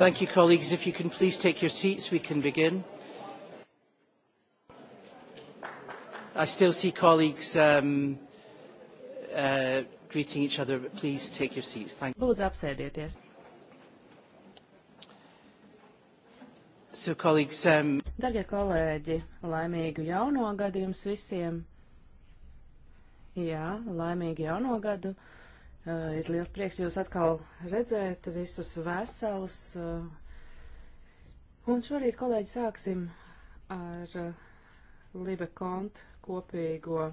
Thank you, colleagues. If you can please take your seats, we can begin. I still see colleagues um, uh, greeting each other, but please take your seats. Thank you. Lūdzu, apsēdieties. So, colleagues, um... Darbie kolēģi, laimīgu jauno gadu jums visiem! Jā, laimīgu jauno gadu! Uh, Eh, ir liels prieks jūs atkal redzēt, visus veselus. Eh, un šorīt, kolēģi, sāksim ar eh, Libe kontu kopīgo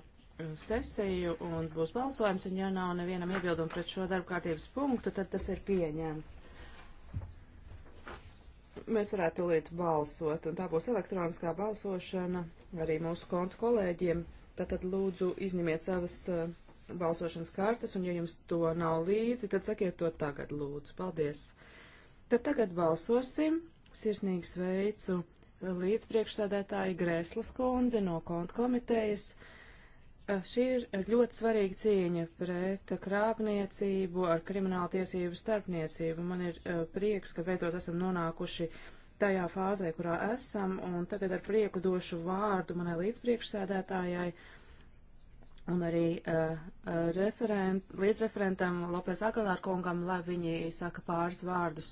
sesiju un būs balsojums, un ja nav nevienam iebildumu pret šo darba kārtības punktu, tad tas ir pieņemts. Mēs varētu tūlīt balsot, un tā būs elektroniskā balsošana arī mūsu kontu kolēģiem. Tātad lūdzu izņemiet savas uh, balsošanas kartes, un ja jums to nav līdzi, tad sakiet to tagad, lūdzu. Paldies! Tad tagad balsosim. Sirsnīgi sveicu līdzpriekšsēdētāju Grēslas kundzi no konta komitejas. Eh, šī ir ļoti svarīga cīņa pret krāpniecību ar kriminālu tiesību starpniecību. Man ir uh, prieks, ka beidzot esam nonākuši tajā fāzē, kurā esam, un tagad ar prieku došu vārdu manai līdzpriekšsēdētājai. Uh, un arī uh, referent, līdzreferentam Lopez Agalār kungam, lai viņi saka pāris vārdus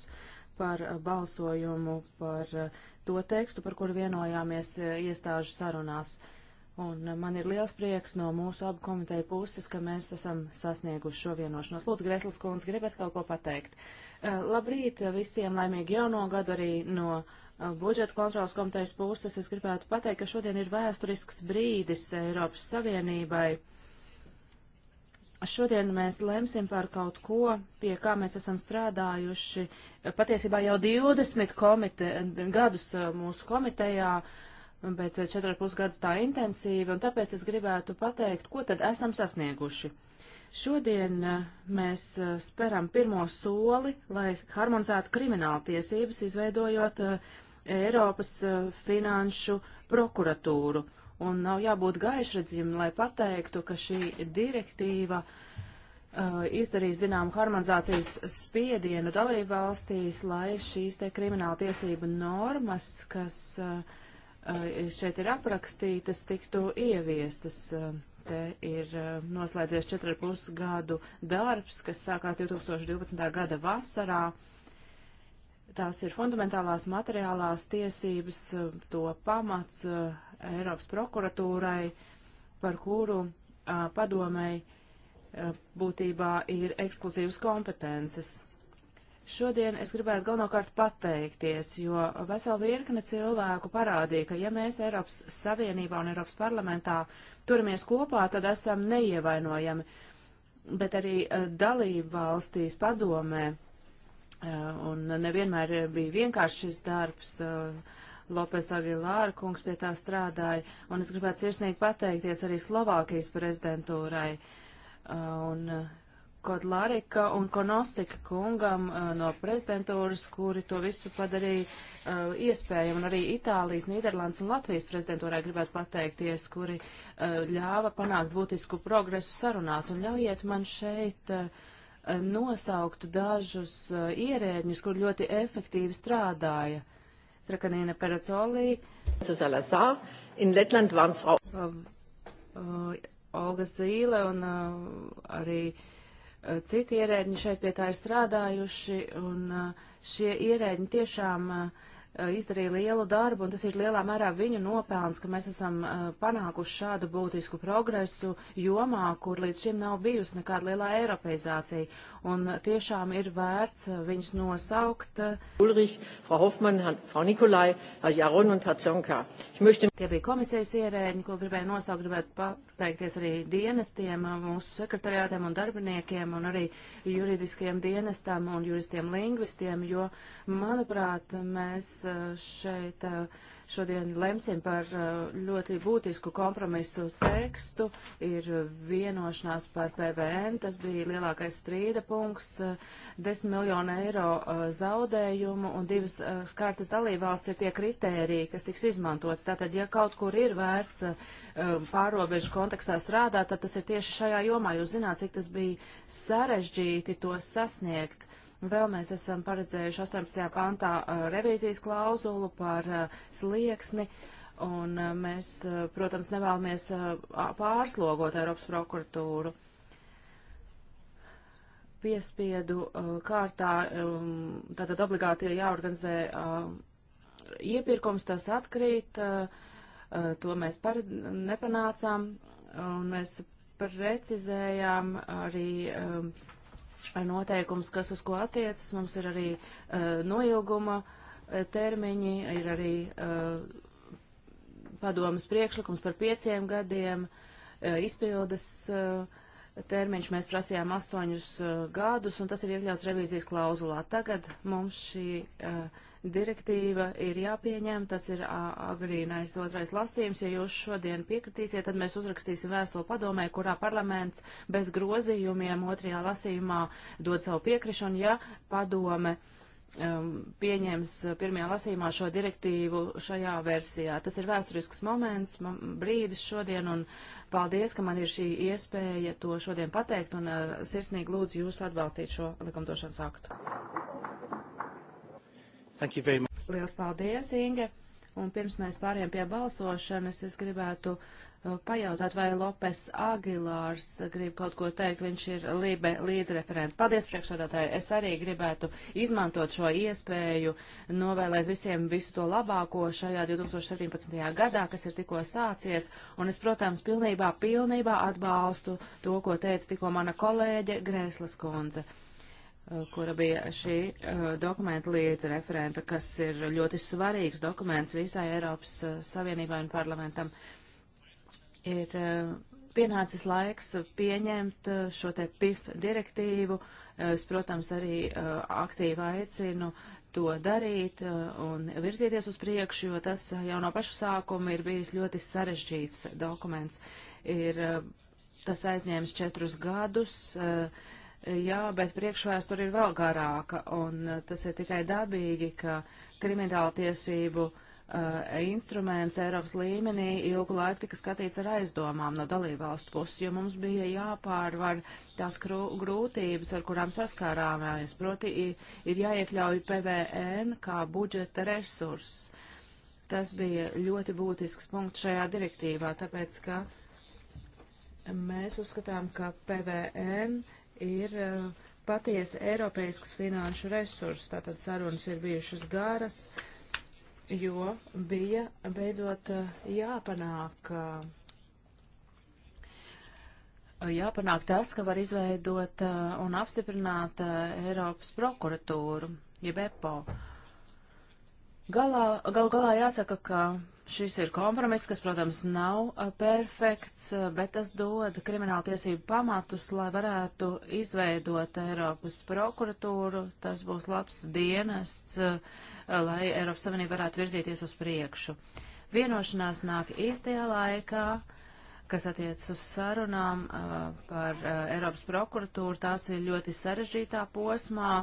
par uh, balsojumu, par uh, to tekstu, par kuru vienojāmies uh, iestāžu sarunās. Un uh, man ir liels prieks no mūsu abu komiteju puses, ka mēs esam sasnieguši šo vienošanos. Lūdzu, Greslis kundze, gribat kaut ko pateikt? Uh, labrīt visiem, laimīgi jauno gadu arī no. Uh, Uh, budžeta kontrolas komitejas puses es gribētu pateikt, ka šodien ir vēsturisks brīdis Eiropas Savienībai. Šodien mēs lemsim par kaut ko, pie kā mēs esam strādājuši uh, patiesībā jau 20 komite, gadus uh, mūsu komitejā, bet 4,5 gadus tā intensīvi, un tāpēc es gribētu pateikt, ko tad esam sasnieguši. Šodien mēs speram pirmo soli, lai harmonizētu kriminālu tiesības, izveidojot uh, Eiropas uh, finanšu prokuratūru. Un nav jābūt gaišredzim, lai pateiktu, ka šī direktīva uh, izdarīja zinām harmonizācijas spiedienu dalību valstīs, lai šīs te krimināla tiesība normas, kas uh, šeit ir aprakstītas, tiktu ieviestas. Te ir noslēdzies 4,5 gadu darbs, kas sākās 2012. gada vasarā. Tās ir fundamentālās materiālās tiesības, eh, to pamats eh, Eiropas prokuratūrai, par kuru eh, padomēji būtībā ir ekskluzīvas kompetences. Šodien es gribētu galvenokārt pateikties, jo vesela virkne cilvēku parādīja, ka ja mēs Eiropas Savienībā un Eiropas parlamentā turamies kopā, tad esam neievainojami, bet arī dalību valstīs padomē Eh, un nevienmēr bija vienkārši šis darbs. Eh, Lopes Agilāra kungs pie tā strādāja, un es gribētu sirsnīgi pateikties arī Slovākijas prezidentūrai. Eh, un Kodlārika un Konosika kungam no prezidentūras, kuri to visu padarīja iespējamu, un arī Itālijas, Nīderlandes un Latvijas prezidentūrai gribētu pateikties, kuri ļāva panākt būtisku progresu sarunās. Un ļaujiet man šeit uh, nosaukt dažus eh, ierēģņus, kur ļoti efektīvi strādāja. Trakanīna Peracolī. Salazar, in Letland waren es Frau. Eh, Olga Zīle un eh, arī citi ierēģi šeit pie tā ir strādājuši, un šie ierēģi tiešām uh, Eh, izdarīja lielu darbu, un tas ir lielā mērā viņa nopelns, ka mēs esam eh, panākuši šādu būtisku progresu jomā, kur līdz šim nav bijusi nekāda lielā eiropeizācija un tiešām ir vērts eh, viņus nosaukt. Ulrich, Frau Hoffmann, Frau Nikolai, Herr Jaron un Herr Tsonka. Möchte... Tie bija komisijas ierēģi, ko gribēju nosaukt, gribētu pateikties arī dienestiem, eh, mūsu sekretariātiem un darbiniekiem un arī juridiskiem dienestam un juristiem lingvistiem, jo, manuprāt, mēs eh, šeit uh, Šodien lemsim par uh, ļoti būtisku kompromisu tekstu. Ir vienošanās par PVN. Tas bija lielākais strīda punkts. 10 uh, miljonu eiro uh, zaudējumu un divas skārtas dalībvalsts ir tie kritēriji, kas tiks izmantoti. Tātad, ja kaut kur ir vērts pārobežu kontekstā strādāt, tad tas ir tieši šajā jomā. Jūs zināt, cik tas bija sarežģīti to sasniegt. Vēl mēs esam paredzējuši 18. pantā uh, revīzijas klauzulu par uh, slieksni. Un uh, mēs, protams, nevēlamies pārslogot Eiropas prokuratūru piespiedu uh, kārtā, um, tātad obligāti jāorganizē uh, iepirkums, tas atkrīt, uh, to mēs par, nepanācām, un mēs precizējām arī um, noteikums, kas uz ko attiecas. Mums ir arī uh, noilguma uh, termiņi, ir arī uh, padomas priekšlikums par pieciem gadiem, uh, izpildes uh, termiņš mēs prasījām astoņus uh, gadus, un tas ir iekļauts revīzijas klauzulā. Tagad mums šī uh, direktīva ir jāpieņem, tas ir agrīnais otrais lasījums. Ja jūs šodien piekritīsiet, tad mēs uzrakstīsim vēstuli padomē, kurā parlaments bez grozījumiem otrajā lasījumā dod savu piekrišanu, ja padome um, pieņems pirmajā lasījumā šo direktīvu šajā versijā. Tas ir vēsturisks moments, man, brīdis šodien, un paldies, ka man ir šī iespēja to šodien pateikt, un uh, sirsnīgi lūdzu jūs atbalstīt šo likumdošanas aktu. Lielas paldies, Inge! Un pirms mēs pāriem pie balsošanas, es gribētu uh, pajautāt, vai Lopes Agilārs grib kaut ko teikt. Viņš ir Lībe līdzreferents. Paldies, priekšsādātāji. Es arī gribētu izmantot šo iespēju, novēlēt visiem visu to labāko šajā 2017. gadā, kas ir tikko sācies. Un es, protams, pilnībā, pilnībā atbalstu to, ko teica tikko mana kolēģe Grēslas Konze. Uh, kura bija šī uh, dokumenta līdz referenta, kas ir ļoti svarīgs dokuments visai Eiropas uh, Savienībai un parlamentam. Ir uh, pienācis laiks pieņemt šo te PIF direktīvu. Es, protams, arī aktīvi aicinu to darīt un virzīties uz priekšu, jo tas jau no paša sākuma ir bijis ļoti sarežģīts dokuments. Ir, tas aizņēmis četrus gadus. Uh, jā, bet priekšvēsture ir vēl garāka, un eh, tas ir tikai dabīgi, ka krimināla tiesību uh, instruments Eiropas līmenī ilgu laiku tika skatīts ar aizdomām no dalībvalstu puses, jo mums bija jāpārvar tās grūtības, ar kurām saskārāmies. Proti, ir jāiekļauj PVN kā budžeta resurss. Tas bija ļoti būtisks punkts šajā direktīvā, tāpēc, ka mēs uzskatām, ka PVN ir eh, patiesi eiropeisks finanšu resurss. Tātad sarunas ir bijušas garas, jo bija beidzot eh, jāpanāk, eh, jāpanāk tas, ka var izveidot un apstiprināt Eiropas prokuratūru, jeb EPO. Galā, gal galā jāsaka, ka Šis ir kompromiss, kas, protams, nav perfekts, bet tas dod kriminālu tiesību pamatus, lai varētu izveidot Eiropas prokuratūru. Tas būs labs dienests, lai Eiropas Savienība varētu virzīties uz priekšu. Vienošanās nāk īstajā laikā, kas attiec uz sarunām par Eiropas prokuratūru. Tās ir ļoti sarežģītā posmā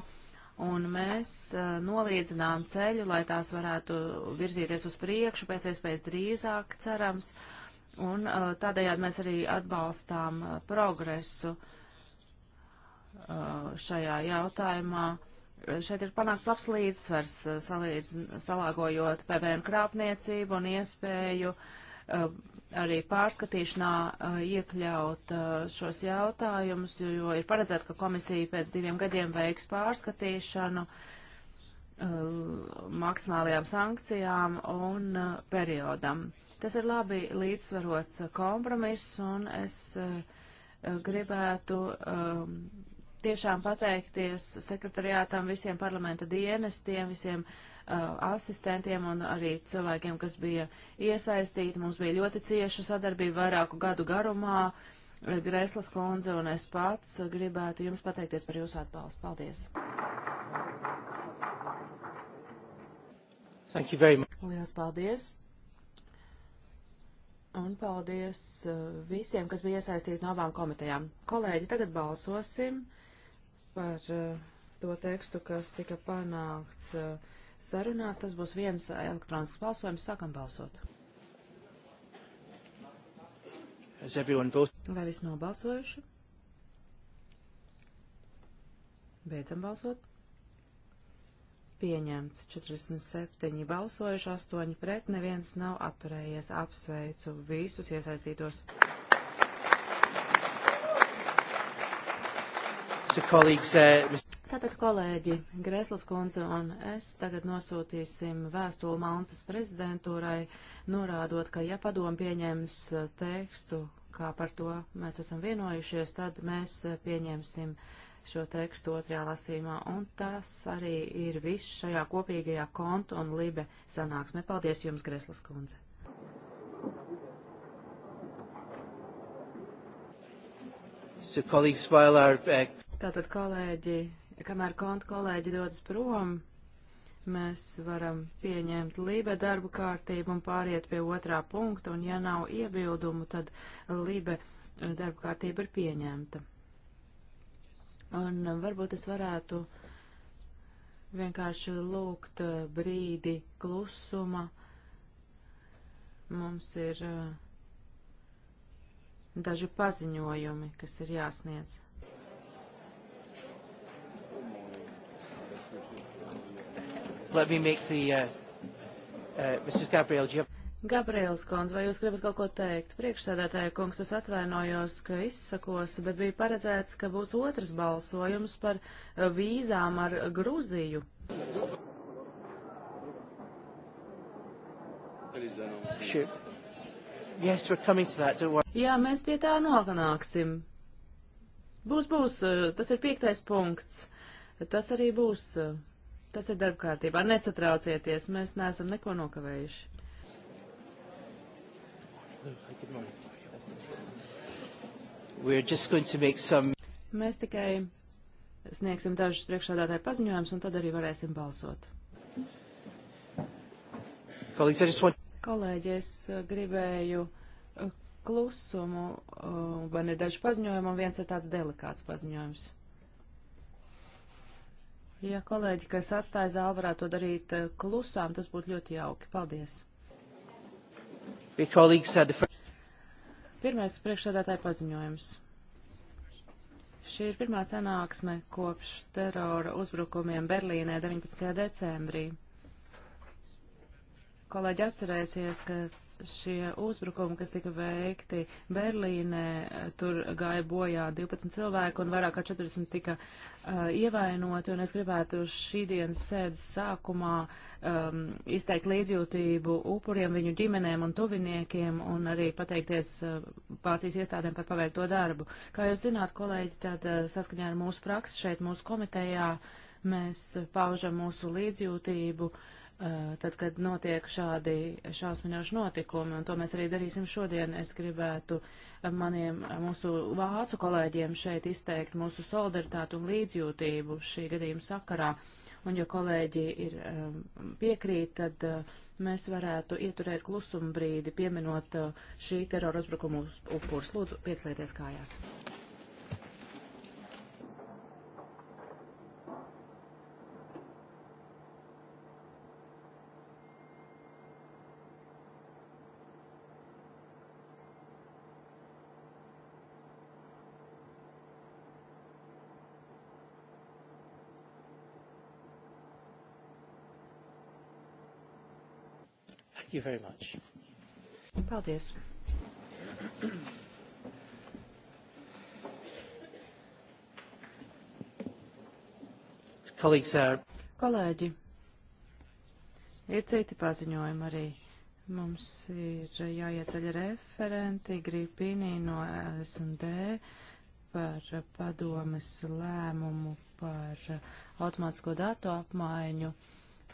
un mēs uh, noliedzinām ceļu, lai tās varētu virzīties uz priekšu pēc iespējas drīzāk, cerams, un uh, tādējādi mēs arī atbalstām uh, progresu šajā jautājumā. Šeit ir panākts labs līdzsvars, salīdz, salāgojot PVN krāpniecību un iespēju arī pārskatīšanā uh, iekļaut uh, šos jautājumus, jo ir paredzēts, ka komisija pēc diviem gadiem veiks pārskatīšanu uh, maksimālajām sankcijām un periodam. Tas ir labi līdzsvarots kompromiss, un es gribētu um, tiešām pateikties sekretariātam, visiem parlamenta dienestiem, visiem uh, Uh, asistentiem un arī cilvēkiem, kas bija iesaistīti. Mums bija ļoti cieša sadarbība vairāku gadu garumā. Uh, Greslas kundze un es pats gribētu jums pateikties par jūsu atbalstu. Paldies! Lielas paldies! Un paldies uh, visiem, kas bija iesaistīti no abām komitejām. Kolēģi, tagad balsosim par to tekstu, kas tika panākts uh, sarunās. Tas būs viens elektronisks balsojums. Sākam balsot. Vai viss nobalsojuši? Beidzam balsot. Pieņemts 47 balsojuši, 8 pret, neviens nav atturējies. Apsveicu visus iesaistītos. So, colleagues, uh, Tātad, kolēģi, Greslas kundze un es tagad nosūtīsim vēstuli Maltas prezidentūrai, norādot, ka ja padomu pieņems eh, tekstu, kā par to mēs esam vienojušies, tad mēs eh, pieņemsim šo tekstu otrajā lasīmā. Un tas arī ir viss šajā kopīgajā kontu un libe sanāksmē. Paldies jums, Greslas kundze! So, colleagues, while our uh, Tātad, kolēģi, kamēr konta kolēģi dodas prom, mēs varam pieņemt Lībe darbu kārtību un pāriet pie otrā punkta, un ja nav iebildumu, tad Lībe darba kārtība ir pieņemta. Un varbūt es varētu vienkārši lūgt uh, brīdi klusuma. Mums ir uh, daži paziņojumi, kas ir jāsniedz. Let me make the, uh, uh, Mrs. Gabriel, do you have... Gabriels kundz, vai jūs gribat kaut ko teikt? Priekšsēdētāja kungs, es atvainojos, ka izsakos, bet bija paredzēts, ka būs otrs balsojums par uh, vīzām ar Gruziju. Sure. Yes, that, Jā, mēs pie tā nonāksim. Būs, būs, uh, tas ir piektais punkts. Tas arī būs. Uh, Tas ir darba kārtībā. Nesatraucieties, mēs neesam neko nokavējuši. Some... Mēs tikai sniegsim dažus priekšādātāju paziņojumus, un tad arī varēsim balsot. Kolēģi, es uh, gribēju uh, klusumu, uh, man ir daži paziņojumi, un viens ir tāds delikāts paziņojums. Ja kolēģi, kas atstāja zāli, varētu to darīt eh, klusām, tas būtu ļoti jauki. Paldies! Pirmais priekšsēdētāja paziņojums. Šī ir pirmā sanāksme kopš terora uzbrukumiem Berlīnē 19. decembrī. Kolēģi atcerēsies, ka šie uzbrukumi, kas tika veikti Berlīnē, tur gāja bojā 12 cilvēku un vairāk kā 40 tika uh, ievainoti, un es gribētu šī dienas sēdes sākumā um, izteikt līdzjūtību upuriem, viņu ģimenēm un tuviniekiem, un arī pateikties uh, Vācijas uh, iestādēm par paveikto darbu. Kā jūs zināt, kolēģi, tad uh, saskaņā ar mūsu praksi šeit mūsu komitejā mēs paužam mūsu līdzjūtību. Uh, Eh, tad, kad notiek šādi šausminoši notikumi, un to mēs arī darīsim šodien, es gribētu maniem mūsu vācu kolēģiem šeit izteikt mūsu solidaritātu un līdzjūtību šī gadījuma sakarā. Un, ja kolēģi ir piekrīt, tad eh, mēs varētu ieturēt klusumu brīdi, pieminot eh, šī terora uzbrukumu upurs. Lūdzu, pieclieties kājās. Thank you very much. Paldies. Kolēģis, uh, Kolēģi, ir citi paziņojumi arī. Mums ir jāieceļ referenti Grīpīnī no SND par padomes lēmumu par automātisko datu apmaiņu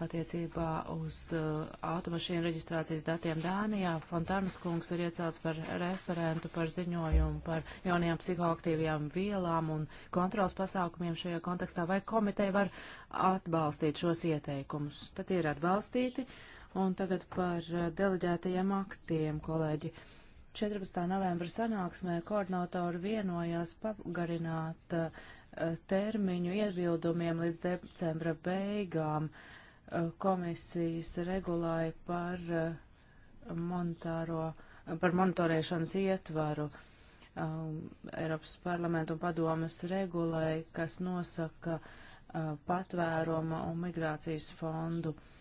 attiecībā uz uh, automašīnu reģistrācijas datiem Dānijā. Fontānas kungs ir iecelts par referentu par ziņojumu par jaunajām psihoaktīvajām vielām un kontrols pasākumiem šajā kontekstā. Vai komiteja var atbalstīt šos ieteikumus? Tad ir atbalstīti. Un tagad par uh, deleģētajiem aktiem, kolēģi. 14. novembra sanāksmē koordinatori vienojās pagarināt uh, termiņu iebildumiem līdz decembra beigām. Uh, komisijas regulāja par eh, monetāro, par monitorēšanas ietvaru. Um, Eiropas parlamentu un padomas regulai, kas nosaka uh, patvēruma un migrācijas fondu uh,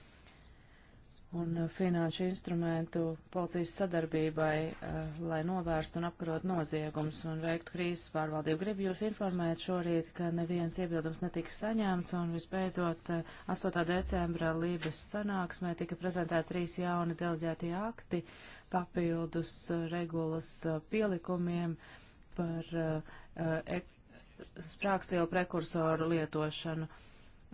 un finanšu instrumentu policijas sadarbībai, eh, lai novērstu un apkarot noziegums un veiktu krīzes pārvaldību. Gribu jūs informēt šorīt, ka neviens iebildums netika saņemts, un visbeidzot 8. Eh, decembra Lībijas sanāksmē tika prezentēti trīs jauni deleģētie akti papildus eh, regulas pielikumiem par e, sprākstvielu prekursoru lietošanu. Uh,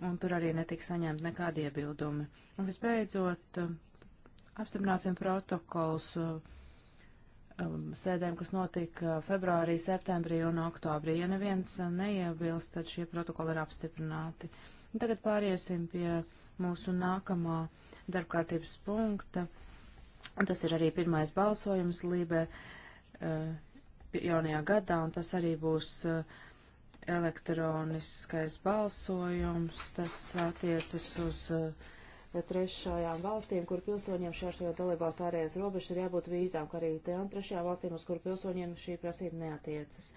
un tur arī netika saņemt nekādi iebildumi. Un visbeidzot, apstiprināsim protokols um, sēdēm, kas notika uh, februārī, septembrī un oktobrī. Ja neviens neiebilst, tad šie protokoli ir apstiprināti. Un tagad pāriesim pie mūsu nākamā darbkārtības punkta. Un tas ir arī pirmais balsojums Lībe uh, jaunajā gadā, un tas arī būs uh, elektroniskais balsojums, tas attiecas uz eh, trešajām valstīm, kur pilsoņiem šķērsojot dalībvalstu ārējās robežas ir jābūt vīzām, kā arī tajām trešajām valstīm, uz kur pilsoņiem šī prasība neatiecas.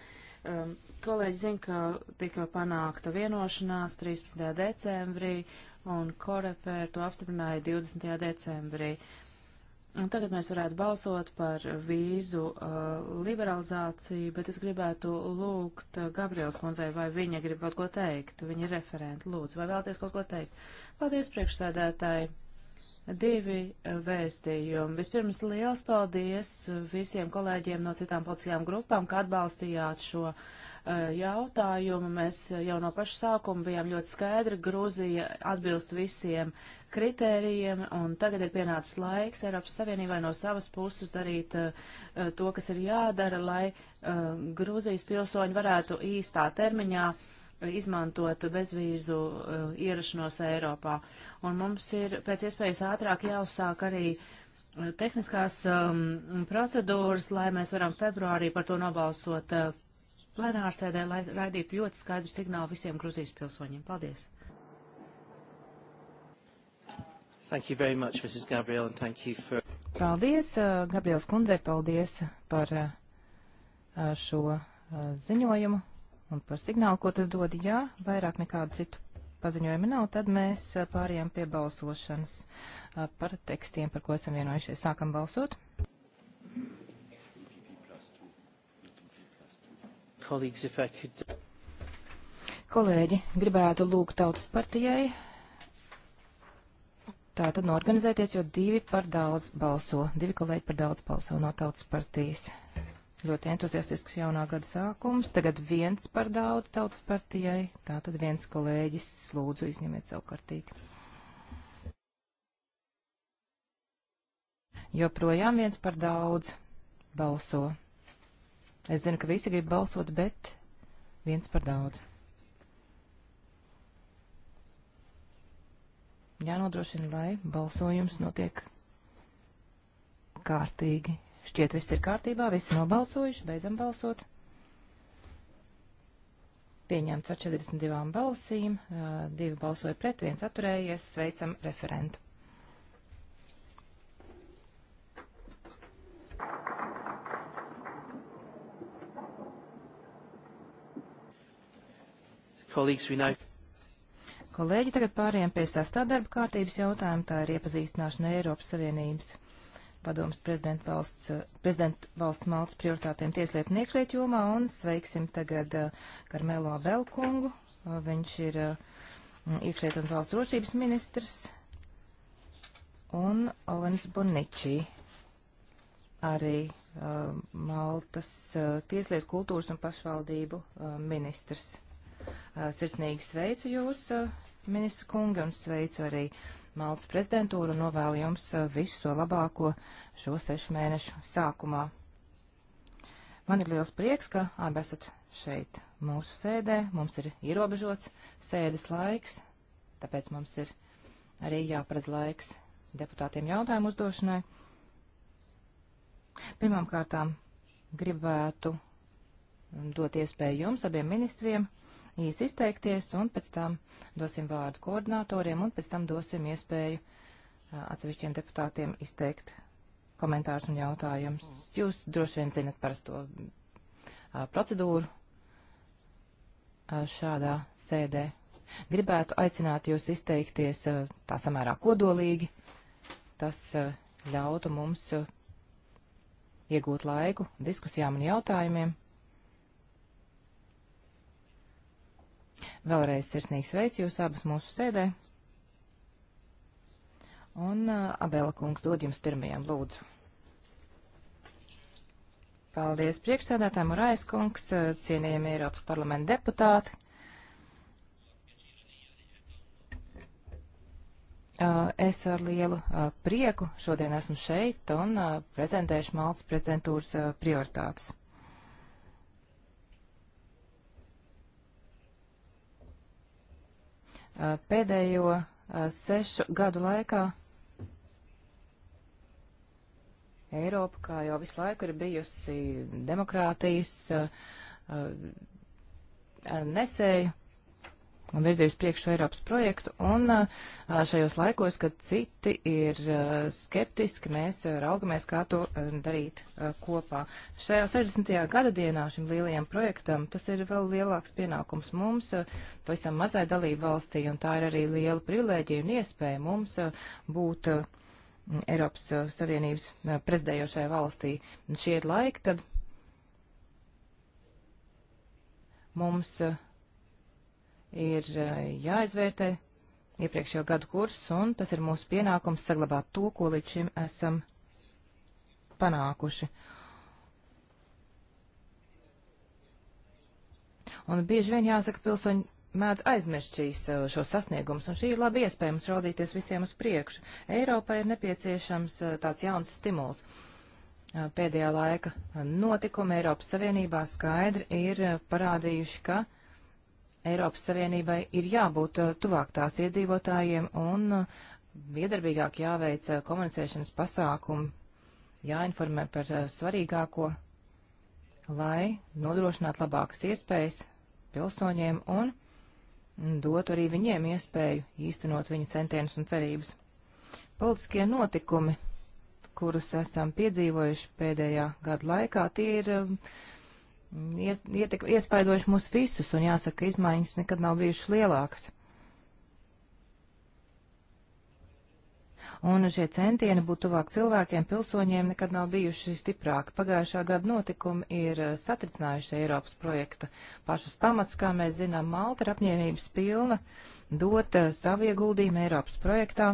Um, kolēģi zina, ka tika panākta vienošanās 13. decembrī, un Korepēr to apstiprināja 20. decembrī. Uh, Un tagad mēs varētu balsot par vīzu uh, liberalizāciju, bet es gribētu lūgt uh, Gabriels kundzei, vai viņa grib kaut ko teikt. Viņa ir referenta, lūdzu, vai vēlaties kaut ko teikt. Paldies, priekšsēdētāji! Divi uh, vēstījumi. Vispirms liels paldies uh, visiem kolēģiem no citām politiskajām grupām, ka atbalstījāt šo Eh, jautājumu. Mēs eh, jau no paša sākuma bijām ļoti skaidri, Grūzija atbilst visiem kritērijiem, un tagad ir pienācis laiks Eiropas Savienībai no savas puses darīt uh, to, kas ir jādara, lai uh, Grūzijas pilsoņi varētu īstā termiņā izmantot bezvīzu uh, ierašanos Eiropā. Un mums ir pēc iespējas ātrāk jāuzsāk arī tehniskās um, procedūras, lai mēs varam februārī par to nobalsot uh, plenārsēdē, lai raidītu ļoti skaidru signālu visiem Gruzijas pilsoņiem. Paldies! Thank you very much, Mrs. Gabriel, and thank you for... Paldies, uh, Gabriels kundze, paldies par uh, uh šo uh, ziņojumu un par signālu, ko tas dod. Jā, vairāk nekādu citu paziņojumu nav, tad mēs uh, pārējām pie balsošanas uh, par tekstiem, par ko esam vienojušies. Sākam balsot. colleagues, if I could... Uh, kolēģi, gribētu lūgt tautas partijai tā tad norganizēties, jo divi par daudz balso, divi kolēģi par daudz balso no tautas partijas. Ļoti entuziastisks jaunā gada sākums, tagad viens par daudz tautas partijai, tā tad viens kolēģis lūdzu izņemiet savu kartīti. Joprojām viens par daudz balso. Es zinu, ka visi grib balsot, bet viens par daudz. Jānodrošina, lai balsojums notiek kārtīgi. Šķiet, viss ir kārtībā, visi nobalsojuši, beidzam balsot. Pieņemts ar 42 balsīm, divi balsoja pret, viens atturējies, sveicam referentu. Colleagues, we now... Kolēģi, tagad pāriem pie sastāvdarba kārtības jautājuma. Tā ir iepazīstināšana Eiropas Savienības padomas prezidenta valsts, prezidenta valsts maltas prioritātiem tieslietu un iekšlietu jomā. Un sveiksim tagad eh, Karmelo Belkungu. Eh, viņš ir eh, iekšlietu un valsts drošības ministrs. Un Ovens Boničī, arī Maltas tieslietu kultūras un pašvaldību ministrs. Sirsnīgi sveicu jūs, ministru kungi, un sveicu arī Maltas prezidentūru un novēlu jums visu to labāko šo sešu mēnešu sākumā. Man ir liels prieks, ka abi esat šeit mūsu sēdē. Mums ir ierobežots sēdes laiks, tāpēc mums ir arī jāparedz laiks deputātiem jautājumu uzdošanai. Pirmām kārtām gribētu dot iespēju jums, abiem ministriem, īsi izteikties, un pēc tam dosim vārdu koordinatoriem, un pēc tam dosim iespēju atsevišķiem deputātiem izteikt komentārus un jautājumus. Jūs droši vien zinat parasto procedūru šādā sēdē. Gribētu aicināt jūs izteikties tā samērā kodolīgi. Tas ļautu mums iegūt laiku diskusijām un jautājumiem. Vēlreiz sirsnīgs veids jūs abas mūsu sēdē. Un uh, Abela kungs dod jums pirmajam lūdzu. Paldies priekšsēdētājiem Urais kungs, uh, cienījami Eiropas parlamenta deputāti. Uh, es ar lielu uh, prieku šodien esmu šeit un uh, prezentēšu Maltas prezidentūras uh, prioritātes. Uh, pēdējo uh, sešu gadu laikā Eiropa, kā jau visu laiku ir bijusi demokrātijas uh, nesēja, virzīju uz priekšu Eiropas projektu, un šajos laikos, kad citi ir skeptiski, mēs raugamies, kā to darīt kopā. Šajā 60. gada dienā šim lielajam projektam tas ir vēl lielāks pienākums mums, pavisam mazai dalību valstī, un tā ir arī liela privilēģija un iespēja mums būt Eiropas Savienības prezidējošajā valstī. Šie ir laiki, kad mums uh, ir eh, jāizvērtē iepriekšējo gadu kurs, un tas ir mūsu pienākums saglabāt to, ko līdz šim esam panākuši. Un bieži vien jāsaka, pilsoņi mēdz aizmirst šīs, eh, šos sasniegumus, un šī ir laba iespēja mums raudīties visiem uz priekšu. Eiropai ir nepieciešams eh, tāds jauns stimuls. Pēdējā laika notikumi Eiropas Savienībā skaidri ir parādījuši, ka uh, Eiropas Savienībai ir jābūt eh, tuvāk tās iedzīvotājiem un eh, viedarbīgāk jāveic eh, komunicēšanas pasākumi, jāinformē par svarīgāko, lai nodrošinātu labākas iespējas pilsoņiem un mm, dotu arī viņiem iespēju īstenot viņu centienus un cerības. Politiskie notikumi, kurus esam piedzīvojuši pēdējā gada laikā, tie ir uh, iespaidojuši mūs visus, un jāsaka, izmaiņas nekad nav bijušas lielākas. Un šie centieni būt tuvāk cilvēkiem, pilsoņiem nekad nav bijuši stiprāki. Pagājušā gada notikumi ir eh, satricinājuši Eiropas projekta pašus pamats, kā mēs zinām, Malta ir apņēmības pilna dot eh, savu ieguldījumu Eiropas projektā.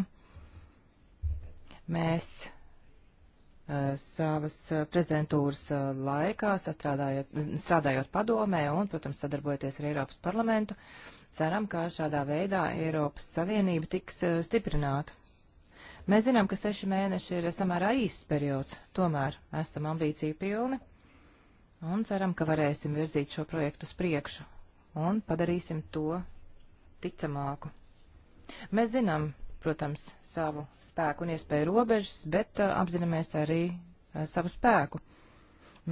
Mēs Eh, savas eh, prezidentūras eh, laikā, strādājot padomē un, protams, sadarbojoties ar Eiropas parlamentu. Ceram, ka šādā veidā Eiropas Savienība tiks stiprināta. Mēs zinām, ka seši mēneši ir samērā īsts periods, tomēr esam ambīciju pilni un ceram, ka varēsim virzīt šo projektu uz priekšu un padarīsim to ticamāku. Mēs zinām, protams, savu spēku un iespēju robežas, bet uh, apzināmies arī uh, savu spēku.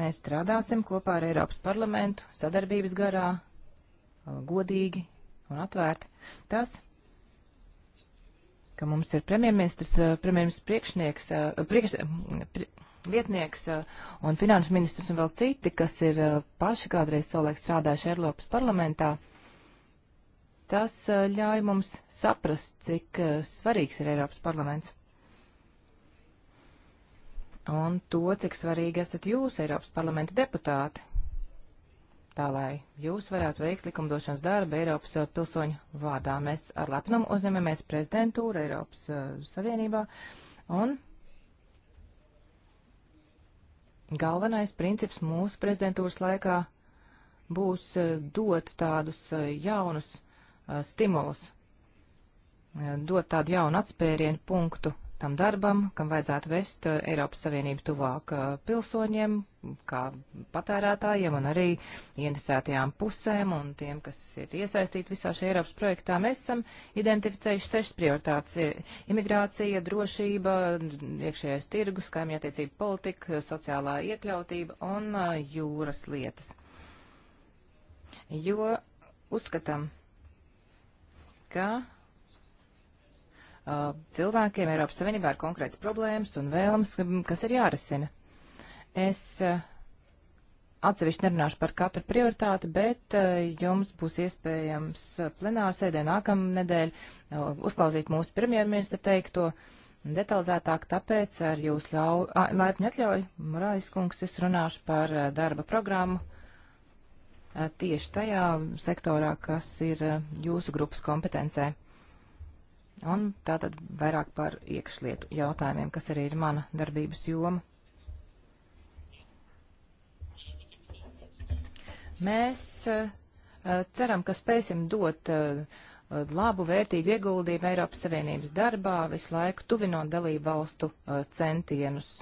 Mēs strādāsim kopā ar Eiropas parlamentu sadarbības garā, uh, godīgi un atvērti. Tas, ka mums ir premjerministrs, premjerministrs priekšnieks, priekš, pri, vietnieks un finanšu ministrs un vēl citi, kas ir paši kādreiz savulaik strādājuši Eiropas parlamentā, uh, Tas eh, ļauj mums saprast, cik eh, svarīgs ir Eiropas parlaments. Un to, cik svarīgi esat jūs, Eiropas parlamenta deputāti, tā lai jūs varētu veikt likumdošanas darbu Eiropas eh, pilsoņu vārdā. Mēs ar lepnumu uzņemamies prezidentūru Eiropas uh, Savienībā un galvenais princips mūsu prezidentūras laikā būs uh, dot tādus uh, jaunus Uh, stimulus, uh, dot tādu jaunu atspērienu punktu tam darbam, kam vajadzētu vest uh, Eiropas Savienību tuvāk pilsoņiem, kā patērētājiem un arī interesētajām pusēm un tiem, kas ir iesaistīti visā šajā Eiropas projektā. Mēs esam identificējuši sešas prioritātes - imigrācija, drošība, iekšējais tirgus, kaimiņattiecība politika, sociālā iekļautība un jūras lietas. Jo uzskatām, ka uh, cilvēkiem Eiropas Savienībā ir konkrēts problēmas un vēlams, kas ir jārisina. Es uh, atsevišķi nerunāšu par katru prioritāti, bet uh, jums būs iespējams plenāra sēdē nākamnedēļ uzklausīt mūsu premjerministra teikto detalizētāk, tāpēc ar jūs ļauj, laipni atļauju, Morālis kungs, es runāšu par darba programmu Eh, tieši tajā sektorā, kas ir eh, jūsu grupas kompetencē. Un tātad vairāk par iekšlietu jautājumiem, kas arī ir mana darbības joma. Mēs eh, ceram, ka spēsim dot labu, vērtīgu ieguldījumu Eiropas Savienības darbā, visu laiku tuvinot dalību valstu centienus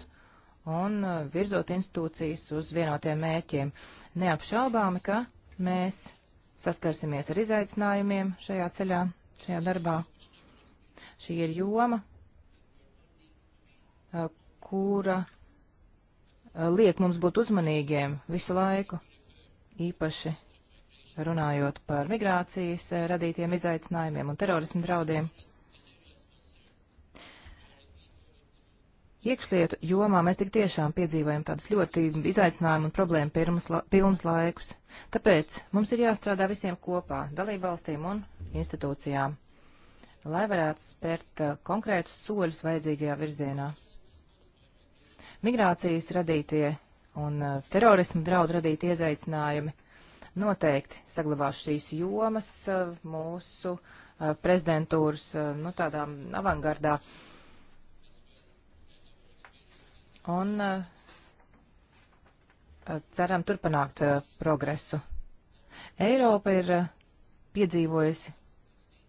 un uh, virzot institūcijas uz vienotiem mērķiem. Neapšaubāmi, ka mēs saskarsimies ar izaicinājumiem šajā ceļā, šajā darbā. Šī ir joma, uh, kura uh, liek mums būt uzmanīgiem visu laiku, īpaši runājot par migrācijas radītiem izaicinājumiem un terorismu draudiem. Iekšlietu jomā mēs tik tiešām piedzīvojam tādus ļoti izaicinājumu un problēmu pirms, la, pilnus laikus. Tāpēc mums ir jāstrādā visiem kopā, dalībvalstīm un institūcijām, lai varētu spērt uh, konkrētus soļus vajadzīgajā virzienā. Migrācijas radītie un uh, terorismu draudu radītie izaicinājumi noteikti saglabās šīs jomas uh, mūsu uh, prezidentūras uh, nu, tādām avangardā. Uh, un eh, ceram turpināt eh, progresu. Eiropa ir eh, piedzīvojusi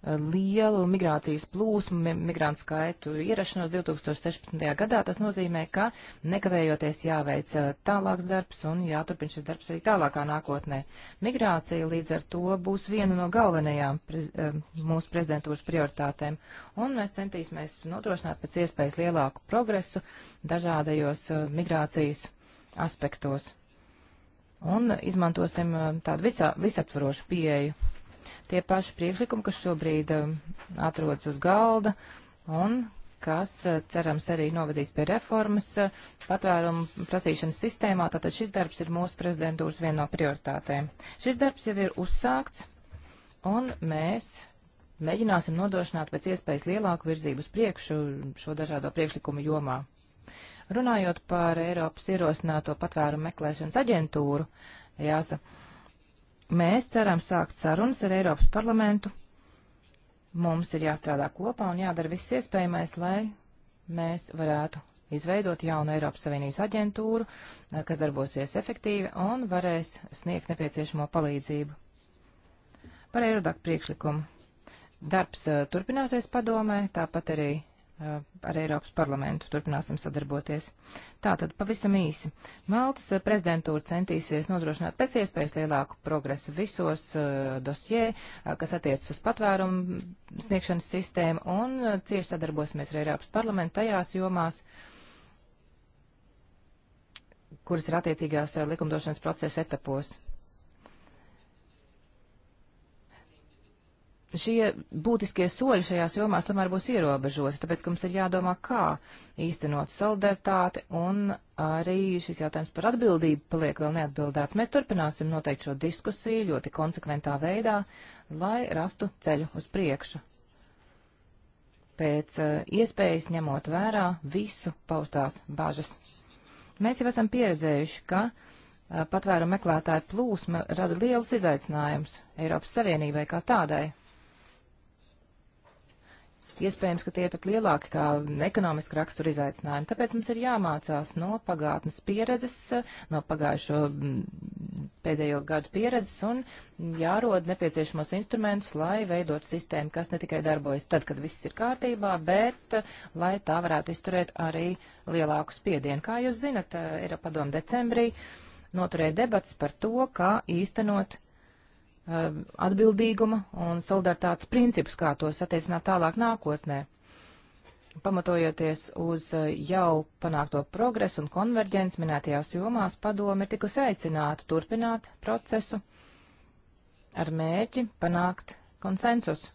lielu migrācijas plūsmu, migrantu skaitu ierašanos 2016. gadā. Tas nozīmē, ka nekavējoties jāveic tālāks darbs un jāturpina šis darbs arī tālākā nākotnē. Migrācija līdz ar to būs viena no galvenajām prez, mūsu prezidentūras prioritātēm, un mēs centīsimies nodrošināt pēc iespējas lielāku progresu dažādajos migrācijas aspektos. Un izmantosim tādu visā, visaptvarošu pieeju tie paši priekšlikumi, kas šobrīd um, atrodas uz galda un kas, uh, cerams, arī novadīs pie reformas uh, patvērumu prasīšanas sistēmā. Tātad šis darbs ir mūsu prezidentūras viena no prioritātēm. Šis darbs jau ir uzsākts, un mēs mēģināsim nodrošināt pēc iespējas lielāku virzību uz priekšu šo dažādo priekšlikumu jomā. Runājot par Eiropas ierosināto patvērumu meklēšanas aģentūru, jāsaka, Mēs ceram sākt sarunas ar Eiropas parlamentu. Mums ir jāstrādā kopā un jādara viss iespējamais, lai mēs varētu izveidot jaunu Eiropas Savienības aģentūru, eh, kas darbosies efektīvi un varēs sniegt nepieciešamo palīdzību. Par Eirodak priekšlikumu. Darbs eh, turpināsies padomē, tāpat arī Eh, ar Eiropas parlamentu turpināsim sadarboties. Tātad pavisam īsi. Maltas eh, prezidentūra centīsies nodrošināt pēc iespējas lielāku progresu visos uh, dosjē, uh, kas attiecas uz patvērumu sniegšanas sistēmu, un uh, cieši sadarbosimies ar Eiropas parlamentu tajās jomās, kuras ir attiecīgās likumdošanas procesa etapos. šie būtiskie soļi šajās jomās tomēr būs ierobežoti, tāpēc, ka mums ir jādomā, kā īstenot solidaritāti, un arī šis jautājums par atbildību paliek vēl neatbildēts. Mēs turpināsim noteikti šo diskusiju ļoti konsekventā veidā, lai rastu ceļu uz priekšu. Pēc uh, iespējas ņemot vērā visu paustās bažas. Mēs jau esam pieredzējuši, ka uh, patvēru meklētāju plūsma rada lielus izaicinājumus Eiropas Savienībai kā tādai, Iespējams, ka tie ir pat lielāki kā ekonomiski rakstura izaicinājumi. Tāpēc mums ir jāmācās no pagātnes pieredzes, no pagājušo mm, pēdējo gadu pieredzes un jārod nepieciešamos instrumentus, lai veidot sistēmu, kas ne tikai darbojas tad, kad viss ir kārtībā, bet eh, lai tā varētu izturēt arī lielāku spiedienu. Kā jūs zinat, eh, Eiropa padoma decembrī noturēja debats par to, kā īstenot Um, atbildīguma un solidaritātes principus, kā tos attiecināt tālāk nākotnē. Pamatojoties uz uh, jau panākto progresu un konverģents minētajās jomās, padomi ir tikusi aicināta turpināt procesu ar mērķi panākt konsensus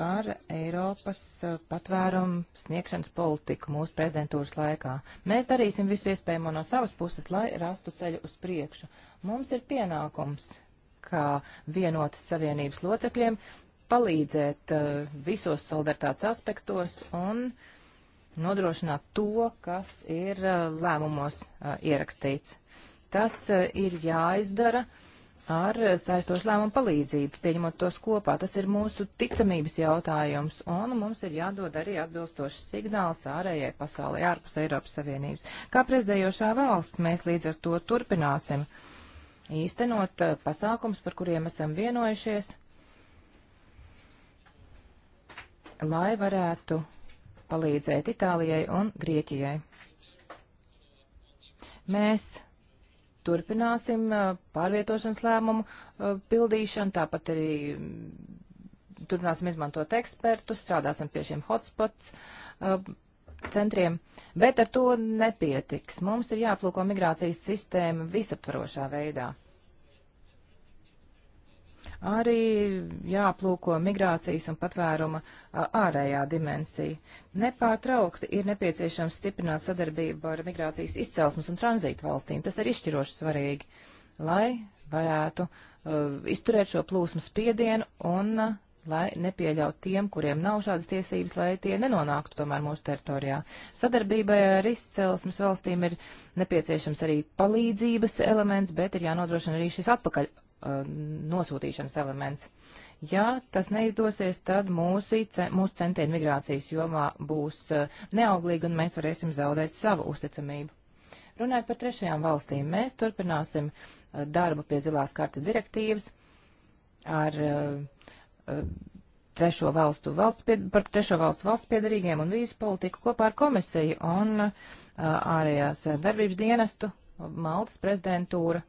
par Eiropas uh, patvērumu sniegšanas politiku mūsu prezidentūras laikā. Mēs darīsim visu iespējamo no savas puses, lai rastu ceļu uz priekšu. Mums ir pienākums kā vienotas savienības locekļiem palīdzēt uh, visos solidaritātes aspektos un nodrošināt to, kas ir uh, lēmumos uh, ierakstīts. Tas uh, ir jāizdara ar uh, saistošu lēmumu palīdzību, pieņemot tos kopā. Tas ir mūsu ticamības jautājums, un mums ir jādod arī atbilstošs signāls ārējai pasaulē, ārpus Eiropas Savienības. Kā prezidējošā valsts mēs līdz ar to turpināsim uh, īstenot eh, pasākums, par kuriem esam vienojušies, lai varētu palīdzēt Itālijai un Grieķijai. Mēs turpināsim eh, pārvietošanas lēmumu eh, pildīšanu, tāpat arī mm, turpināsim izmantot ekspertus, strādāsim pie šiem hotspots centriem, bet ar to nepietiks. Mums ir jāplūko migrācijas sistēma visaptvarošā veidā. Arī jāplūko migrācijas un patvēruma ārējā dimensija. Nepārtraukti ir nepieciešams stiprināt sadarbību ar migrācijas izcelsmes un tranzītu valstīm. Tas ir izšķiroši svarīgi, lai varētu uh, izturēt šo plūsmu spiedienu un uh, lai nepieļaut tiem, kuriem nav šādas tiesības, lai tie nenonāktu tomēr mūsu teritorijā. Sadarbībai ar izcelsmes valstīm ir nepieciešams arī palīdzības elements, bet ir jānodrošina arī šis atpakaļ uh, nosūtīšanas elements. Ja tas neizdosies, tad mūsu, mūsu centieni migrācijas jomā būs uh, neauglīgi un mēs varēsim zaudēt savu uzticamību. Runājot par trešajām valstīm, mēs turpināsim uh, darbu pie zilās kartas direktīvas ar uh, Eh, trešo valstu valsts, pied, par trešo valstu valsts piedarīgiem un vīzu politiku kopā ar komisiju un eh, ārējās eh, darbības dienestu Maltas prezidentūra.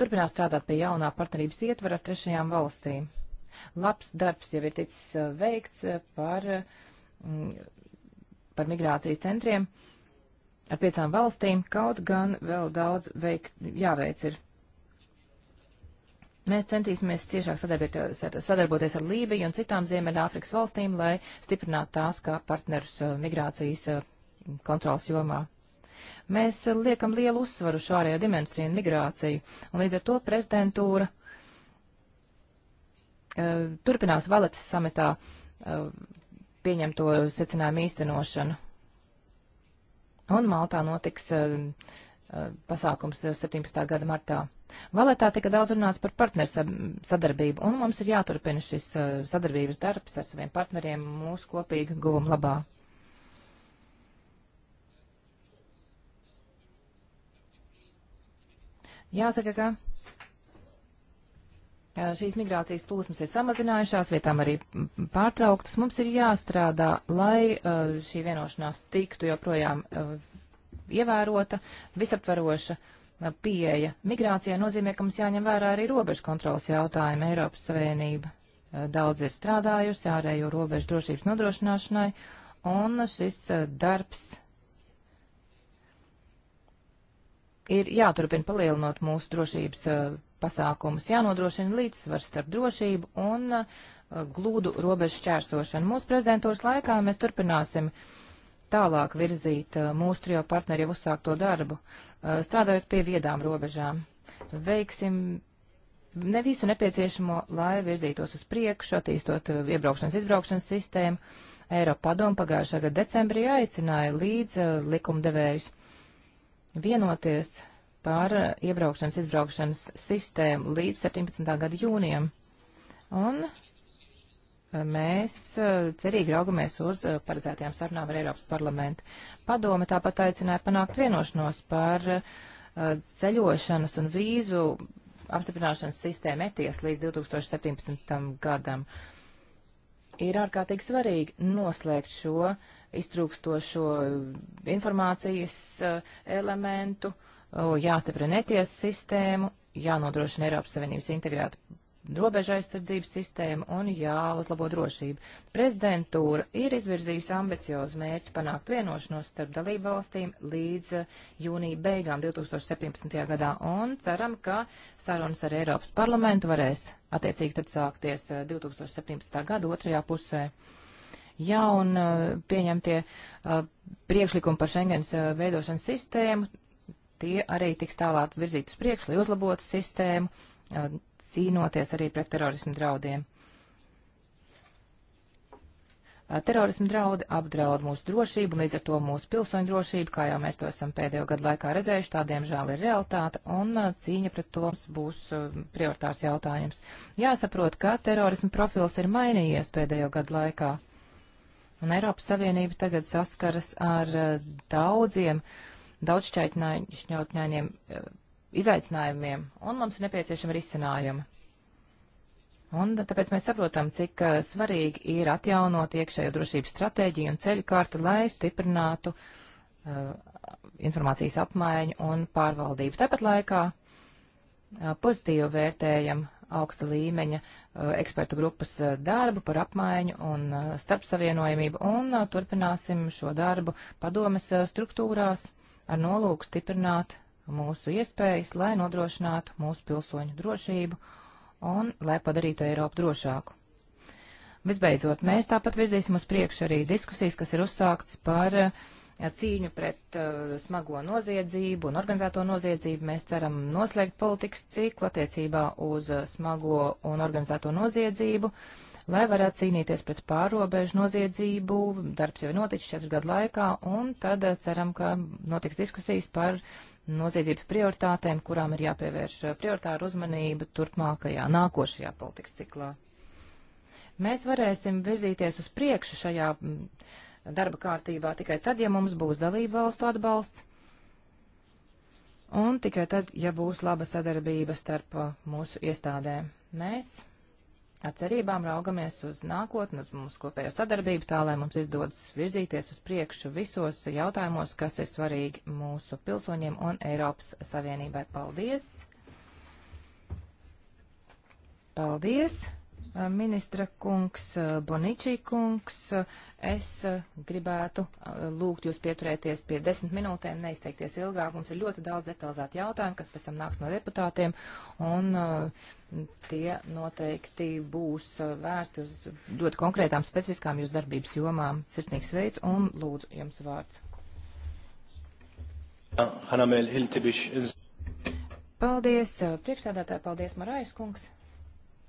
Turpinās strādāt pie jaunā partnerības ietvara ar trešajām valstīm. Labs darbs jau ir ticis veikts par, mm, par migrācijas centriem ar piecām valstīm, kaut gan vēl daudz veik, jāveic ir. Mēs centīsimies ciešāk sadarboties ar Lībiju un citām Ziemeļāfrikas valstīm, lai stiprinātu tās kā partnerus uh, migrācijas uh, kontrols jomā. Mēs uh, liekam lielu uzsvaru šo ārējo dimensiju un migrāciju, un līdz ar to prezidentūra turpinās valetas sametā pieņemto secinājumu īstenošanu. Un Maltā notiks pasākums 17. Eh, gada martā. Valetā tika daudz runāts par partneru sadarbību, un mums ir jāturpina šis eh, sadarbības darbs ar saviem partneriem mūsu kopīgu guvumu labā. Jāsaka, ka eh, šīs migrācijas plūsmas ir samazinājušās, vietām arī pārtrauktas. Mums ir jāstrādā, lai šī vienošanās tiktu joprojām ievērota, visaptveroša uh, pieeja migrācijai nozīmē, ka mums jāņem vērā arī robežu kontrolas jautājumi Eiropas Savienība. Uh, daudz ir strādājusi ārējo robežu drošības nodrošināšanai, un šis uh, darbs ir jāturpina palielinot mūsu drošības pasākumus, jānodrošina līdzsvars starp drošību un glūdu robežu šķērsošanu. Mūsu prezidentūras laikā mēs turpināsim uh, tālāk virzīt mūsu trijo partneriem uzsākto darbu, strādājot pie viedām robežām. Veiksim ne visu nepieciešamo, lai virzītos uz priekšu, attīstot iebraukšanas izbraukšanas sistēmu. Eiropa padomu pagājušā gada decembrī aicināja līdz likumdevējus vienoties par iebraukšanas izbraukšanas sistēmu līdz 17. gada jūnijam. Un mēs eh, cerīgi raugamies uz eh, paredzētajām sarunām ar Eiropas parlamentu. Padome tāpat aicināja panākt vienošanos par eh, ceļošanas un vīzu apstiprināšanas sistēmu ETIES līdz 2017. gadam. Ir ārkārtīgi svarīgi noslēgt šo iztrūkstošo informācijas elementu, jāstiprina ETIES sistēmu, jānodrošina Eiropas Savienības integrēta robeža aizsardzības sistēma un jāuzlabo drošība. Prezidentūra ir izvirzījusi ambiciozu mērķi panākt vienošanos starp dalību valstīm līdz eh, jūnija beigām 2017. gadā un ceram, ka sarunas ar Eiropas parlamentu varēs attiecīgi tad sākties 2017. Eh, gada otrajā pusē jaun eh, pieņemtie priekšlikumi par Schengens veidošanas sistēmu, tie arī tiks tālāk virzīt uz priekšu, lai uzlabotu sistēmu cīnoties arī pret terorismu draudiem. Terorismu draudi apdraud mūsu drošību, līdz ar to mūsu pilsoņu drošību, kā jau mēs to esam pēdējo gadu laikā redzējuši, tā diemžēl ir realitāte, un cīņa pret to būs prioritārs jautājums. Jāsaprot, ka terorismu profils ir mainījies pēdējo gadu laikā, un Eiropas Savienība tagad saskaras ar daudziem daudzšķaitņainiem izaicinājumiem, un mums ir nepieciešama risinājuma. Un tāpēc mēs saprotam, cik uh, svarīgi ir atjaunot iekšējo drošības stratēģiju un ceļu kārtu, lai stiprinātu uh, informācijas apmaiņu un pārvaldību. Tāpat laikā uh, pozitīvi vērtējam augsta līmeņa ekspertu grupas darbu par apmaiņu un starpsavienojamību un turpināsim šo darbu padomes struktūrās ar nolūku stiprināt mūsu iespējas, lai nodrošinātu mūsu pilsoņu drošību un lai padarītu Eiropu drošāku. Visbeidzot, mēs tāpat virzīsim uz priekšu arī diskusijas, kas ir uzsāktas par eh, cīņu pret uh, smago noziedzību un organizēto noziedzību. Mēs ceram noslēgt politikas ciklu attiecībā uz eh, smago un organizēto noziedzību, lai varētu cīnīties pret pārobežu noziedzību. Darbs jau ir noticis četru gadu laikā, un tad ceram, ka notiks diskusijas par uh, noziedzības prioritātēm, kurām ir jāpievērš eh, prioritāra uzmanība turpmākajā, nākošajā politikas ciklā. Mēs varēsim virzīties uz priekšu šajā mm, darba kārtībā tikai tad, ja mums būs dalība valstu atbalsts. Un tikai tad, ja būs laba sadarbība starp eh, mūsu iestādēm. Mēs Ar cerībām raugamies uz nākotni, uz mūsu kopējo sadarbību, tā lai mums izdodas virzīties uz priekšu visos jautājumos, kas ir svarīgi mūsu pilsoņiem un Eiropas Savienībai. Paldies! Paldies! Eh, ministra kungs, eh, Boničī kungs, eh, es gribētu lūgt jūs pieturēties pie desmit minūtēm, neizteikties ilgāk. Mums ir ļoti daudz detalizētu jautājumu, kas pēc tam nāks no deputātiem, un tie noteikti būs vērsti uz ļoti konkrētām specifiskām jūsu darbības jomām. Sirsnīgs veids, un lūdzu jums vārds. Paldies, priekšsēdētāji, paldies, Marais kungs.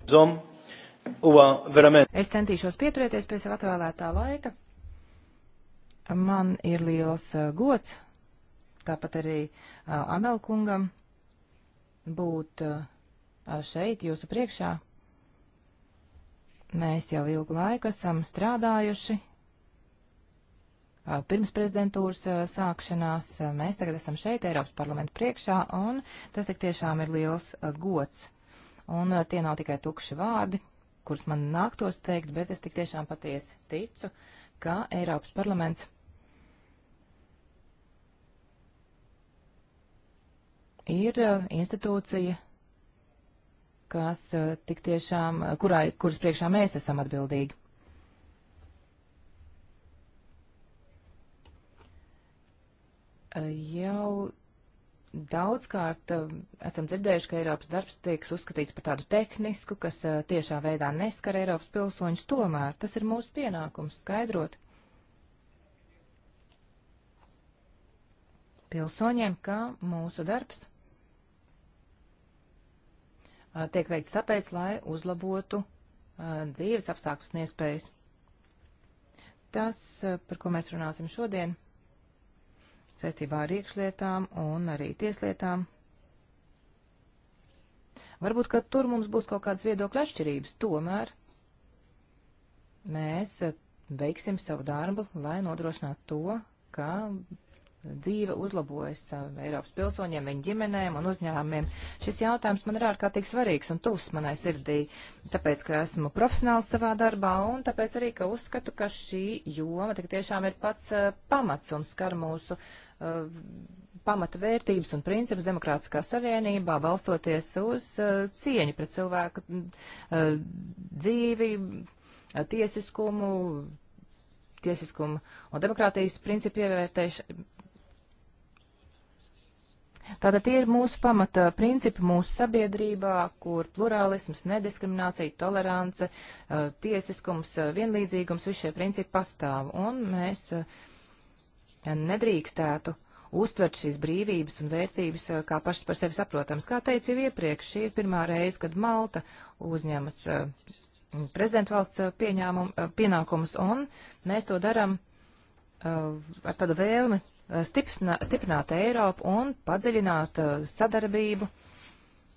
Zom. Es centīšos pieturēties pie sava atvēlētā laika. Man ir liels gods, tāpat arī Amelkungam, būt šeit jūsu priekšā. Mēs jau ilgu laiku esam strādājuši. Pirms prezidentūras sākšanās mēs tagad esam šeit Eiropas parlamenta priekšā, un tas tik tiešām ir liels gods. Un tie nav tikai tukši vārdi, kurus man nāktos teikt, bet es tik tiešām patiesi ticu, ka Eiropas parlaments ir uh, institūcija, kas uh, tik tiešām, uh, kurā, kuras priekšā mēs esam atbildīgi. Jau Daudzkārt eh, esam dzirdējuši, ka Eiropas darbs tiek uzskatīts par tādu tehnisku, kas eh, tiešā veidā neskar Eiropas pilsoņus. Tomēr tas ir mūsu pienākums skaidrot pilsoņiem, ka mūsu darbs eh, tiek veikts tāpēc, lai uzlabotu dzīves apstākļus un iespējas. Tas, par ko mēs runāsim šodien, saistībā ar iekšlietām un arī tieslietām. Varbūt, ka tur mums būs kaut kādas viedokļa atšķirības, tomēr mēs eh, veiksim savu darbu, lai nodrošinātu to, ka dzīve uzlabojas eh, Eiropas pilsoņiem, viņu ģimenēm un uzņēmumiem. Šis jautājums man ir ārkārtīgi svarīgs un tuvs manai sirdī, tāpēc, ka esmu profesionāls savā darbā un tāpēc arī, ka uzskatu, ka šī joma tik tiešām ir pats uh, pamats un skar mūsu Uh, pamata vērtības un principus demokrātiskā savienībā, balstoties uz uh, cieņu pret cilvēku mm, uh, dzīvi, tiesiskumu, tiesiskumu un demokrātijas principu ievērtēšanu. Tātad tie ir mūsu pamata principi mūsu sabiedrībā, kur plurālisms, nediskriminācija, tolerance, tiesiskums, vienlīdzīgums, visi šie principi pastāv. Un mēs uh, nedrīkstētu uztvert šīs brīvības un vērtības eh, kā pašas par sevi saprotams. Kā teicu jau iepriekš, šī ir pirmā reize, kad Malta uzņemas eh, prezidentu valsts eh, pienākumus, un mēs to darām ar tādu vēlmi stiprināt Eiropu un padziļināt sadarbību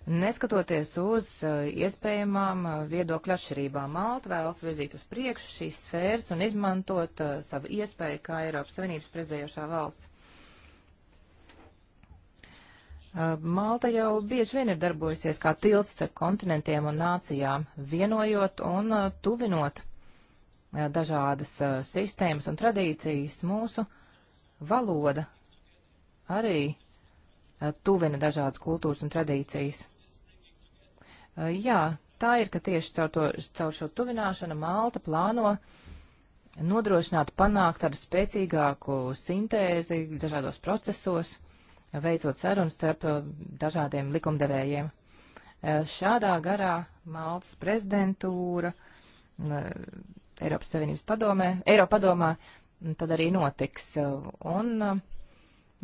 Neskatoties uz eh, iespējamām eh, viedokļu atšķirībām, Malta vēlas virzīt uz priekšu šīs sfēras un izmantot eh, savu iespēju kā Eiropas Savienības prezidējošā valsts. Malta jau bieži vien ir darbojusies kā tilts starp kontinentiem un nācijām, vienojot un tuvinot dažādas sistēmas un tradīcijas. Mūsu valoda arī tuvina dažādas kultūras un tradīcijas. Uh, jā, tā ir, ka tieši caur, to, caur šo tuvināšanu Malta plāno nodrošināt panākt tādu spēcīgāku sintēzi dažādos procesos, veicot sarunas starp uh, dažādiem likumdevējiem. Uh, šādā garā Maltas prezidentūra Eiropas Savienības padomē, Eiropa padomā, mm, tad arī notiks. Un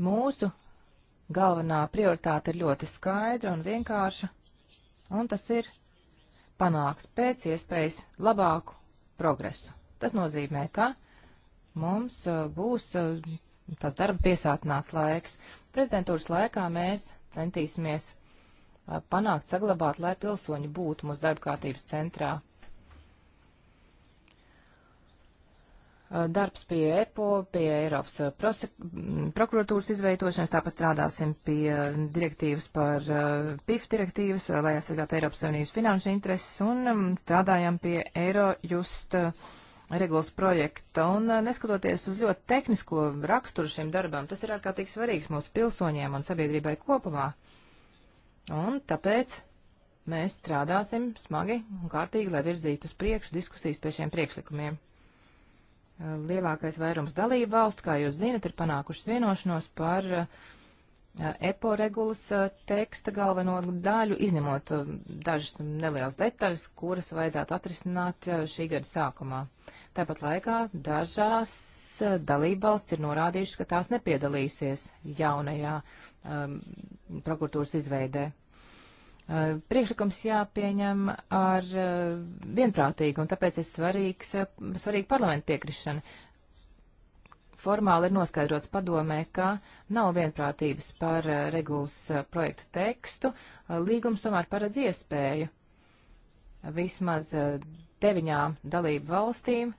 mūsu galvenā prioritāte ir ļoti skaidra un vienkārša un tas ir panākt pēc iespējas labāku progresu. Tas nozīmē, ka mums uh, būs uh, tas darba piesātināts laiks. Prezidentūras laikā mēs centīsimies uh, panākt, saglabāt, lai pilsoņi būtu mūsu darba kārtības centrā. Uh, darbs pie EPO, pie Eiropas uh, mm, prokuratūras izveidošanas, tāpat strādāsim pie uh, direktīvas par PIF direktīvas, lai aizsargātu Eiropas Savienības finanšu intereses, un um, strādājam pie Eiro just regulas projekta. Un neskatoties uz ļoti tehnisko raksturu šim darbam, tas ir ārkārtīgi svarīgs mūsu pilsoņiem un sabiedrībai kopumā. Un tāpēc mēs strādāsim smagi un kārtīgi, lai virzītu uz priekšu diskusijas pie šiem priekšlikumiem lielākais vairums dalību valstu, kā jūs zinat, ir panākušas vienošanos par uh, EPO regulas uh, teksta galveno daļu, izņemot uh, dažas nelielas detaļas, kuras vajadzētu atrisināt šī gada sākumā. Tāpat laikā dažās dalībvalsts ir norādījušas, ka tās nepiedalīsies jaunajā um, prokuratūras izveidē priekšlikums jāpieņem ar vienprātīgu, un tāpēc ir svarīgs, svarīga parlamenta piekrišana. Formāli ir noskaidrots padomē, ka nav vienprātības par regulas projektu tekstu. Līgums tomēr paredz iespēju vismaz deviņām dalību valstīm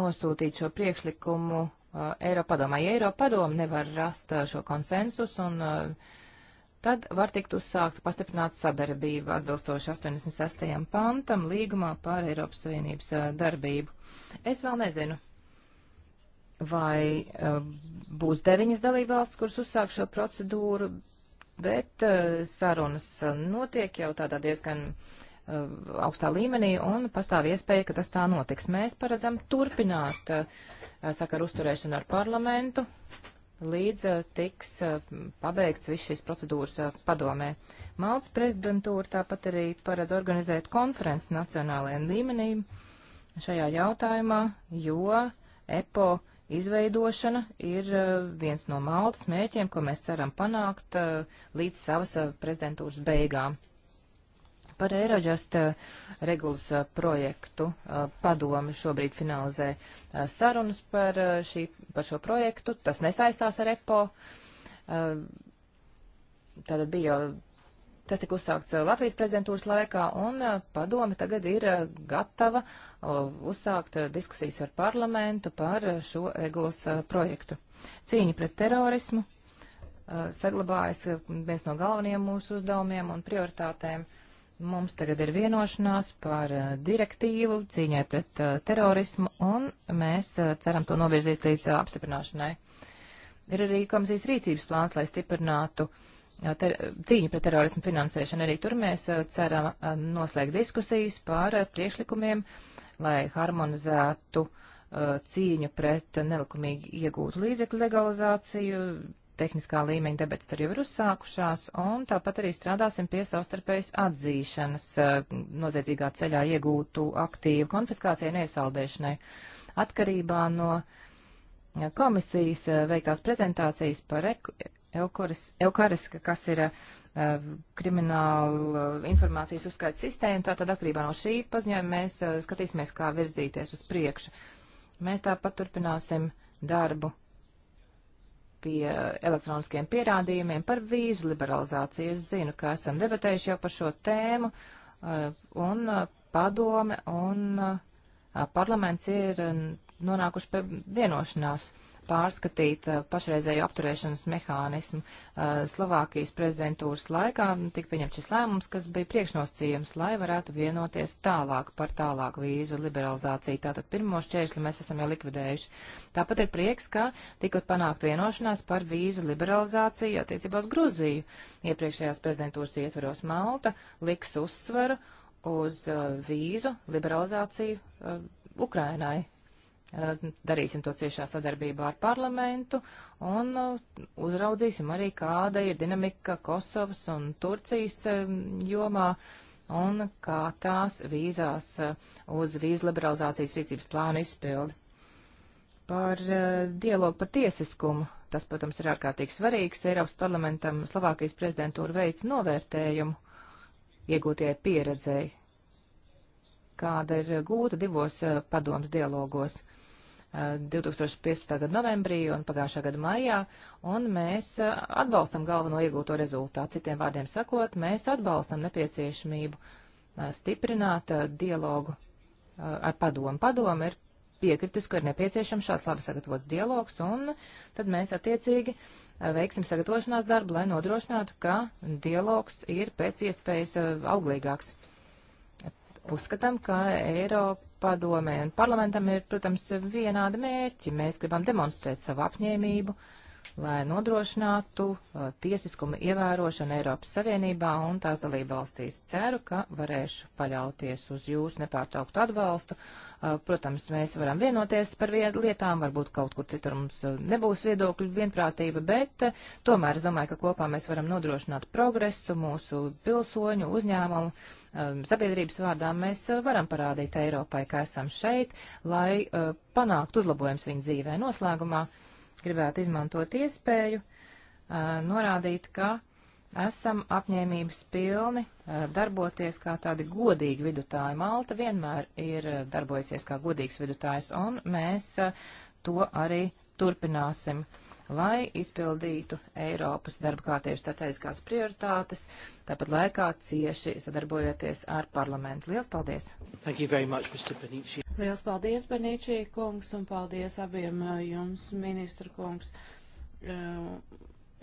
nosūtīt šo priekšlikumu Eiropadomā. Ja Eiropadoma nevar rast šo konsensus un uh, tad var tikt uzsākta pastiprināta sadarbība atbilstoši 86. pantam līgumā par Eiropas Savienības darbību. Es vēl nezinu, vai būs deviņas dalībvalsts, kuras uzsāk šo procedūru, bet sarunas notiek jau tādā diezgan augstā līmenī un pastāv iespēja, ka tas tā notiks. Mēs paredzam turpināt sakaru uzturēšanu ar parlamentu līdz eh, tiks eh, pabeigts viss šīs procedūras eh, padomē. Maltas prezidentūra tāpat arī paredz organizēt konferenci nacionālajiem līmenīm šajā jautājumā, jo EPO izveidošana ir viens no Maltas mērķiem, ko mēs ceram panākt līdz savas prezidentūras beigām par Eirožast eh, regulas eh, projektu. Eh, Padomi šobrīd finalizē sarunas par, šī, par šo projektu. Tas nesaistās ar EPO. Tātad bija jau Tas tika uzsākts Latvijas prezidentūras laikā, un padome tagad ir gatava uzsākt diskusijas ar parlamentu par šo regulas projektu. Cīņa pret terorismu saglabājas viens no galvenajiem mūsu uzdevumiem un prioritātēm. Mums tagad ir vienošanās par uh, direktīvu cīņai pret uh, terorismu, un mēs uh, ceram to novirzīt līdz apstiprināšanai. Ir arī komisijas rīcības plāns, lai stiprinātu ter, cīņu pret terorismu finansēšanu. Arī tur mēs ceram noslēgt diskusijas par priekšlikumiem, lai harmonizētu cīņu pret nelikumīgi iegūtu līdzekļu legalizāciju, tehniskā līmeņa debats tur jau ir uzsākušās, un tāpat arī strādāsim pie savstarpējas atzīšanas eh, noziedzīgā ceļā iegūtu aktīvu konfiskācijai neiesaldēšanai atkarībā no komisijas eh, veiktās prezentācijas par Eukariska, kas ir eh, krimināla informācijas uzskaita sistēma, tātad atkarībā no šī paziņojuma mēs skatīsimies, kā virzīties uz priekšu. Mēs tāpat turpināsim darbu pie elektroniskiem pierādījumiem par vīzu liberalizāciju. Es zinu, ka esam debatējuši jau par šo tēmu, eh, un eh, padome un eh, parlaments ir nonākuši pie vienošanās. Uh, pārskatīt eh, pašreizēju apturēšanas mehānismu. Eh, Slovākijas prezidentūras laikā tika pieņemts šis lēmums, kas bija priekšnosacījums, lai varētu vienoties tālāk par tālāku vīzu liberalizāciju. Tātad pirmo šķēršļu mēs esam jau likvidējuši. Tāpat ir prieks, ka tikot panākt vienošanās par vīzu liberalizāciju attiecībā uz Gruziju. Iepriekšējās prezidentūras ietveros Malta liks uzsvaru uz uh, vīzu liberalizāciju uh, Ukrainai. Eh, darīsim to ciešā sadarbībā ar parlamentu un eh, uzraudzīsim arī, kāda ir dinamika Kosovas un Turcijas eh, jomā un kā tās vīzās uz vīzu liberalizācijas rīcības plānu izpildi. Par dialogu par tiesiskumu. Tas, protams, ir ārkārtīgi svarīgs. Eiropas parlamentam Slovākijas prezidentūra veids novērtējumu iegūtie pieredzēji, kāda ir gūta divos padomas dialogos. Uh, 2015. gada novembrī un pagājušā gada maijā, un mēs atbalstam galveno iegūto rezultātu. Citiem vārdiem sakot, mēs atbalstam nepieciešamību stiprināt dialogu ar padomu. Padoma ir piekritis, ka ir nepieciešams šāds labi sagatavots dialogs, un tad mēs attiecīgi veiksim sagatavošanās darbu, lai nodrošinātu, ka dialogs ir pēc iespējas auglīgāks uzskatām, ka Eiropa domē un parlamentam ir, protams, vienādi mērķi. Mēs gribam demonstrēt savu apņēmību uh, lai nodrošinātu uh, tiesiskumu ievērošanu Eiropas Savienībā un tās dalībvalstīs. Ceru, ka varēšu paļauties uz jūsu nepārtrauktu atbalstu. Uh, protams, mēs varam vienoties par lietām, varbūt kaut kur citur mums uh, nebūs viedokļu vienprātība, bet uh, tomēr es domāju, ka kopā mēs varam nodrošināt progresu mūsu pilsoņu uzņēmumu. Um, sabiedrības vārdā mēs uh, varam parādīt Eiropai, ka esam šeit, lai uh, panāktu uzlabojums viņu dzīvē noslēgumā gribētu izmantot iespēju norādīt, ka esam apņēmības pilni darboties kā tādi godīgi vidutāji. Malta vienmēr ir darbojusies kā godīgs vidutājs, un mēs to arī turpināsim, lai izpildītu Eiropas darba kārtības strateģiskās prioritātes, tāpat laikā cieši sadarbojoties ar parlamentu. Lielas paldies! Much, Liels paldies, Benīčī kungs, un paldies abiem jums, ministra kungs.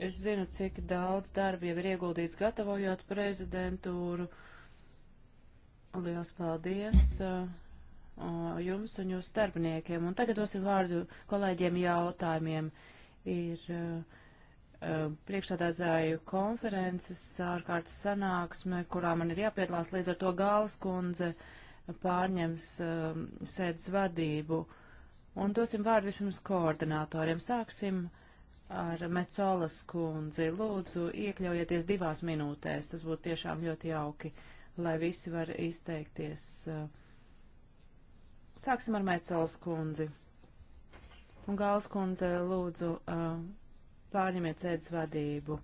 Es zinu, cik daudz darba jau ir ieguldīts gatavojot prezidentūru. Liels paldies jums un jūsu darbiniekiem. Un tagad dosim vārdu kolēģiem jautājumiem. Ir uh, priekšstādātāju konferences ārkārtas sanāksme, kurā man ir jāpiedalās līdz ar to Gāles kundze. Uh, pārņems uh, sēdes vadību. Un dosim vārdu vispirms koordinātoriem. Sāksim ar Mecolas kundzi. Lūdzu, iekļaujieties divās minūtēs. Tas būtu tiešām ļoti jauki, lai visi var izteikties. Uh, sāksim ar Mecolas kundzi. Un Gals kundze, lūdzu, uh, pārņemiet sēdes vadību.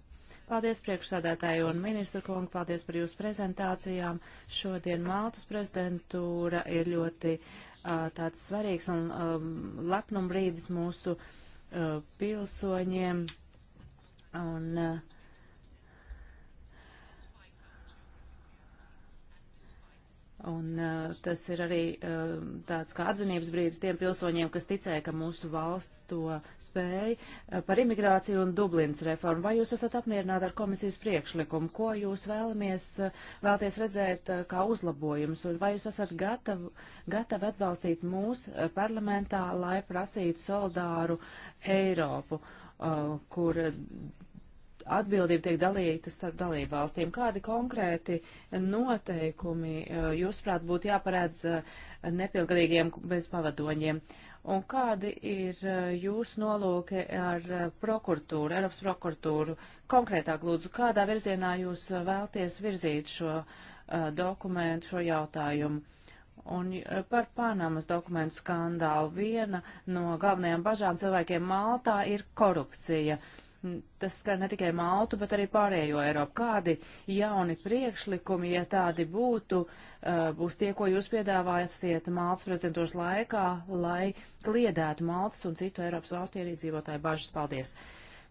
Paldies priekšsādātāju un ministru kungu, paldies par jūsu prezentācijām. Šodien Maltas prezidentūra ir ļoti uh, tāds svarīgs un um, lepnum brīdis mūsu uh, pilsoņiem. Un, uh, Un uh, tas ir arī uh, tāds kā atzinības brīdis tiem pilsoņiem, kas ticēja, ka mūsu valsts to spēj uh, par imigrāciju un Dublins reformu. Vai jūs esat apmierināti ar komisijas priekšlikumu? Ko jūs vēlamies, uh, vēlaties redzēt uh, kā uzlabojumus? Un vai jūs esat gatavi, gatavi atbalstīt mūs uh, parlamentā, lai prasītu solidāru Eiropu, uh, kur atbildība tiek dalīta starp dalībvalstīm. Kādi konkrēti noteikumi, eh, jūsuprāt, būtu jāparedz eh, nepilngadīgiem bez pavadoņiem? Un kādi ir eh, jūsu nolūki ar prokuratūru, Eiropas prokuratūru? Konkrētāk lūdzu, kādā virzienā jūs vēlties virzīt šo dokumentu, šo jautājumu? Un par Panamas dokumentu skandālu viena no galvenajām bažām cilvēkiem Maltā ir korupcija. Uh, Tas skar ne tikai Maltu, bet arī pārējo Eiropu. Kādi jauni priekšlikumi, ja tādi būtu, uh, būs tie, ko jūs piedāvāsiet Maltas prezidentūras laikā, lai kliedētu Maltas un citu Eiropas valstu iedzīvotāju bažas? Paldies!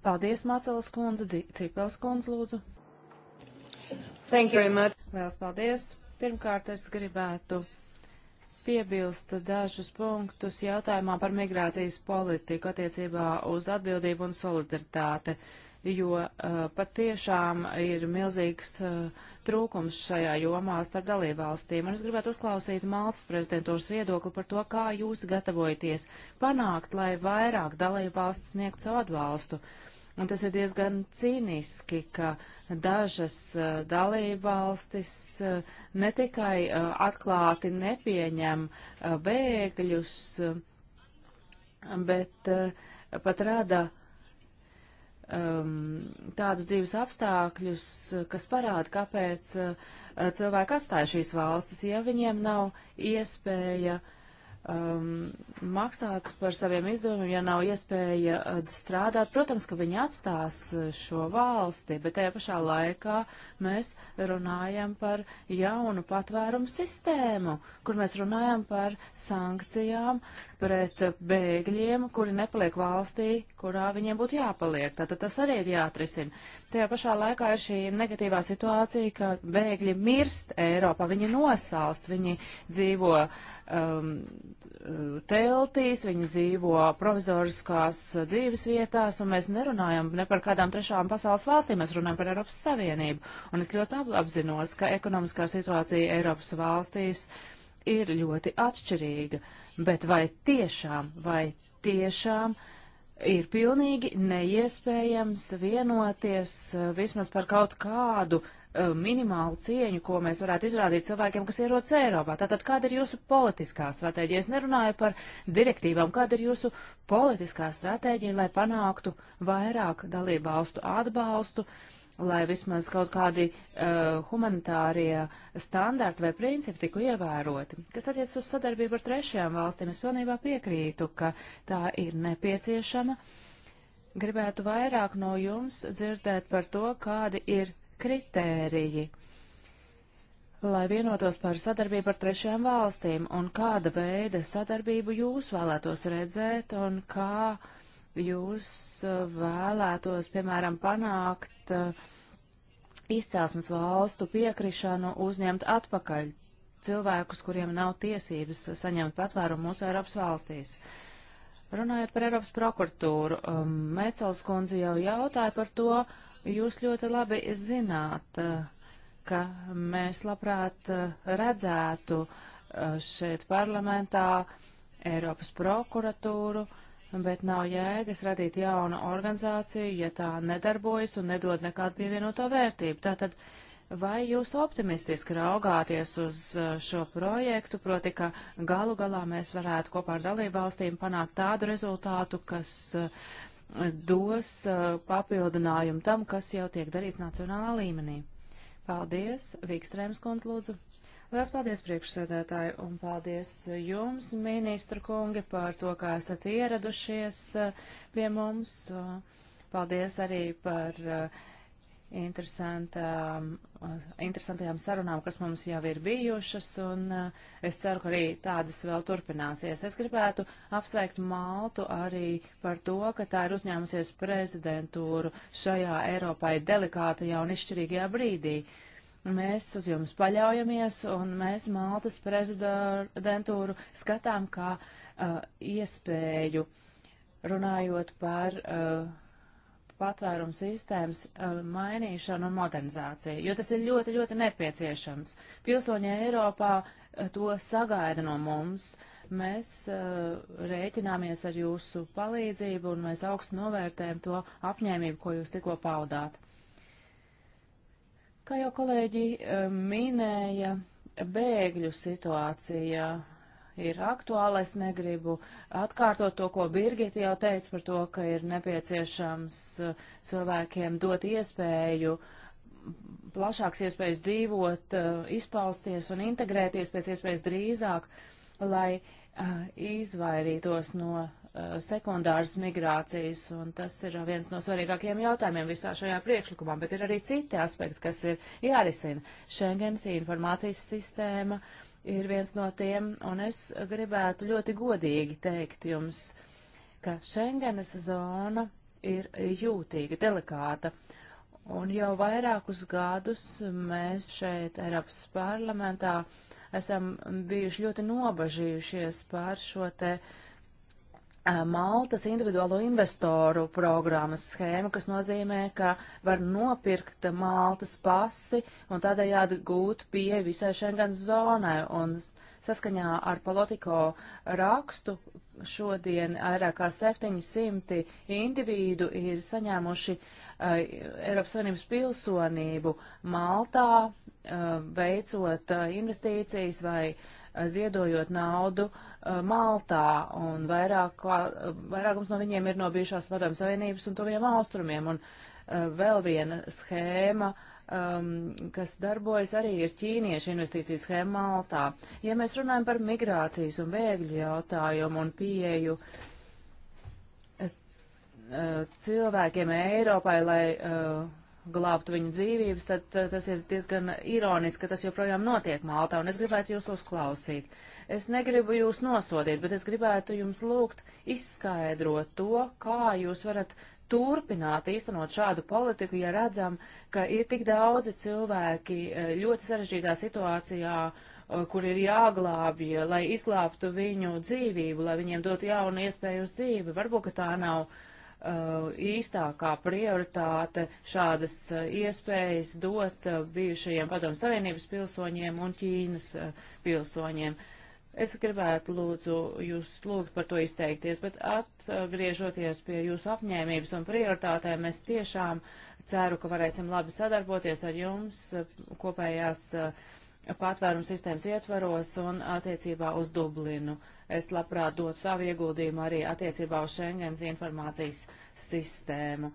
Paldies, Mācelas kundze, Cipels kundze, lūdzu. Thank you very much. Lielas paldies. Pirmkārt, es gribētu piebilst dažus punktus jautājumā par migrācijas politiku attiecībā uz atbildību un solidaritāti, jo uh, patiešām ir milzīgs uh, trūkums šajā jomā starp dalībvalstīm. Un es gribētu uzklausīt Maltas prezidentūras viedokli par to, kā jūs gatavojaties panākt, lai vairāk dalībvalsts sniegtu savu atbalstu. Uh, Un tas ir diezgan cīniski, ka dažas uh, dalībvalstis uh, ne tikai uh, atklāti nepieņem bēgļus, bet pat rada um, tādus dzīves apstākļus, kas parāda, kāpēc cilvēki atstāja šīs valstis, ja viņiem nav iespēja uh, um, maksāt par saviem izdevumiem, ja nav iespēja uh, strādāt. Protams, ka viņi atstās uh, šo valsti, bet tajā pašā laikā mēs runājam par jaunu patvērumu sistēmu, kur mēs runājam par sankcijām pret bēgļiem, kuri nepaliek valstī, kurā viņiem būtu jāpaliek. Tātad tas arī ir jāatrisina. Tajā pašā laikā ir šī negatīvā situācija, ka bēgļi mirst Eiropā, viņi nosalst, viņi dzīvo uh, um, teltīs, viņi dzīvo provizoriskās dzīves vietās, un mēs nerunājam ne par kādām trešām pasaules valstīm, mēs runājam par Eiropas Savienību. Un es ļoti apzinos, ka ekonomiskā situācija Eiropas valstīs ir ļoti atšķirīga, bet vai tiešām, vai tiešām ir pilnīgi neiespējams vienoties uh, vismaz par kaut kādu uh, Eh, minimālu cieņu, ko mēs varētu izrādīt cilvēkiem, kas ierodas Eiropā. Tātad, kāda ir jūsu politiskā stratēģija? Es nerunāju par direktīvām, kāda ir jūsu politiskā stratēģija, lai panāktu vairāk dalību valstu atbalstu, lai vismaz kaut kādi uh, humanitārie standarti vai principi tiku ievēroti. Kas attiecas uz sadarbību ar trešajām valstīm, es pilnībā piekrītu, ka tā ir nepieciešama. Gribētu vairāk no jums dzirdēt par to, kādi ir kritēriji, lai vienotos par sadarbību ar trešajām valstīm, un kāda veida sadarbību jūs vēlētos redzēt, un kā jūs uh, vēlētos, piemēram, panākt uh, izcelsmes valstu piekrišanu uzņemt atpakaļ cilvēkus, kuriem nav tiesības saņemt patvērumu mūsu Eiropas valstīs. Runājot par Eiropas prokuratūru, um, Mecels kundze jau jautāja par to, Jūs ļoti labi zināt, eh, ka mēs labprāt eh, redzētu eh, šeit parlamentā Eiropas prokuratūru, bet nav jēgas radīt jaunu organizāciju, ja tā nedarbojas un nedod nekādu pievienoto vērtību. Tātad, vai jūs optimistiski raugāties uz šo projektu, proti, ka galu galā mēs varētu kopā ar dalību valstīm panākt tādu rezultātu, kas uh, dos uh, papildinājumu tam, kas jau tiek darīts nacionālā līmenī. Paldies, Vīkstrēms kundz lūdzu. Lielas paldies priekšsēdētāji un paldies jums, ministru kungi, par to, kā esat ieradušies uh, pie mums. Uh, paldies arī par uh, interesantajām sarunām, kas mums jau ir bijušas, un eh, es ceru, ka arī tādas vēl turpināsies. Es gribētu apsveikt Maltu arī par to, ka tā ir uzņēmusies prezidentūru šajā Eiropai delikātajā un izšķirīgajā brīdī. Mēs uz jums paļaujamies, un mēs Maltas prezidentūru skatām kā uh, iespēju runājot par uh, patvērums sistēmas um, mainīšanu un modernizāciju, jo tas ir ļoti, ļoti nepieciešams. Pilsoņi Eiropā uh, to sagaida no mums. Mēs uh, rēķināmies ar jūsu palīdzību un mēs augstu novērtējam to apņēmību, ko jūs tikko paudāt. Kā jau kolēģi um, minēja, bēgļu situācija ir aktuāla. Es negribu atkārtot to, ko Birgita jau teica par to, ka ir nepieciešams uh, cilvēkiem dot iespēju, plašāks iespējas dzīvot, uh, izpausties un integrēties pēc iespējas drīzāk, lai uh, izvairītos no sekundāras migrācijas, un tas ir viens no svarīgākajiem jautājumiem visā šajā priekšlikumā, bet ir arī citi aspekti, kas ir jārisina. Šengens informācijas sistēma ir viens no tiem, un es gribētu ļoti godīgi teikt jums, ka Schengenes zona ir jūtīga, delikāta. Un jau vairākus gadus mēs šeit Eiropas parlamentā esam bijuši ļoti nobažījušies par šo te uh, Eh, Maltas individuālo investoru programmas schēma, kas nozīmē, ka var nopirkt Maltas pasi un tādējādi gūt pieeju visai Schengen zonai. Un saskaņā ar politiko rakstu šodien vairāk kā 700 individu ir saņēmuši uh, Eiropas Savienības pilsonību Maltā, uh, veicot uh, investīcijas vai uh, ziedojot naudu eh, Maltā, un vairāk, vairākums no viņiem ir no bijušās Padomju Savienības un tuviem austrumiem. Un eh, vēl viena schēma um, kas darbojas arī ir ķīniešu investīciju schēma Maltā. Ja mēs runājam par migrācijas un bēgļu jautājumu un pieeju uh, cilvēkiem Eiropai, lai uh, glābtu viņu dzīvības, tad tas ir diezgan ironiski, ka tas joprojām notiek Maltā, un es gribētu jūs uzklausīt. Es negribu jūs nosodīt, bet es gribētu jums lūgt izskaidrot to, kā jūs varat turpināt īstenot šādu politiku, ja redzam, ka ir tik daudzi cilvēki eh, ļoti sarežģītā situācijā, eh, kur ir jāglābj, lai izglābtu viņu dzīvību, lai viņiem dotu jaunu iespēju uz dzīvi. Varbūt, ka tā nav uh, Uh, īstākā prioritāte šādas uh, iespējas dot uh, bijušajiem Padomu Savienības pilsoņiem un Ķīnas pilsoņiem. Es gribētu lūdzu jūs lūgt par to izteikties, bet atgriežoties pie jūsu apņēmības un prioritātēm, es tiešām ceru, ka varēsim labi sadarboties ar jums kopējās uh, patvērums sistēmas ietvaros un attiecībā uz Dublinu. Es labprāt dotu savu ieguldījumu arī attiecībā uz Schengens informācijas sistēmu.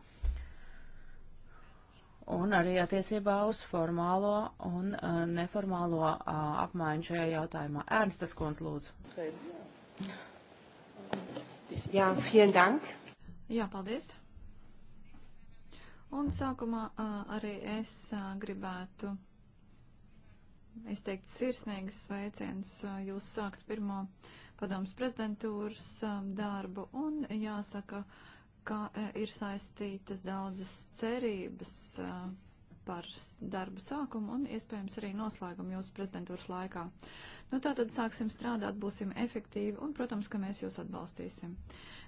Un arī attiecībā uz formālo un uh, neformālo uh, apmaiņu šajā jautājumā. Ernstas Kons, lūdzu. Jā, vielen dank. Jā, paldies. Un sākumā uh, arī es uh, gribētu es teiktu, sirsnīgas sveiciens. Jūs sākt pirmo padomus prezidentūras darbu un jāsaka, ka ir saistītas daudzas cerības par darbu sākumu un iespējams arī noslēgumu jūsu prezidentūras laikā. Nu, tā tad sāksim strādāt, būsim efektīvi un, protams, ka mēs jūs atbalstīsim.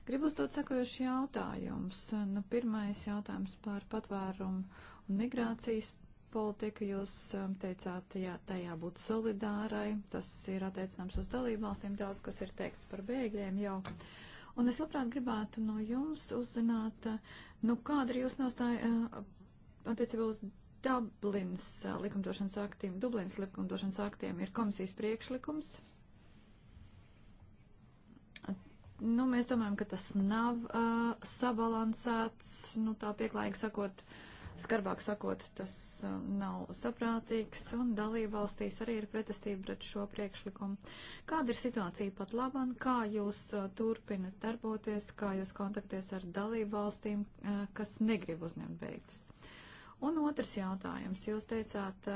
Gribu uzdot sekojuši jautājums. Nu, pirmais jautājums par patvērumu un migrācijas politiku. Jūs um, teicāt, jā, tajā būt solidārai. Tas ir attiecināms uz dalību valstīm. Daudz, kas ir teikts par bēgļiem jau. Un es labprāt gribētu no jums uzzināt, uh, nu kāda ir jūsu nostāja uh, attiecībā uz Dublins uh, likumdošanas aktiem. Dublins likumdošanas aktiem ir komisijas priekšlikums. Nu, mēs domājam, ka tas nav uh, sabalansēts, nu tā pieklājīgi sakot, uh, Skarbāk sakot, tas uh, nav saprātīgs, un dalība valstīs arī ir pretestība pret šo priekšlikumu. Kāda ir situācija pat laban, kā jūs uh, turpinat darboties, kā jūs kontakties ar dalību valstīm, uh, kas negrib uzņemt beigus? Un otrs jautājums. Jūs teicāt,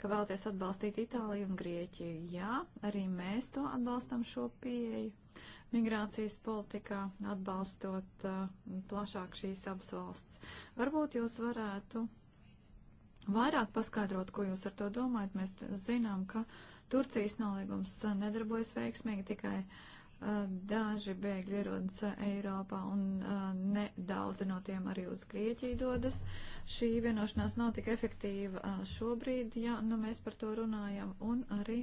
ka vēlaties atbalstīt Itāliju un Grieķiju. Jā, arī mēs to atbalstam šo pieeju migrācijas politikā, atbalstot uh, plašāk šīs abas valsts. Varbūt jūs varētu vairāk paskaidrot, ko jūs ar to domājat. Mēs zinām, ka Turcijas nolīgums uh, nedarbojas veiksmīgi tikai uh, daži bēgļi ierodas Eiropā un nedaudzi no tiem arī uz Grieķiju dodas. Šī vienošanās nav tik efektīva šobrīd, ja nu mēs par to runājam, un arī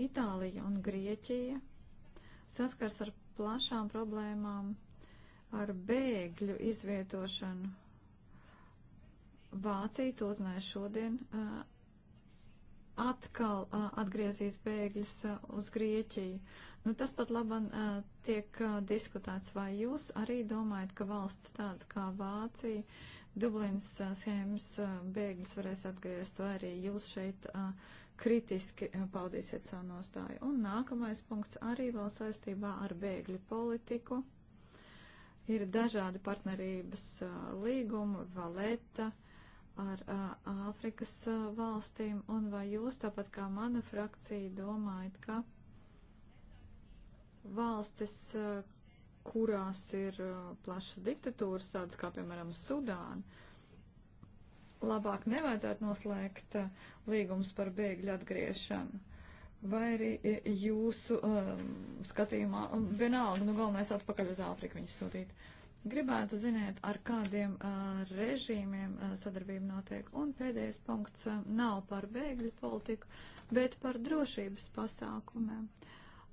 Itālija un Grieķija saskars ar plašām problēmām, ar bēgļu izvietošanu. Vācija to uzzināja šodien. Atkal atgriezīs bēgļus uz Grieķiju. Nu, tas pat laban tiek diskutēts, vai jūs arī domājat, ka valsts tāds kā Vācija Dublinas schēmas bēgļus varēs atgriezt, vai arī jūs šeit uh, kritiski eh, paudīsiet savu nostāju. Un nākamais punkts arī vēl saistībā ar bēgļu politiku. Ir dažādi partnerības eh, līgumi, valeta ar eh, Āfrikas valstīm, un vai jūs tāpat kā mana frakcija domājat, ka valstis, kurās ir plašas diktatūras, tādas kā, piemēram, Sudāna, labāk nevajadzētu noslēgt uh, līgums par bēgļu atgriešanu? Vai arī e, jūsu um, skatījumā, um, vienalga, nu galvenais atpakaļ uz Āfriku viņus sūtīt? Gribētu zināt, ar kādiem uh, režīmiem uh, sadarbība notiek. Un pēdējais punkts uh, nav par bēgļu politiku, bet par drošības pasākumiem,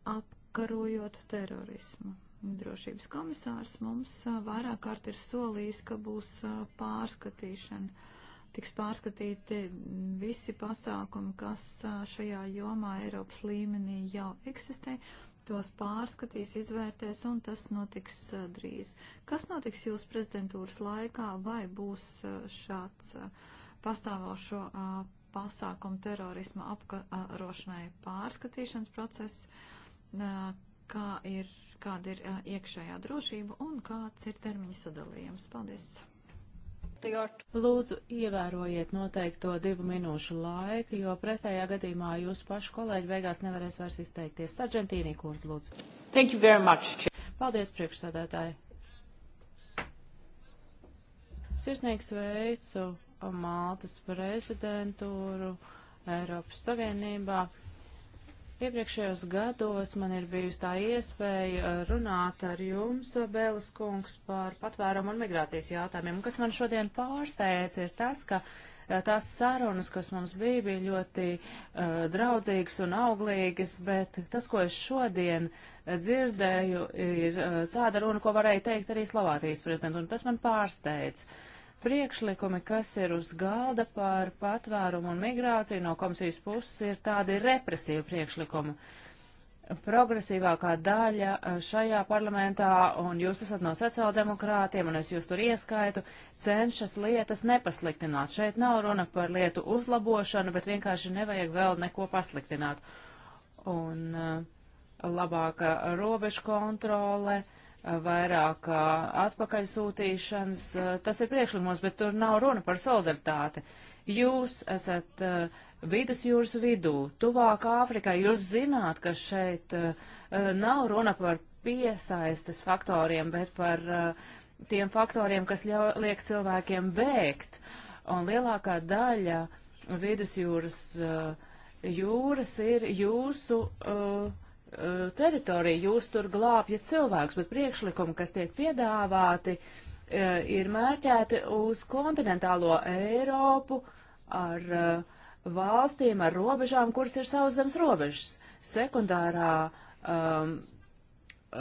apkarojot terorismu. Drošības komisārs mums uh, vairāk kārt ir solījis, ka būs uh, pārskatīšana tiks pārskatīti visi pasākumi, kas šajā jomā Eiropas līmenī jau eksistē. Tos pārskatīs, izvērtēs, un tas notiks drīz. Kas notiks jūsu prezidentūras laikā, vai būs šāds pastāvošo pasākumu terorisma apkarošanai pārskatīšanas process, kā ir, kāda ir iekšējā drošība un kāds ir termiņa sadalījums? Paldies! Lūdzu, ievērojiet noteikto divu minūšu laiku, jo pretējā gadījumā jūsu pašu kolēģi beigās nevarēs vairs izteikties. Sargentīnī, kurs, lūdzu. Thank you very much. Paldies, priekšsādātāji. Sirsnīgs veicu Maltas prezidentūru Eiropas Savienībā. Iepriekšējos gados man ir bijusi tā iespēja runāt ar jums, Bēlas kungs, par patvērumu un migrācijas jautājumiem. Un kas man šodien pārsteidz, ir tas, ka eh, tās sarunas, kas mums bija, bija ļoti uh, draudzīgas un auglīgas, bet tas, ko es šodien eh, dzirdēju, ir uh, tāda runa, ko varēja teikt arī Slovākijas prezidentu, un tas man pārsteidz. Uh, priekšlikumi, kas ir uz galda par patvērumu un migrāciju no komisijas puses, ir tādi represīvi priekšlikumi. Progresīvākā daļa eh, šajā parlamentā, un jūs esat no sociāldemokrātiem, un es jūs tur ieskaitu, cenšas lietas nepasliktināt. Šeit nav runa par lietu uzlabošanu, bet vienkārši nevajag vēl neko pasliktināt. Un eh, labāka robežu kontrole, uh, vairāk atpakaļ sūtīšanas. Tas ir priekšlikums, bet tur nav runa par solidaritāti. Jūs esat vidusjūras vidū, tuvāk Āfrikai. Jūs zināt, ka šeit nav runa par piesaistes faktoriem, bet par tiem faktoriem, kas ļauj, liek cilvēkiem bēgt. Un lielākā daļa vidusjūras jūras ir jūsu uh, Eh, teritoriju, jūs tur glābjat cilvēkus, bet priekšlikumi, kas tiek piedāvāti, eh, ir mērķēti uz kontinentālo Eiropu ar eh, valstīm, ar robežām, kuras ir sauszemes robežas. Sekundārā um,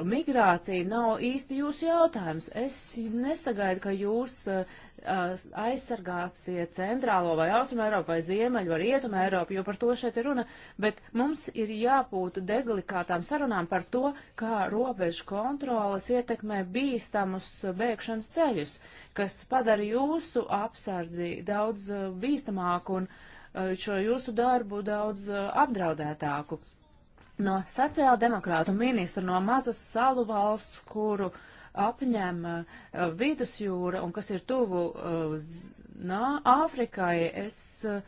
migrācija nav īsti jūsu jautājums. Es nesagaidu, ka jūs uh, uh, aizsargāsiet centrālo vai austrumu Eiropu vai ziemeļu vai rietumu Eiropu, jo par to šeit ir runa, bet mums ir jābūt deglikātām sarunām par to, kā robežu kontrolas ietekmē bīstamus bēgšanas ceļus, kas padara jūsu apsardzi daudz uh, bīstamāku un uh, šo jūsu darbu daudz uh, apdraudētāku no sociāldemokrātu ministra no mazas salu valsts, kuru apņem uh, vidusjūra un kas ir tuvu uh, Āfrikai, es uh,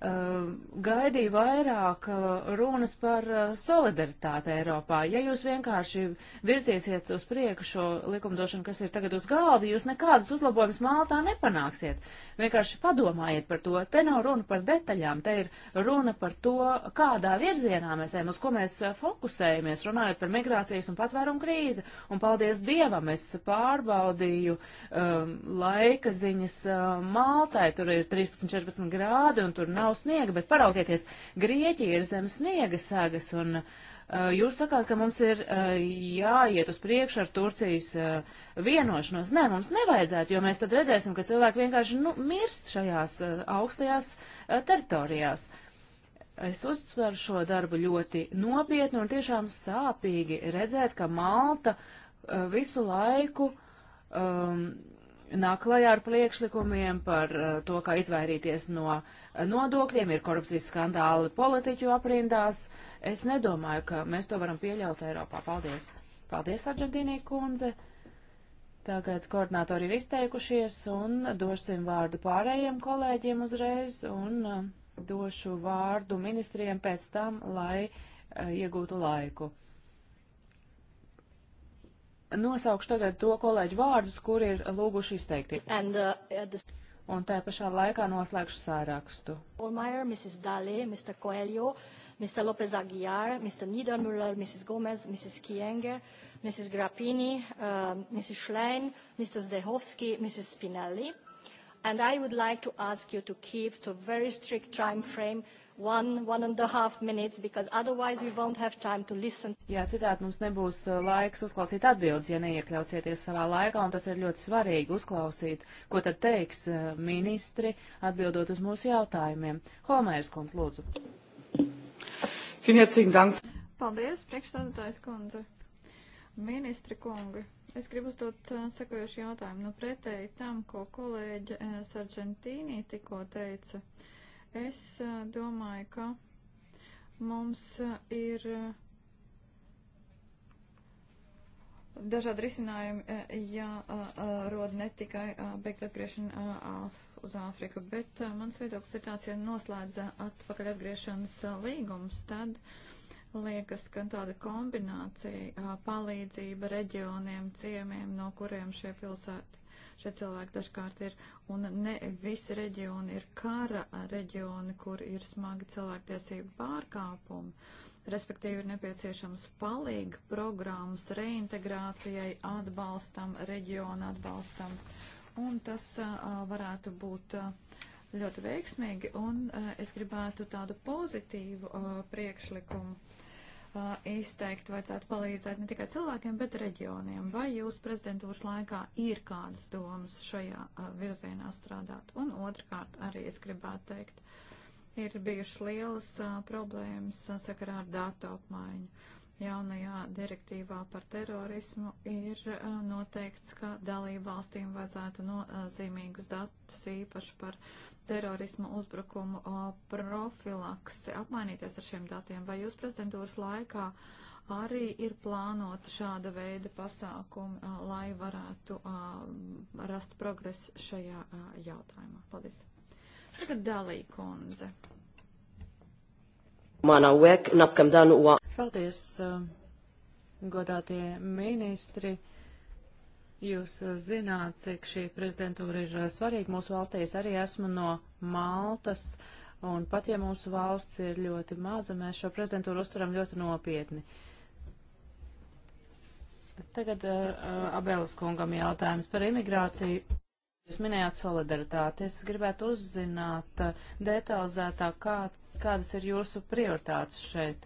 Eh, gaidīju vairāk eh, runas par eh, solidaritāti Eiropā. Ja jūs vienkārši virziesiet uz priekšu šo likumdošanu, kas ir tagad uz galda, jūs nekādas uzlabojumus Maltā nepanāksiet. Vienkārši padomājiet par to. Te nav runa par detaļām, te ir runa par to, kādā virzienā mēs ejam, uz ko mēs fokusējamies, runājot par migrācijas un patvērumu krīzi. Un paldies Dievam, es pārbaudīju um, laika ziņas um, Maltai. Tur ir 13-14 grādi un tur nav nav sniega, bet paraugieties, Grieķija ir zem sniega sagas, un uh, jūs sakāt, ka mums ir uh, jāiet uz priekšu ar Turcijas uh, vienošanos. Nē, mums nevajadzētu, jo mēs tad redzēsim, ka cilvēki vienkārši nu, mirst šajās uh, augstajās uh, teritorijās. Es uzsveru šo darbu ļoti nopietni un tiešām sāpīgi redzēt, ka Malta uh, visu laiku um, nāk klajā ar priekšlikumiem par uh, to, kā izvairīties no eh, nodokļiem, ir korupcijas skandāli politiķu aprindās. Es nedomāju, ka mēs to varam pieļaut Eiropā. Paldies! Paldies, Arģadīnī kundze! Tagad koordinātori ir izteikušies un dosim vārdu pārējiem kolēģiem uzreiz un uh, došu vārdu ministriem pēc tam, lai uh, iegūtu laiku. Nosaukšu tagad to kolēģu vārdus, kuri ir lūguši izteikties. Uh, yeah, this... Un tā pašā laikā noslēgšu sārakstu. Olmeyer, Mrs. Dali, Mr. Coelho, Mr. Lopez Aguiar, Mr. Niedermüller, Mrs. Gomez, Mrs. Kienge, Mrs. Grappini, uh, Mrs. Schlein, Mr. Zdehovsky, Mrs. Spinelli. And I would like to ask you to keep to a very strict time frame one, one and a half minutes, because otherwise we won't have time to listen. Jā, citādi mums nebūs uh, laiks uzklausīt atbildes, ja neiekļausieties savā laikā, un tas ir ļoti svarīgi uzklausīt, ko tad teiks uh, ministri atbildot uz mūsu jautājumiem. Holmērs kundz, lūdzu. Paldies, priekšstādātājs kundze. Ministri kungi, es gribu uzdot uh, sekojošu jautājumu. Nu, pretēji tam, ko kolēģe Sargentīnī tikko teica. Uh, Es domāju, ka mums ir dažādi risinājumi jārod ne tikai bēgļu atgriešana uz Āfriku, bet mans viedoklis ir tāds, ja noslēdz atpakaļ atgriešanas līgums, tad liekas, ka tāda kombinācija palīdzība reģioniem, ciemiem, no kuriem šie pilsēti šie cilvēki dažkārt ir, un ne visi reģioni ir kara reģioni, kur ir smagi cilvēktiesību pārkāpumi. Respektīvi ir nepieciešams palīga programmas reintegrācijai, atbalstam, reģionu atbalstam, un tas uh, varētu būt uh, ļoti veiksmīgi, un uh, es gribētu tādu pozitīvu uh, priekšlikumu izteikti vajadzētu palīdzēt ne tikai cilvēkiem, bet reģioniem. Vai jūs prezidentūras laikā ir kādas domas šajā uh, virzienā strādāt? Un otrkārt, arī es gribētu teikt, ir bijušas lielas uh, problēmas uh, sakarā ar datu apmaiņu. Jaunajā direktīvā par terorismu ir noteikts, ka dalību valstīm vajadzētu nozīmīgus datus īpaši par uh, terorisma uzbrukumu profilaksi, apmainīties ar šiem datiem. Vai jūs prezidentūras laikā arī ir plānota šāda veida pasākumi, lai varētu rast progresu šajā jautājumā? Paldies. Tagad Dalī kundze. Manā vek, napkam danu. Paldies, godātie ministri. Jūs uh, zināt, cik šī prezidentūra ir uh, svarīga mūsu valstī. Es arī esmu no Maltas, un pat ja mūsu valsts ir ļoti maza, mēs šo prezidentūru uzturam ļoti nopietni. Tagad uh, uh Abelas kungam jautājums par imigrāciju. Jūs minējāt solidaritāti. Es gribētu uzzināt uh, detalizētāk, kā, kādas ir jūsu prioritātes šeit,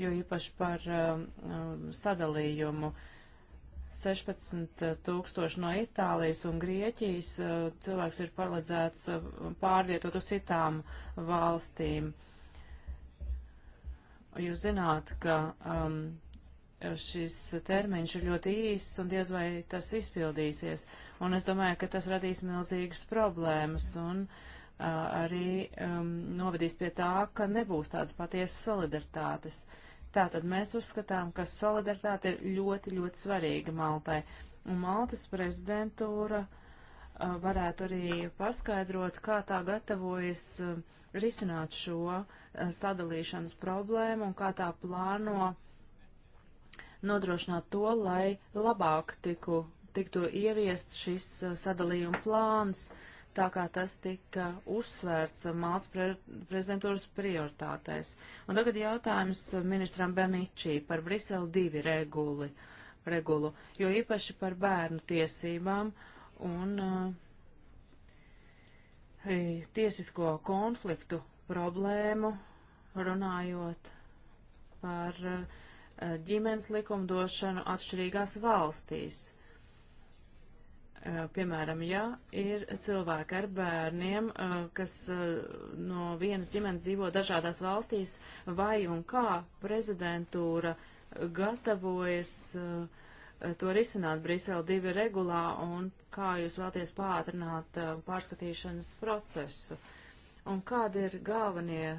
jo īpaši par uh, sadalījumu. Uh, 16 tūkstoši no Itālijas un Grieķijas eh, cilvēks ir paredzēts eh, pārvietot uz citām valstīm. Jūs zināt, ka um, šis termiņš ir ļoti īss un diez vai tas izpildīsies. Un es domāju, ka tas radīs milzīgas problēmas un uh, arī um, novedīs pie tā, ka nebūs tādas patiesas solidaritātes. Uh, Tātad mēs uzskatām, ka solidaritāte ir ļoti, ļoti svarīga Maltai. Un Maltas prezidentūra uh, varētu arī paskaidrot, kā tā gatavojas uh, risināt šo uh, sadalīšanas problēmu un kā tā plāno nodrošināt to, lai labāk tiku, tiktu ieviests šis sadalījuma plāns. Uh, tā kā tas tika uzsvērts Maltas pre prezidentūras prioritātēs. Un tagad jautājums ministram Beničī par Brisele 2 reguli, regulu, jo īpaši par bērnu tiesībām un uh, tiesisko konfliktu problēmu runājot par uh, ģimenes likumdošanu atšķirīgās valstīs. Uh, Eh, piemēram, ja ir cilvēki ar bērniem, eh, kas eh, no vienas ģimenes dzīvo dažādās valstīs, vai un kā prezidentūra gatavojas to risināt Brisele 2 regulā un kā jūs vēlties pātrināt pārskatīšanas procesu? Un kādi ir galvenie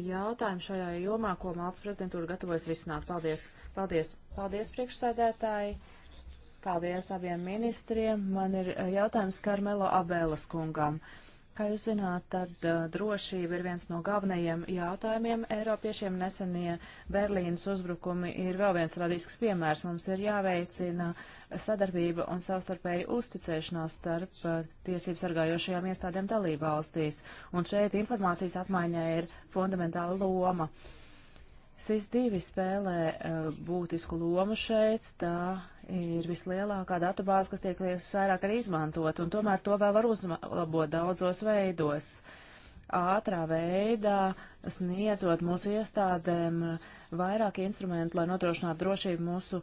jautājumi šajā jomā, ko Maltas prezidentūra gatavojas risināt? Paldies! Paldies! Paldies, priekšsēdētāji! Paldies abiem ministriem. Man ir eh, jautājums Karmelo Abēlas kungam. Kā jūs zināt, tad eh, drošība ir viens no galvenajiem jautājumiem Eiropiešiem. Nesenie Berlīnas uzbrukumi ir vēl viens radisks piemērs. Mums ir jāveicina sadarbība un savstarpēja uzticēšanās starp eh, tiesību sargājošajām iestādēm dalībvalstīs. Un šeit informācijas apmaiņā ir fundamentāla loma. SIS-2 spēlē uh, būtisku lomu šeit, tā ir vislielākā datubāze, kas tiek vairāk arī izmantot, un tomēr to vēl var uzlabot daudzos veidos. Ātrā veidā sniedzot mūsu iestādēm vairāk instrumentu, lai nodrošinātu drošību mūsu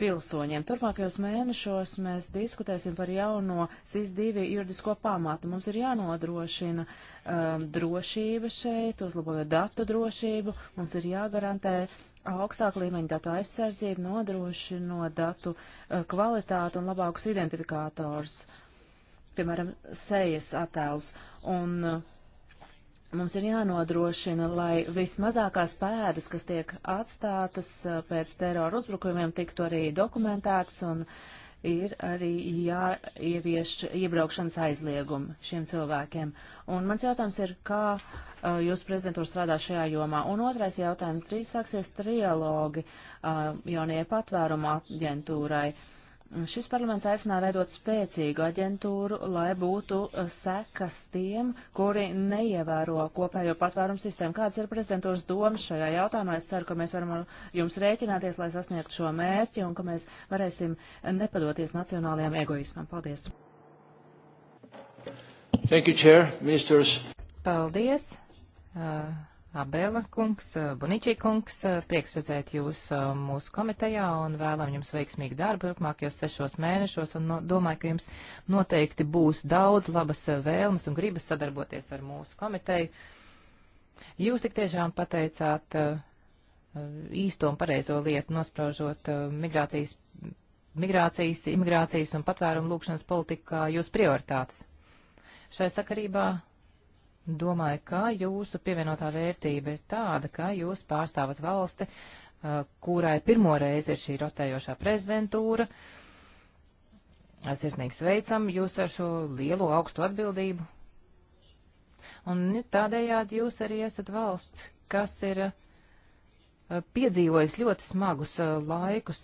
pilsoņiem. Turpmākajos mēnešos mēs diskutēsim par jauno SIS-2 juridisko pamatu. Mums ir jānodrošina um, drošība šeit, uzlabojot datu drošību. Mums ir jāgarantē augstāk līmeņa datu aizsardzību nodrošino datu eh, kvalitātu un labākus identifikātors, piemēram, sejas attēlus. Un eh, mums ir jānodrošina, lai vismazākās pēdas, kas tiek atstātas eh, pēc terora uzbrukumiem, tiktu arī dokumentētas un uh, ir arī jāievieš iebraukšanas aizliegumi šiem cilvēkiem. Un mans jautājums ir, kā uh, jūs prezidentūra strādā šajā jomā? Un otrais jautājums, drīz sāksies trialogi uh, jaunie patvērumu aģentūrai. Uh, Šis parlaments aicināja veidot spēcīgu aģentūru, lai būtu eh, sekas tiem, kuri neievēro kopējo patvērumu sistēmu. Kāds ir prezidentūras domas šajā jautājumā? Es ceru, ka mēs varam jums rēķināties, lai sasniegtu šo mērķi un ka mēs varēsim nepadoties nacionālajiem egoismam. Paldies! Thank you, Chair, Ministers. Paldies! Uh... Abela kungs, eh, Boničī kungs, eh, prieks redzēt jūs eh, mūsu komitejā un vēlam jums veiksmīgu darbu turpmākajos sešos mēnešos un no, domāju, ka jums noteikti būs daudz labas vēlmes un gribas sadarboties ar mūsu komiteju. Jūs tik tiešām pateicāt īsto un pareizo lietu, nospraužot migrācijas, migrācijas, imigrācijas un patvērumu lūkšanas politikā jūs prioritātes. Šai sakarībā domāju, ka jūsu pievienotā vērtība ir tāda, ka jūs pārstāvat valsti, uh, kurai pirmo reizi ir šī rotējošā prezidentūra. Sirsnīgi sveicam jūs ar šo lielo augstu atbildību. Un tādējādi jūs arī esat valsts, kas ir uh, piedzīvojis ļoti smagus uh, laikus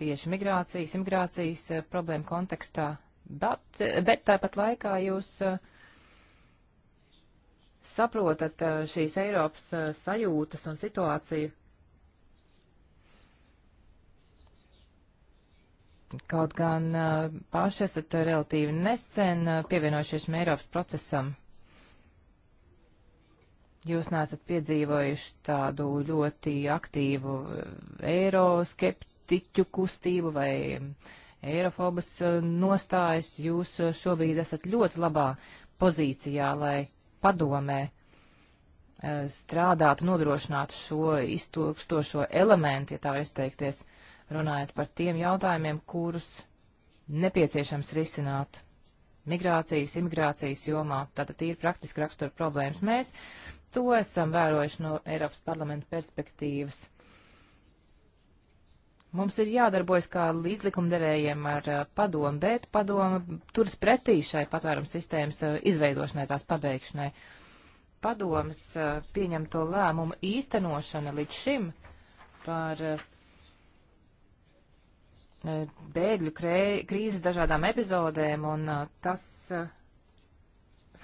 tieši migrācijas, imigrācijas problēmu kontekstā. Bet, bet tāpat laikā jūs uh, saprotat eh, šīs Eiropas eh, sajūtas un situāciju? Kaut gan eh, paši esat relatīvi nesen pievienojušies Eiropas procesam. Jūs neesat piedzīvojuši tādu ļoti aktīvu eiroskeptiķu kustību vai eirofobas nostājas. Jūs šobrīd esat ļoti labā pozīcijā, lai padomē eh, strādātu, nodrošinātu šo iztūkstošo elementu, ja tā var izteikties, runājot par tiem jautājumiem, kurus nepieciešams risināt migrācijas, imigrācijas jomā. Tātad ir praktiski rakstura problēmas. Mēs to esam vērojuši no Eiropas parlamenta perspektīvas. Mums ir jādarbojas kā līdzlikumdevējiem ar padomu, bet padomu turas pretī šai patvērums sistēmas izveidošanai, tās pabeigšanai. Padomas pieņemto lēmumu īstenošana līdz šim par bēgļu krīzes dažādām epizodēm, un tas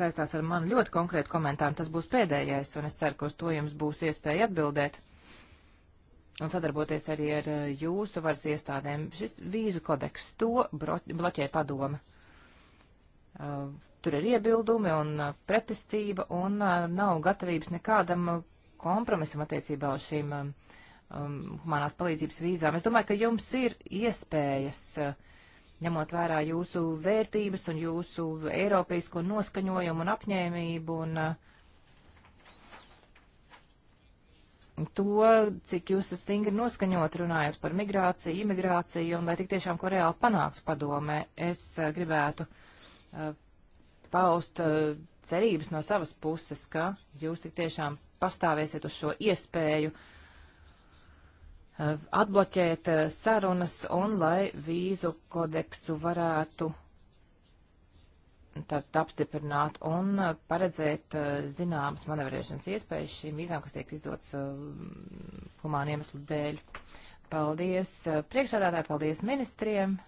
saistās ar manu ļoti konkrētu komentāru. Tas būs pēdējais, un es ceru, ka uz to jums būs iespēja atbildēt un sadarboties arī ar eh, jūsu varas iestādēm. Šis vīzu kodeks to bloķē padome. Eh, tur ir iebildumi un eh, pretestība un nav gatavības nekādam kompromisam attiecībā uz šīm um, humanās palīdzības vīzām. Es domāju, ka jums ir iespējas ņemot vērā jūsu vērtības un jūsu eiropeisko noskaņojumu un apņēmību un uh, to, cik jūs esat stingri noskaņot runājot par migrāciju, imigrāciju un lai tik tiešām ko reāli panāktu padomē. Es eh, gribētu uh, paust uh, cerības no savas puses, ka jūs tik tiešām pastāvēsiet uz šo iespēju uh, atbloķēt sarunas un lai vīzu kodeksu varētu tātad apstiprināt un uh, paredzēt uh, zināmas manevrēšanas iespējas šīm vīzām, kas tiek izdotas uh, humānu iemeslu dēļ. Paldies priekšādātāji, paldies ministriem.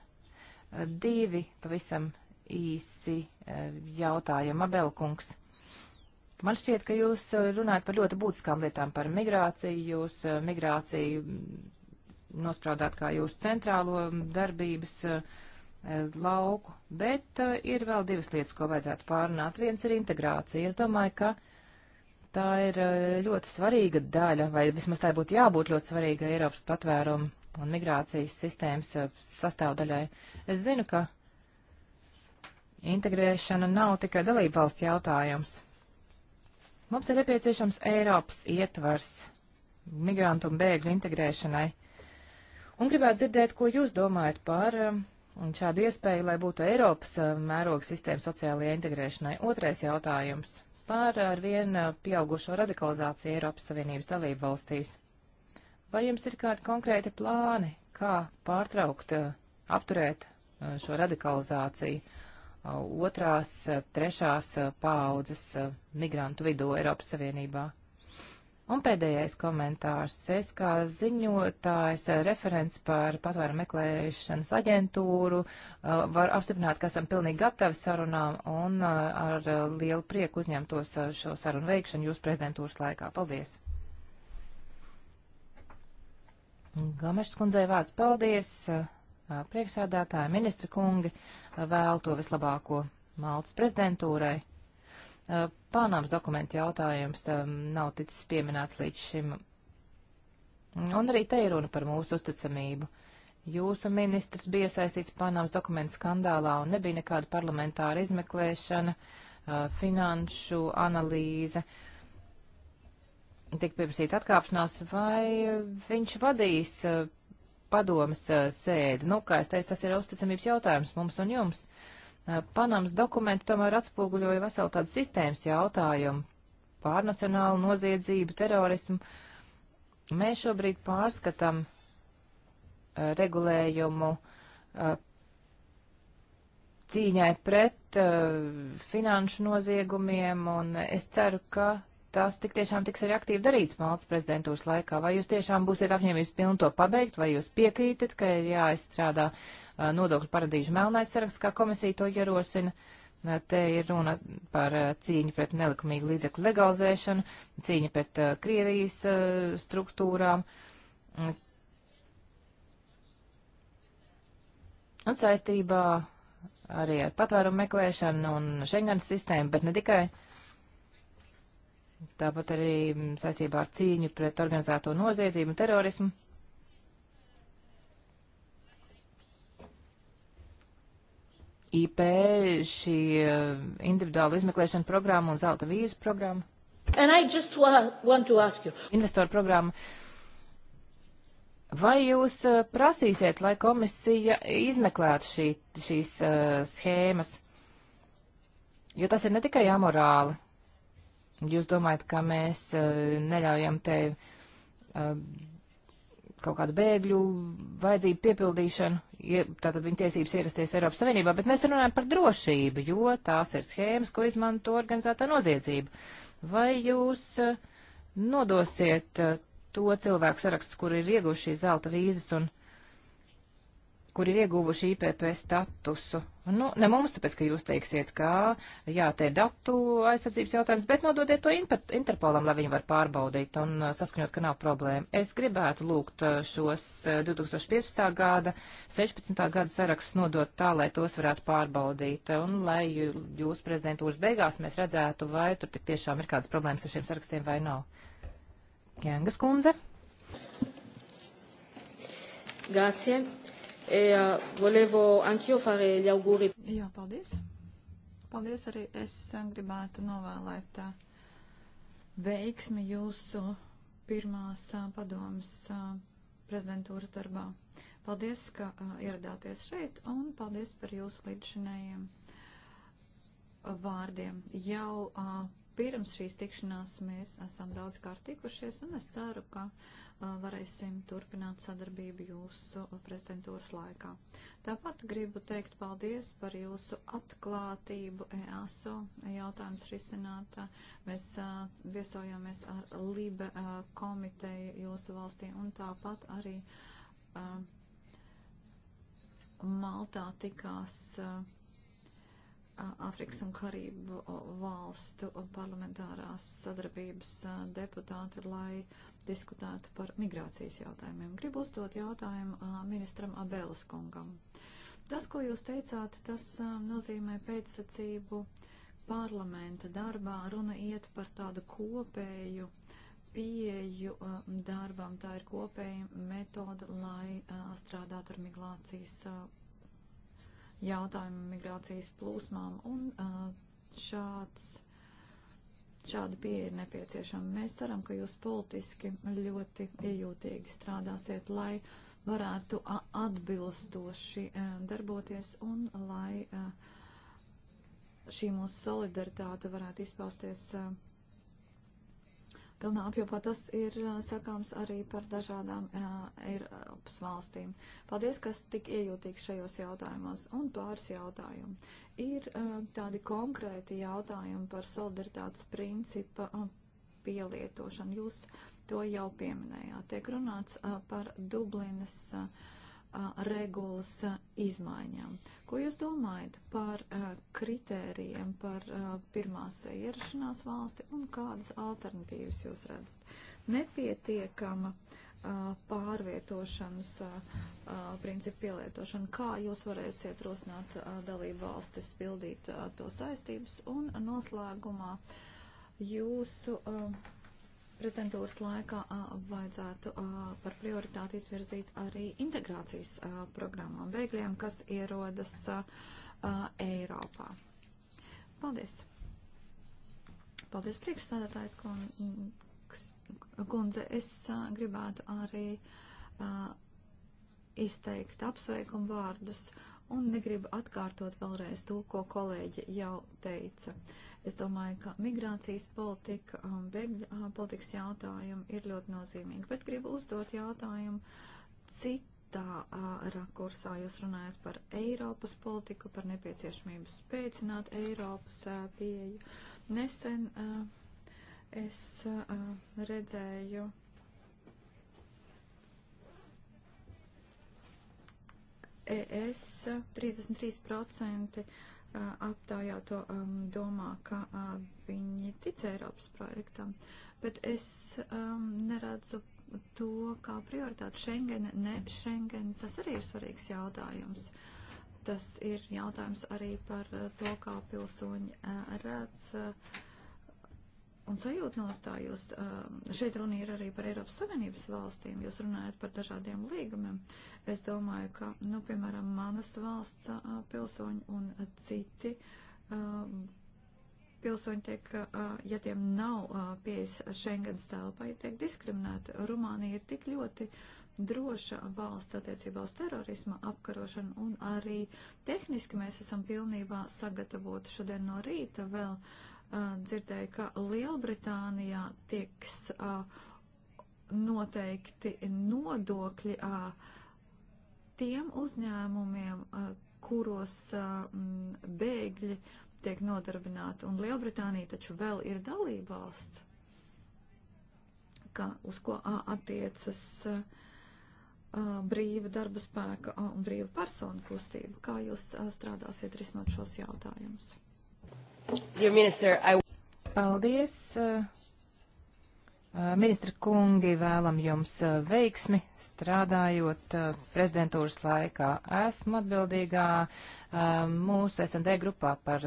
Divi pavisam īsi jautājumi. Abelkungs. Man šķiet, ka jūs runājat par ļoti būtiskām lietām, par migrāciju, jūs migrāciju mm, nospraudāt kā jūsu centrālo darbības uh, Eh, lauku, bet eh, ir vēl divas lietas, ko vajadzētu pārunāt. Viens ir integrācija. Es domāju, ka tā ir eh, ļoti svarīga daļa, vai vismaz tā būtu jābūt ļoti svarīga Eiropas patvērumu un migrācijas sistēmas sastāvdaļai. Es zinu, ka integrēšana nav tikai dalību valstu jautājums. Mums ir nepieciešams Eiropas ietvars migrantu un bēgļu integrēšanai. Un gribētu dzirdēt, ko jūs domājat par un šādu iespēju, lai būtu Eiropas eh, mēroga sistēma sociālajai integrēšanai. Otrais jautājums par eh, ar vien eh, pieaugušo radikalizāciju Eiropas Savienības dalību valstīs. Vai jums ir kādi konkrēti plāni, kā pārtraukt, apturēt šo radikalizāciju otrās, trešās paaudzes migrantu vidū Eiropas Savienībā? Un pēdējais komentārs. Es kā ziņotājs, eh, referents par patvērumu meklēšanas aģentūru, eh, var apstiprināt, ka esam pilnīgi gatavi sarunām un eh, ar lielu prieku uzņemtos šo sarunu veikšanu jūsu prezidentūras laikā. Paldies! Gamešas kundzei vārds paldies, priekšsādātāji, ministra kungi, vēl to vislabāko Maltas prezidentūrai Pānāms dokumentu jautājums um, nav ticis pieminēts līdz šim. Un arī te ir runa par mūsu uzticamību. Jūsu ministrs bija iesaistīts Pānāms dokumentu skandālā un nebija nekāda parlamentāra izmeklēšana, uh, finanšu analīze. Tik pieprasīt atkāpšanās, vai viņš vadīs uh, padomas uh, sēdi. Nu, kā es teicu, tas ir uzticamības jautājums mums un jums. Uh, Panams dokumenti tomēr atspoguļoja veselu tādu sistēmas jautājumu - pārnacionālu noziedzību, terorismu. Mēs šobrīd pārskatām regulējumu cīņai pret finanšu noziegumiem, un es ceru, ka tas tik tiešām tiks arī aktīvi darīts Maltas prezidentūras laikā. Vai jūs tiešām būsiet apņēmības pilni to pabeigt, vai jūs piekrītat, ka ir jāizstrādā nodokļu paradīžu melnais saraksts, kā komisija to ierosina. Te ir runa par cīņu pret nelikumīgu līdzekļu legalizēšanu, cīņu pret Krievijas struktūrām un saistībā arī ar patvērumu meklēšanu un Schengens sistēmu, bet ne tikai. Tāpat arī saistībā ar cīņu pret organizēto noziedzību un terorismu. IP, šī eh, individuāla izmeklēšana programma un zelta vīzu programma. Investoru programma. Vai jūs eh, prasīsiet, lai komisija izmeklētu šī, šīs uh, schēmas? Jo tas ir ne tikai amorāli. Jūs domājat, ka mēs uh, neļaujam te uh, kaut kādu bēgļu vajadzību piepildīšanu, ja, tātad viņa tiesības ierasties Eiropas Savienībā, bet mēs runājam par drošību, jo tās ir schēmas, ko izmanto organizētā noziedzība. Vai jūs eh, nodosiet eh, to cilvēku saraksts, kur ir ieguši šīs zelta vīzes un kur ir ieguvuši IPP statusu. Nu, ne mums, tāpēc, ka jūs teiksiet, ka jā, te ir datu aizsardzības jautājums, bet nododiet to Interpolam, lai viņi var pārbaudīt un uh, saskaņot, ka nav problēma. Es gribētu lūgt uh, šos 2015. Uh, gada, 16. gada sarakstus nodot tā, lai tos varētu pārbaudīt un lai jūs prezidentūras beigās mēs redzētu, vai tur tik tiešām ir kādas problēmas ar šiem sarakstiem vai nav. Kengas kundze. Grazie. E uh, volevo anch'io fare gli auguri. Jā, paldies. Paldies arī es gribētu novēlēt uh, veiksmi jūsu pirmās uh, padomas uh, prezidentūras darbā. Paldies, ka uh, ieradāties šeit un paldies par jūsu līdzšinējiem vārdiem. Jau uh, pirms šīs tikšanās mēs esam daudz kārt tikušies un es ceru, ka varēsim turpināt sadarbību jūsu prezidentūras laikā. Tāpat gribu teikt paldies par jūsu atklātību EASO jautājums risināt. Mēs viesojāmies ar LIBE komiteju jūsu valstī un tāpat arī Maltā tikās. Uh, Āfrikas un Karību valstu parlamentārās sadarbības deputāti, lai diskutētu par migrācijas jautājumiem. Gribu uzdot jautājumu ministram Abelas kungam. Tas, ko jūs teicāt, tas nozīmē pēcsacību parlamenta darbā. Runa iet par tādu kopēju pieeju darbam. Tā ir kopēja metoda, lai strādātu ar migrācijas jautājumu migrācijas plūsmām, un šāds, šāda pieeja ir nepieciešama. Mēs ceram, ka jūs politiski ļoti iejūtīgi strādāsiet, lai varētu atbilstoši darboties un lai šī mūsu solidaritāte varētu izpausties pilnā apjopā. Tas ir sakāms arī par dažādām Eiropas valstīm. Paldies, kas tik iejūtīgs šajos jautājumos. Un pāris jautājumu. Ir tādi konkrēti jautājumi par solidaritātes principa pielietošanu. Jūs to jau pieminējāt. Tiek runāts par Dublinas. Uh, regulas izmaiņām. Ko jūs domājat par kritērijiem par pirmās ierašanās valsti un kādas alternatīvas jūs redzat? Nepietiekama pārvietošanas principu pielietošana, kā jūs varēsiet rosināt dalību valstis pildīt to saistības un noslēgumā jūsu uh, prezidentūras laikā vajadzētu par prioritāti izvirzīt arī integrācijas programmām bēgļiem, kas ierodas Eiropā. Paldies! Paldies, priekšstādātājs kundze. Es gribētu arī izteikt apsveikumu vārdus un negribu atkārtot vēlreiz to, ko kolēģi jau teica. Uh, Es domāju, ka migrācijas politika, bēgļu politikas jautājumi ir ļoti nozīmīgi, bet gribu uzdot jautājumu citā rakursā. Jūs runājat par Eiropas politiku, par nepieciešamību spēcināt Eiropas pieeju. Nesen es redzēju. E ES 33% aptaujā to um, domā, ka uh, viņi tic Eiropas projektam, bet es um, neredzu to kā prioritāti Schengen, ne Schengen, tas arī ir svarīgs jautājums. Tas ir jautājums arī par to, kā pilsoņi uh, redz. Uh, un sajūta nostājos. Šeit runa ir arī par Eiropas Savienības valstīm. Jūs runājat par dažādiem līgumiem. Es domāju, ka, nu, piemēram, manas valsts pilsoņi un citi pilsoņi tiek, ja tiem nav pieejas Schengens telpai, tiek diskriminēti. Rumānija ir tik ļoti droša valsts attiecībā uz terorisma apkarošanu un arī tehniski mēs esam pilnībā sagatavoti šodien no rīta vēl. Uh, dzirdēju, ka Lielbritānijā tiks noteikti nodokļi tiem uzņēmumiem, kuros bēgļi tiek nodarbināti. Un Lielbritānija taču vēl ir dalībvalsts, uz ko attiecas brīva darba spēka un brīva persona kustība. Kā jūs strādāsiet risinot šos jautājumus? Minister, I... Paldies. Uh, ministra kungi, vēlam jums uh, veiksmi strādājot uh, prezidentūras laikā. Esmu atbildīgā mūsu SND grupā par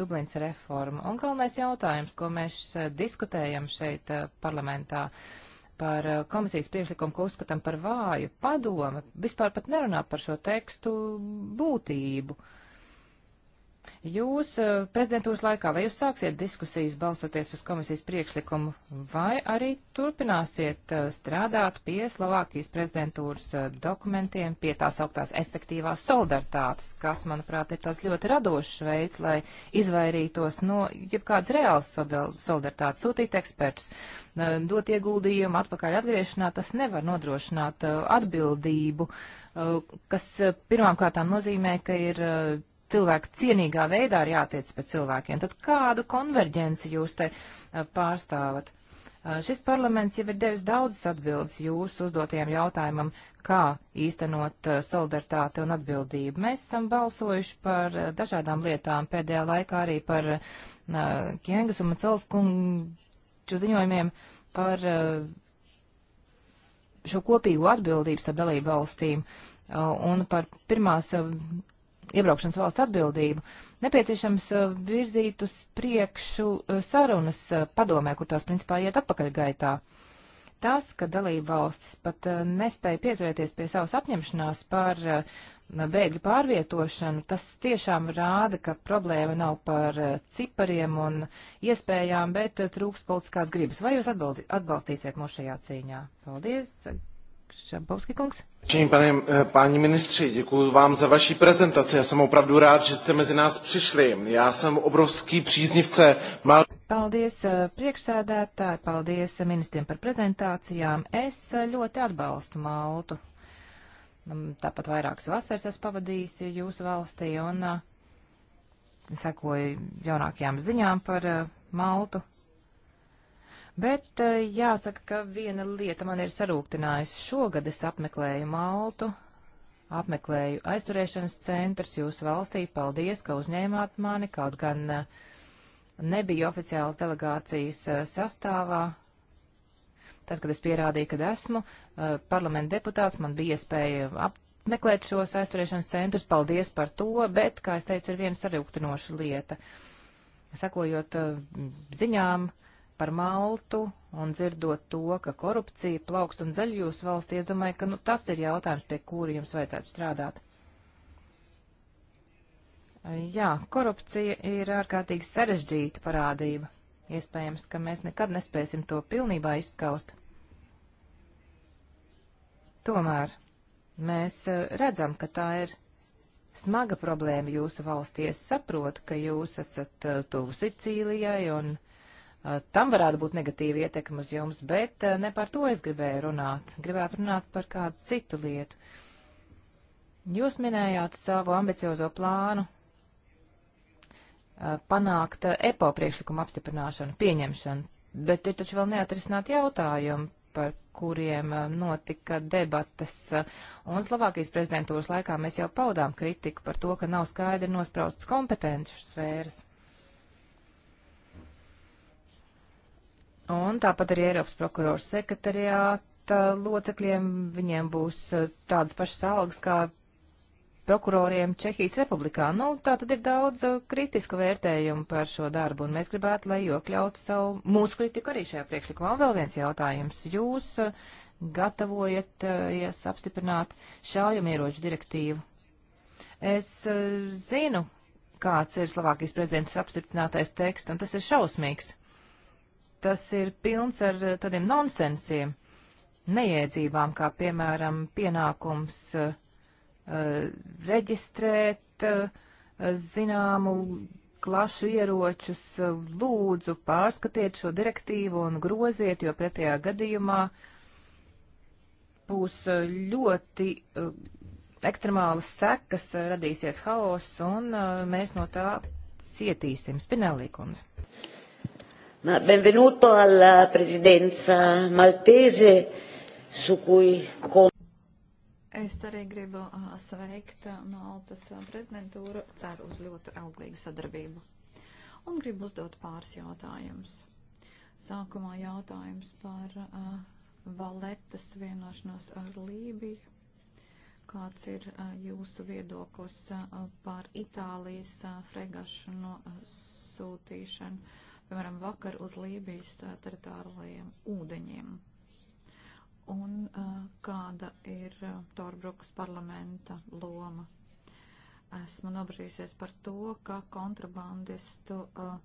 Dublins reformu. Un galvenais jautājums, ko mēs diskutējam šeit parlamentā par komisijas priekšlikumu, ko uzskatām par vāju, padome vispār pat nerunā par šo tekstu būtību. Uh, Jūs eh, prezidentūras laikā, vai jūs sāksiet diskusijas balstoties uz komisijas priekšlikumu, vai arī turpināsiet eh, strādāt pie Slovākijas prezidentūras eh, dokumentiem, pie tās augtās efektīvās solidaritātes, kas, manuprāt, ir tas ļoti radošs veids, lai izvairītos no jebkādas reālas solidaritātes, sūtīt ekspertus, dot ieguldījumu, atpakaļ atgriešanā, tas nevar nodrošināt atbildību kas pirmām kārtām nozīmē, ka ir cilvēku cienīgā veidā ir jātiec pret cilvēkiem. Tad kādu konverģenci jūs te eh, pārstāvat? Eh, šis parlaments jau ir devis daudzas atbildes jūsu uzdotajam jautājumam, kā īstenot eh, solidaritāti un atbildību. Mēs esam balsojuši par dažādām lietām pēdējā laikā arī par Kiengas un Macels kungu ziņojumiem par šo kopīgo atbildības starp dalību valstīm un par pirmās iebraukšanas valsts atbildību, nepieciešams uh, virzīt uz priekšu uh, sarunas uh, padomē, kur tās principā iet atpakaļgaitā. Tas, ka dalība valstis pat nespēja pieturēties pie savas apņemšanās par bēgļu pārvietošanu, tas tiešām rāda, ka problēma nav par cipariem un iespējām, bet trūks politiskās gribas. Vai jūs atbaldi, atbalstīsiet mūs šajā cīņā? Paldies! Šampovský kungs. Čím, pane, eh, páni ministři, děkuji vám za vaši prezentaci. Já jsem opravdu rád, že jste mezi nás přišli. Já jsem obrovský příznivce mal... Paldies eh, priekšsēdētāji, paldies ministriem par prezentācijām. Es eh, ļoti atbalstu Maltu. Mm, tāpat vairākas vasaras esmu pavadījis jūsu valstī un sekoju jaunākajām ziņām par Maltu Bet eh, jāsaka, ka viena lieta man ir sarūktinājusi. Šogad es apmeklēju Maltu, apmeklēju aizturēšanas centrus jūsu valstī. Paldies, ka uzņēmāt mani, kaut gan eh, nebija oficiālas delegācijas eh, sastāvā. Tad, kad es pierādīju, kad esmu parlamenta deputāts, man bija iespēja apmeklēt šos aizturēšanas centrus. Paldies par to, bet, kā es teicu, ir viena sarūktinoša lieta. Sakojot ziņām, uh, par Maltu un dzirdot to, ka korupcija plaukst un zaļ jūsu valstī, es domāju, ka nu, tas ir jautājums, pie kura jums vajadzētu strādāt. Jā, korupcija ir ārkārtīgi sarežģīta parādība. Iespējams, ka mēs nekad nespēsim to pilnībā izskaust. Tomēr mēs eh, redzam, ka tā ir smaga problēma jūsu valstī. Es saprotu, ka jūs esat eh, tuvu Sicīlijai un Eh, tam varētu būt negatīva ietekme uz jums, bet eh, ne par to es gribēju runāt. Gribētu runāt par kādu citu lietu. Jūs minējāt savu ambiciozo plānu eh, panākt EPO e priekšlikuma apstiprināšanu, pieņemšanu, bet ir taču vēl neatrisināt jautājumu, par kuriem notika debatas. Un Slovākijas prezidentūras laikā mēs jau paudām kritiku par to, ka nav skaidri nospraustas kompetences sfēras. Un tāpat arī Eiropas prokuroru sekretariāta locekļiem viņiem būs eh, tādas pašas algas kā prokuroriem Čehijas republikā. Nu, tā tad ir daudz eh, kritisku vērtējumu par šo darbu, un mēs gribētu, lai iekļautu savu mūsu kritiku arī šajā priekšlikumā. Un vēl viens jautājums. Jūs eh, gatavojaties apstiprināt šaujamieroču direktīvu. Es zinu, kāds ir Slovākijas prezidents apstiprinātais teksts, un tas ir šausmīgs tas ir pilns ar eh, tādiem nonsensiem, neiedzībām, kā piemēram pienākums uh, reģistrēt uh, zināmu klašu ieročus, uh, lūdzu pārskatiet šo direktīvu un groziet, jo pretējā gadījumā būs ļoti ekstremālas sekas, radīsies haoss un mēs no tā cietīsim. Spinelī kundze. Ma benvenuto alla presidenza maltese, su cui. Es arī gribu sveikt Maltas prezidentūru, ceru uz ļoti auglīgu sadarbību. Un gribu uzdot pāris jautājumus. Sākumā jautājums par uh, Valetas vienošanos ar Lībiju. Kāds ir uh, jūsu viedoklis uh, par Itālijas uh, fregašu nosūtīšanu? Uh, piemēram, vakar uz Lībijas teritorālajiem ūdeņiem. Un uh, kāda ir uh, Torbrukas parlamenta loma? Esmu nobrīzies par to, ka kontrabandistu uh,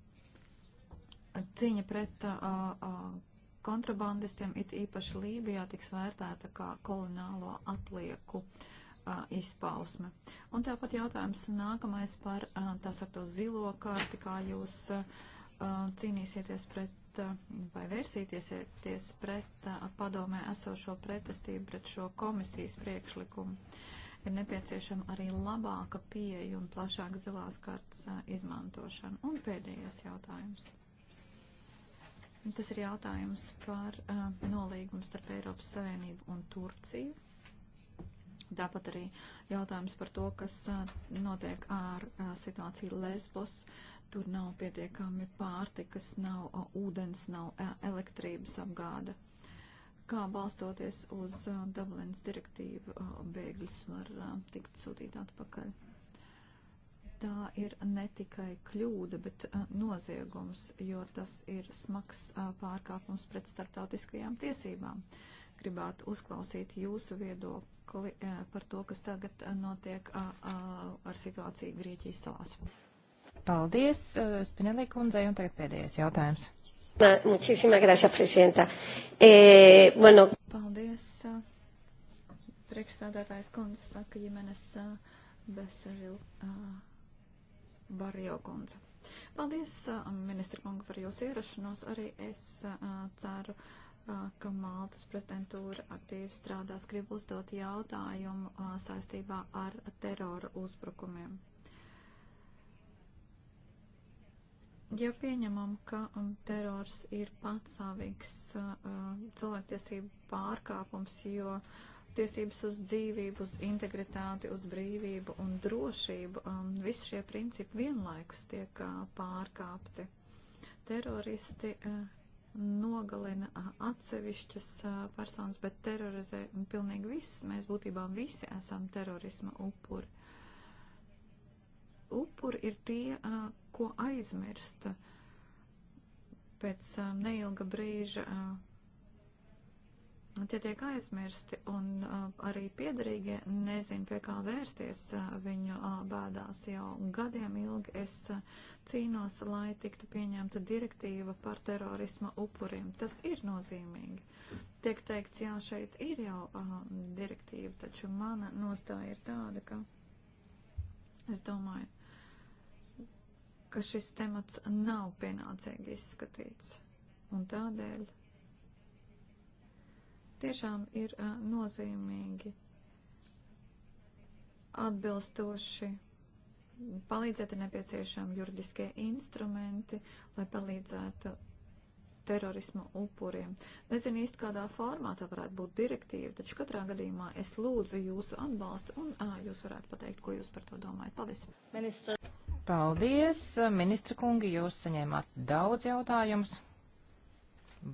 cīņa pret uh, uh, kontrabandistiem it īpaši Lībijā tiks vērtēta kā kolonālo atlieku uh, izpausme. Un tāpat jautājums nākamais par tā sakto zilo karti, kā jūs cīnīsieties pret vai vērsīties pret padomē esošo pretestību pret šo komisijas priekšlikumu. Ir nepieciešama arī labāka pieeja un plašāka zilās kartas izmantošana. Un pēdējais jautājums. Tas ir jautājums par uh, nolīgumu starp Eiropas Savienību un Turciju. Tāpat arī jautājums par to, kas uh, notiek ar uh, situāciju Lesbos. Uh, tur nav pietiekami pārtikas, nav ūdens, nav e, elektrības apgāda. Kā balstoties uz e, Dublinas direktīvu, bēgļus var e, tikt sūtīt atpakaļ. Tā ir ne tikai kļūda, bet noziegums, jo tas ir smags pārkāpums pret starptautiskajām tiesībām. Gribētu uzklausīt jūsu viedokli par to, kas tagad notiek ar situāciju Grieķijas salās. Paldies, eh, Spinelī kundzei, un tagad pēdējais jautājums. Muchísimas gracias, presidenta. E, bueno. Paldies, eh, priekšstādātājs kundze, saka ģimenes Besaril Barjo kundze. Paldies, ministra kunga, par jūsu ierašanos. Arī es ceru, ka Maltas prezidentūra aktīvi strādās. Gribu uzdot jautājumu saistībā ar terora uzbrukumiem. Ja pieņemam, ka um, terors ir patsāvīgs uh, cilvēktiesību pārkāpums, jo tiesības uz dzīvību, uz integritāti, uz brīvību un drošību, um, visi šie principi vienlaikus tiek uh, pārkāpti. Teroristi uh, nogalina atsevišķas personas, bet terorizē pilnīgi visus. Mēs būtībā visi esam terorisma upuri upuri ir tie, ko aizmirst pēc neilga brīža. Tie tiek aizmirsti, un arī piedarīgie nezin, pie kā vērsties viņu bēdās. Jau gadiem ilgi es cīnos, lai tiktu pieņemta direktīva par terorisma upuriem. Tas ir nozīmīgi. Tiek teikts, jā, šeit ir jau direktīva, taču mana nostāja ir tāda, ka es domāju, ka šis temats nav pienācīgi izskatīts. Un tādēļ tiešām ir uh, nozīmīgi atbilstoši palīdzēt ir nepieciešami juridiskie instrumenti, lai palīdzētu terorisma upuriem. Nezinu īsti, kādā formā tā varētu būt direktīva, taču katrā gadījumā es lūdzu jūsu atbalstu un ā, jūs varētu pateikt, ko jūs par to domājat. Paldies! Ministra. Paldies, ministra kungi, jūs saņēmāt daudz jautājumus.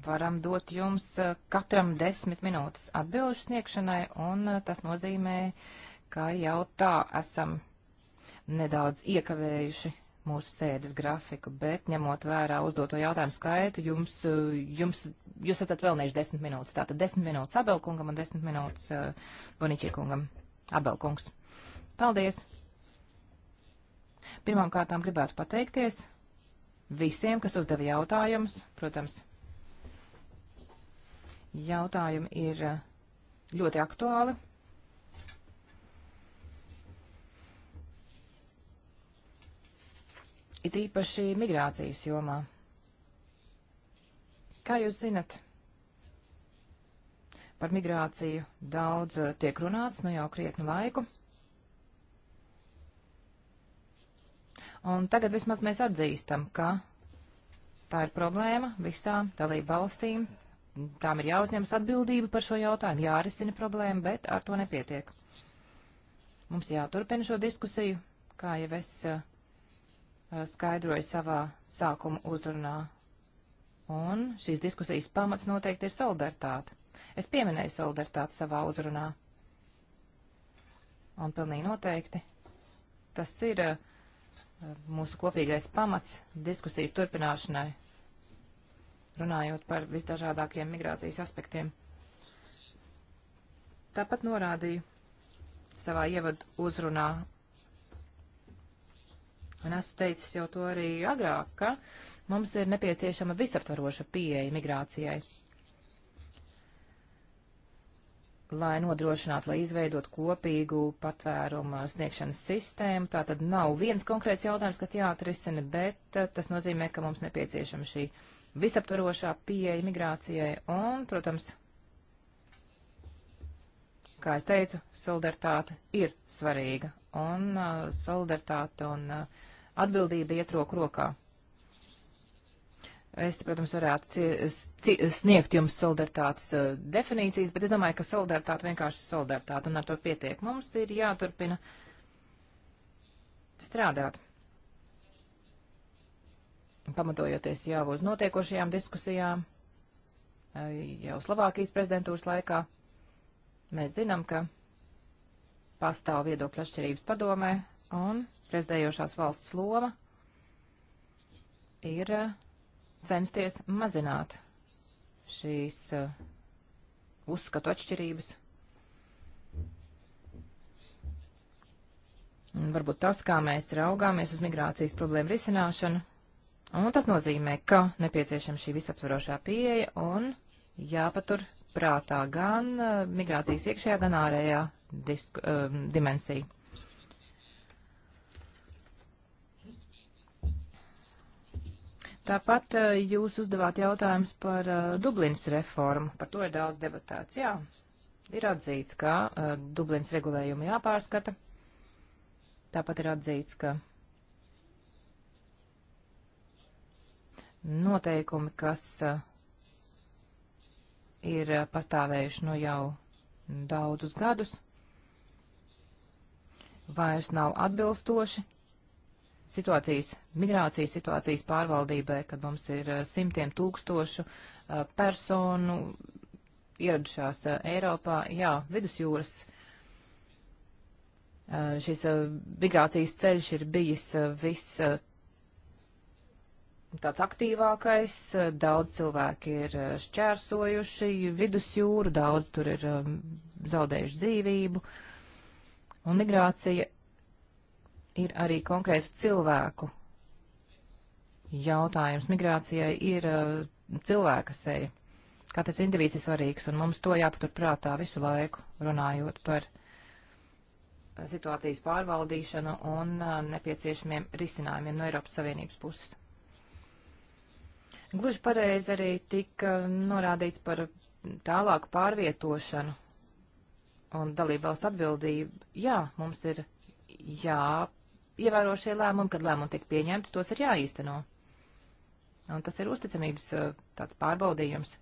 Varam dot jums eh, katram desmit minūtes atbilžu sniegšanai, un eh, tas nozīmē, ka jau tā esam nedaudz iekavējuši mūsu sēdes grafiku, bet ņemot vērā uzdoto jautājumu skaitu, jums, eh, jums, jūs esat vēlnējuši desmit minūtes. Tātad desmit minūtes Abelkungam un desmit minūtes Boničī kungam. Abelkungs. Paldies! Pirmām kārtām gribētu pateikties visiem, kas uzdeva jautājumus. Protams, jautājumi ir eh, ļoti aktuāli. It īpaši migrācijas jomā. Kā jūs zinat, par migrāciju daudz eh, tiek runāts nu jau krietnu laiku. Un tagad vismaz mēs atzīstam, ka tā ir problēma visām dalību valstīm. Tām ir jāuzņemas atbildība par šo jautājumu, jārisina problēma, bet ar to nepietiek. Mums jāturpina šo diskusiju, kā jau es uh, skaidroju savā sākuma uzrunā. Un šīs diskusijas pamats noteikti ir solidaritāte. Es pieminēju solidaritāti savā uzrunā. Un pilnīgi noteikti tas ir uh, mūsu kopīgais pamats diskusijas turpināšanai, runājot par visdažādākiem migrācijas aspektiem. Tāpat norādīju savā ievadu uzrunā, un esmu teicis jau to arī agrāk, ka mums ir nepieciešama visaptvaroša pieeja migrācijai. lai nodrošinātu, lai izveidot kopīgu patvērumu sniegšanas sistēmu. Tā tad nav viens konkrēts jautājums, kas jāatrisina, bet eh, tas nozīmē, ka mums nepieciešama šī visaptvarošā pieeja migrācijai un, protams, kā es teicu, solidaritāte ir svarīga un uh, solidaritāte un uh, atbildība iet roku rokā. Es, protams, varētu sniegt jums solidaritātes uh, definīcijas, bet es domāju, ka solidaritāte vienkārši ir solidaritāte, un ar to pietiek. Mums ir jāturpina strādāt, pamatojoties jau uz notiekošajām diskusijām, eh, jau Slovākijas prezidentūras laikā. Mēs zinām, ka pastāv viedokļu atšķirības padomē, un prezidējošās valsts loma ir. Uh, censties mazināt šīs uh, uzskatu atšķirības. Un varbūt tas, kā mēs raugāmies uz migrācijas problēmu risināšanu, un tas nozīmē, ka nepieciešama šī visaptvarošā pieeja un jāpatur prātā gan uh, migrācijas iekšējā, gan ārējā disk, um, uh, dimensija. Tāpat eh, jūs uzdevāt jautājums par eh, Dublinas reformu. Par to ir daudz debatēts. Jā, ir atzīts, ka eh, Dublinas regulējumi jāpārskata. Tāpat ir atzīts, ka noteikumi, kas ir pastāvējuši no nu jau daudzus gadus, vairs nav atbilstoši situācijas, migrācijas situācijas pārvaldībai, kad mums ir eh, simtiem tūkstošu eh, personu ieradušās eh, Eiropā, jā, vidusjūras. Šis migrācijas ceļš ir bijis viss tāds aktīvākais, daudz cilvēki ir šķērsojuši vidusjūru, daudz tur ir zaudējuši dzīvību, un migrācija ir arī konkrētu cilvēku jautājums. Migrācijai ir uh, cilvēka seja. Katrs individs ir svarīgs, un mums to jāpatur prātā visu laiku, runājot par uh, situācijas pārvaldīšanu un uh, nepieciešamiem risinājumiem no Eiropas Savienības puses. Gluži pareizi arī tika uh, norādīts par tālāku pārvietošanu un dalībvalstu atbildību. Jā, mums ir jā jāievēro šie lēmumi, kad lēmumi tiek pieņemti, tos ir jāīsteno. Un tas ir uzticamības tāds pārbaudījums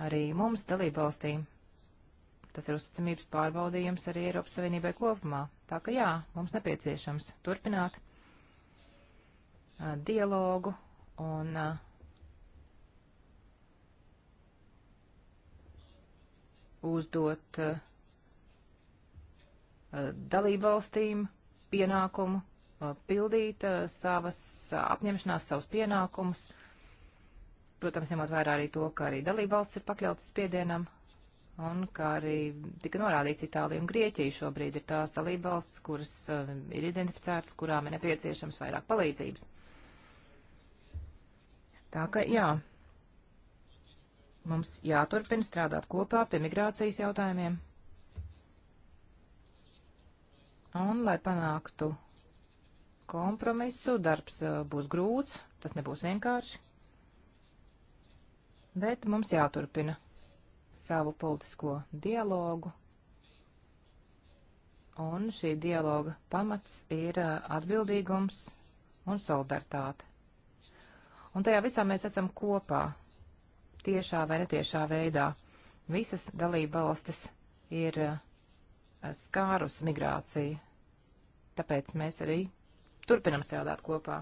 arī mums dalību valstīm. Tas ir uzticamības pārbaudījums arī Eiropas Savienībai kopumā. Tā ka jā, mums nepieciešams turpināt dialogu un uh, uzdot uh, dalībvalstīm pienākumu Uh, pildīt uh, savas uh, apņemšanās, savus pienākumus. Protams, ņemot vērā arī to, ka arī dalībvalsts ir pakļautas spiedienam, un kā arī tika norādīts Itālija un Grieķija šobrīd ir tās dalībvalsts, kuras ir identificētas, kurām ir nepieciešams vairāk palīdzības. Tā ka jā, mums jāturpina strādāt kopā pie migrācijas jautājumiem. Un, lai panāktu kompromisu. Darbs eh, būs grūts, tas nebūs vienkārši. Bet mums jāturpina savu politisko dialogu. Un šī dialoga pamats ir eh, atbildīgums un solidaritāte. Un tajā visā mēs esam kopā, tiešā vai netiešā veidā. Visas dalība valstis ir eh, skārus migrāciju. Tāpēc mēs arī turpinam strādāt kopā.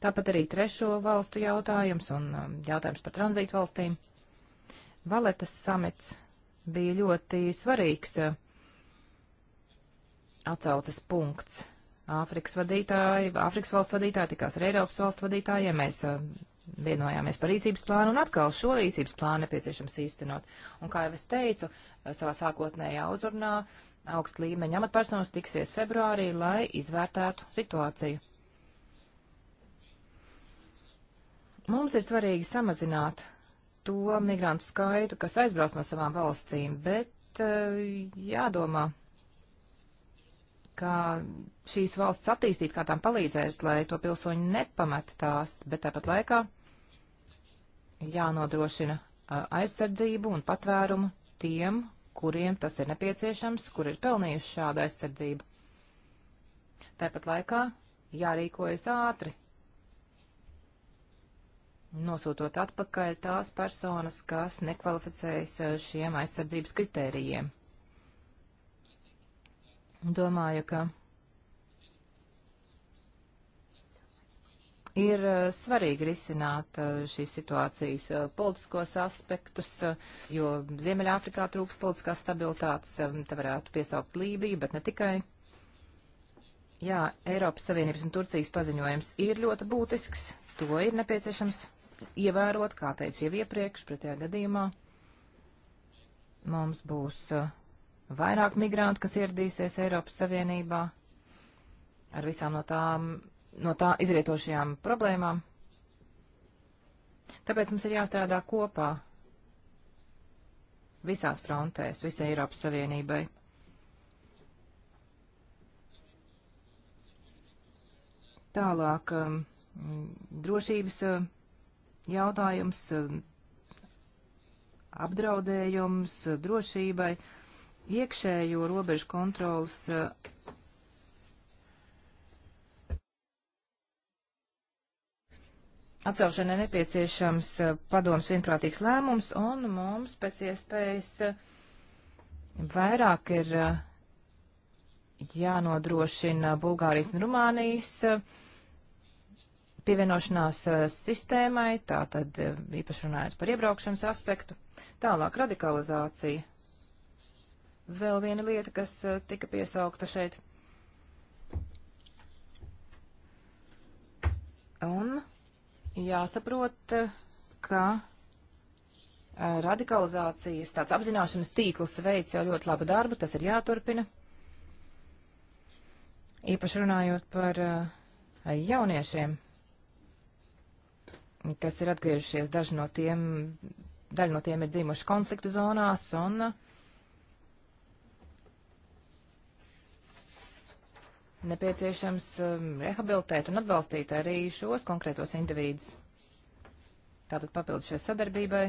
Tāpat arī trešo valstu jautājums un um, jautājums par tranzītu valstīm. Valetas samits bija ļoti svarīgs uh, atcaucas punkts. Āfrikas vadītāji, Āfrikas valsts vadītāji tikās ar Eiropas valsts vadītājiem. Mēs uh, vienojāmies par rīcības plānu un atkal šo rīcības plānu nepieciešams īstenot. Un kā jau es teicu, uh, savā sākotnējā uzrunā augst līmeņa amatpersonas tiksies februārī, lai izvērtētu situāciju. Mums ir svarīgi samazināt to migrantu skaitu, kas aizbrauc no savām valstīm, bet uh, jādomā, kā šīs valsts attīstīt, kā tām palīdzēt, lai to pilsoņi nepamet tās, bet tāpat laikā jānodrošina uh, aizsardzību un patvērumu tiem, kuriem tas ir nepieciešams, kur ir pelnījuši šādu aizsardzību. Tāpat laikā jārīkojas ātri, nosūtot atpakaļ tās personas, kas nekvalificējas eh, šiem aizsardzības kritērijiem. Domāju, ka Ir eh, svarīgi risināt eh, šīs situācijas eh, politiskos aspektus, jo Ziemeļāfrikā trūks politiskās stabilitātes, te varētu piesaukt Lībiju, bet ne tikai. Jā, Eiropas Savienības un Turcijas paziņojums ir ļoti būtisks, to ir nepieciešams ievērot, kā teicu jau iepriekš, pretējā gadījumā mums būs vairāk migrantu, kas ieradīsies Eiropas Savienībā ar visām no tām no tā izrietošajām problēmām. Tāpēc mums ir jāstrādā kopā visās frontēs, visai Eiropas Savienībai. Tālāk um, drošības uh, jautājums, uh, apdraudējums uh, drošībai, iekšējo robežu kontrolas atcelšanai nepieciešams eh, padoms vienprātīgs lēmums, un mums pēc iespējas eh, vairāk ir eh, jānodrošina Bulgārijas un Rumānijas pievienošanās sistēmai, tā tad īpaši runājot par iebraukšanas aspektu. Tālāk radikalizācija. Vēl viena lieta, kas tika piesaukta šeit. Un jāsaprot, ka eh, radikalizācijas tāds apzināšanas tīkls veids jau ļoti labu darbu, tas ir jāturpina. Īpaši runājot par eh, jauniešiem, kas ir atgriežušies, daži no tiem, daļa no tiem ir dzīvojuši konfliktu zonās un uh, nepieciešams um, rehabilitēt un atbalstīt arī šos konkrētos individus. Tātad papildus šai sadarbībai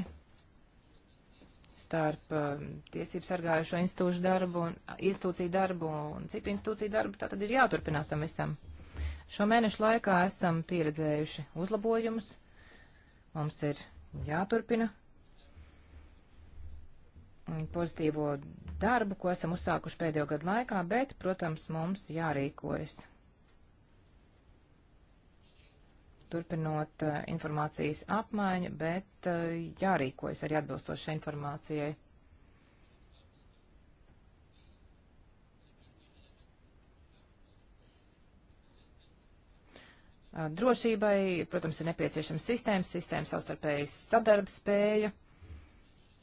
starp um, tiesību sargājušo institūciju darbu, un, institūciju darbu un citu institūciju darbu, tātad ir jāturpinās tam visam. Šo mēnešu laikā esam pieredzējuši uzlabojumus. Mums ir jāturpina pozitīvo darbu, ko esam uzsākuši pēdējo gadu laikā, bet, protams, mums jārīkojas. Turpinot uh, informācijas apmaiņu, bet uh, jārīkojas arī atbilstošai informācijai. Eh, drošībai, protams, ir nepieciešama sistēma, sistēma savstarpējas sadarbspēja. spēja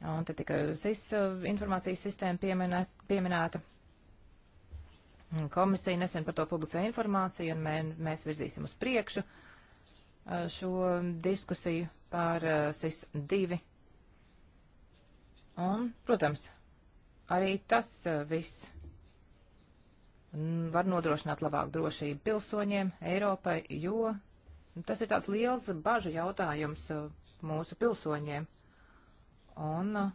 Un te tika SIS uh, informācijas sistēma pieminē, pieminēta. Komisija nesen par to publicēja informāciju, un mē, mēs virzīsim uz priekšu uh, šo diskusiju par uh, SIS 2. Un, protams, arī tas viss var nodrošināt labāku drošību pilsoņiem Eiropai, jo tas ir tāds liels bažu jautājums mūsu pilsoņiem. Un uh,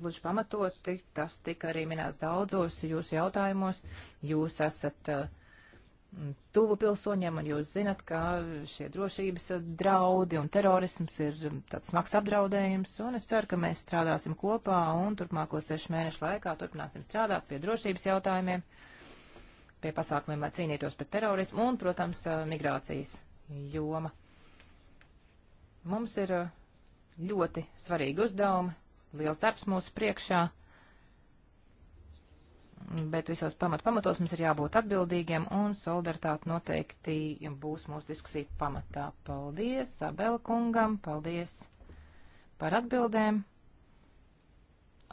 gluži pamatoti tas tika arī minēts daudzos jūsu jautājumos. Jūs esat uh, tuvu pilsoņiem un jūs zinat, ka šie drošības uh, draudi un terorisms ir um, tāds smags apdraudējums. Un es ceru, ka mēs strādāsim kopā un turpmāko sešu mēnešu laikā turpināsim strādāt pie drošības jautājumiem, pie pasākumiem, lai cīnītos pret terorismu un, protams, migrācijas joma. Mums ir uh, ļoti svarīgi uzdevumi, liels darbs mūsu priekšā, bet visos pamat pamatos mums ir jābūt atbildīgiem, un solidaritāte noteikti būs mūsu diskusija pamatā. Paldies Abel kungam, paldies par atbildēm,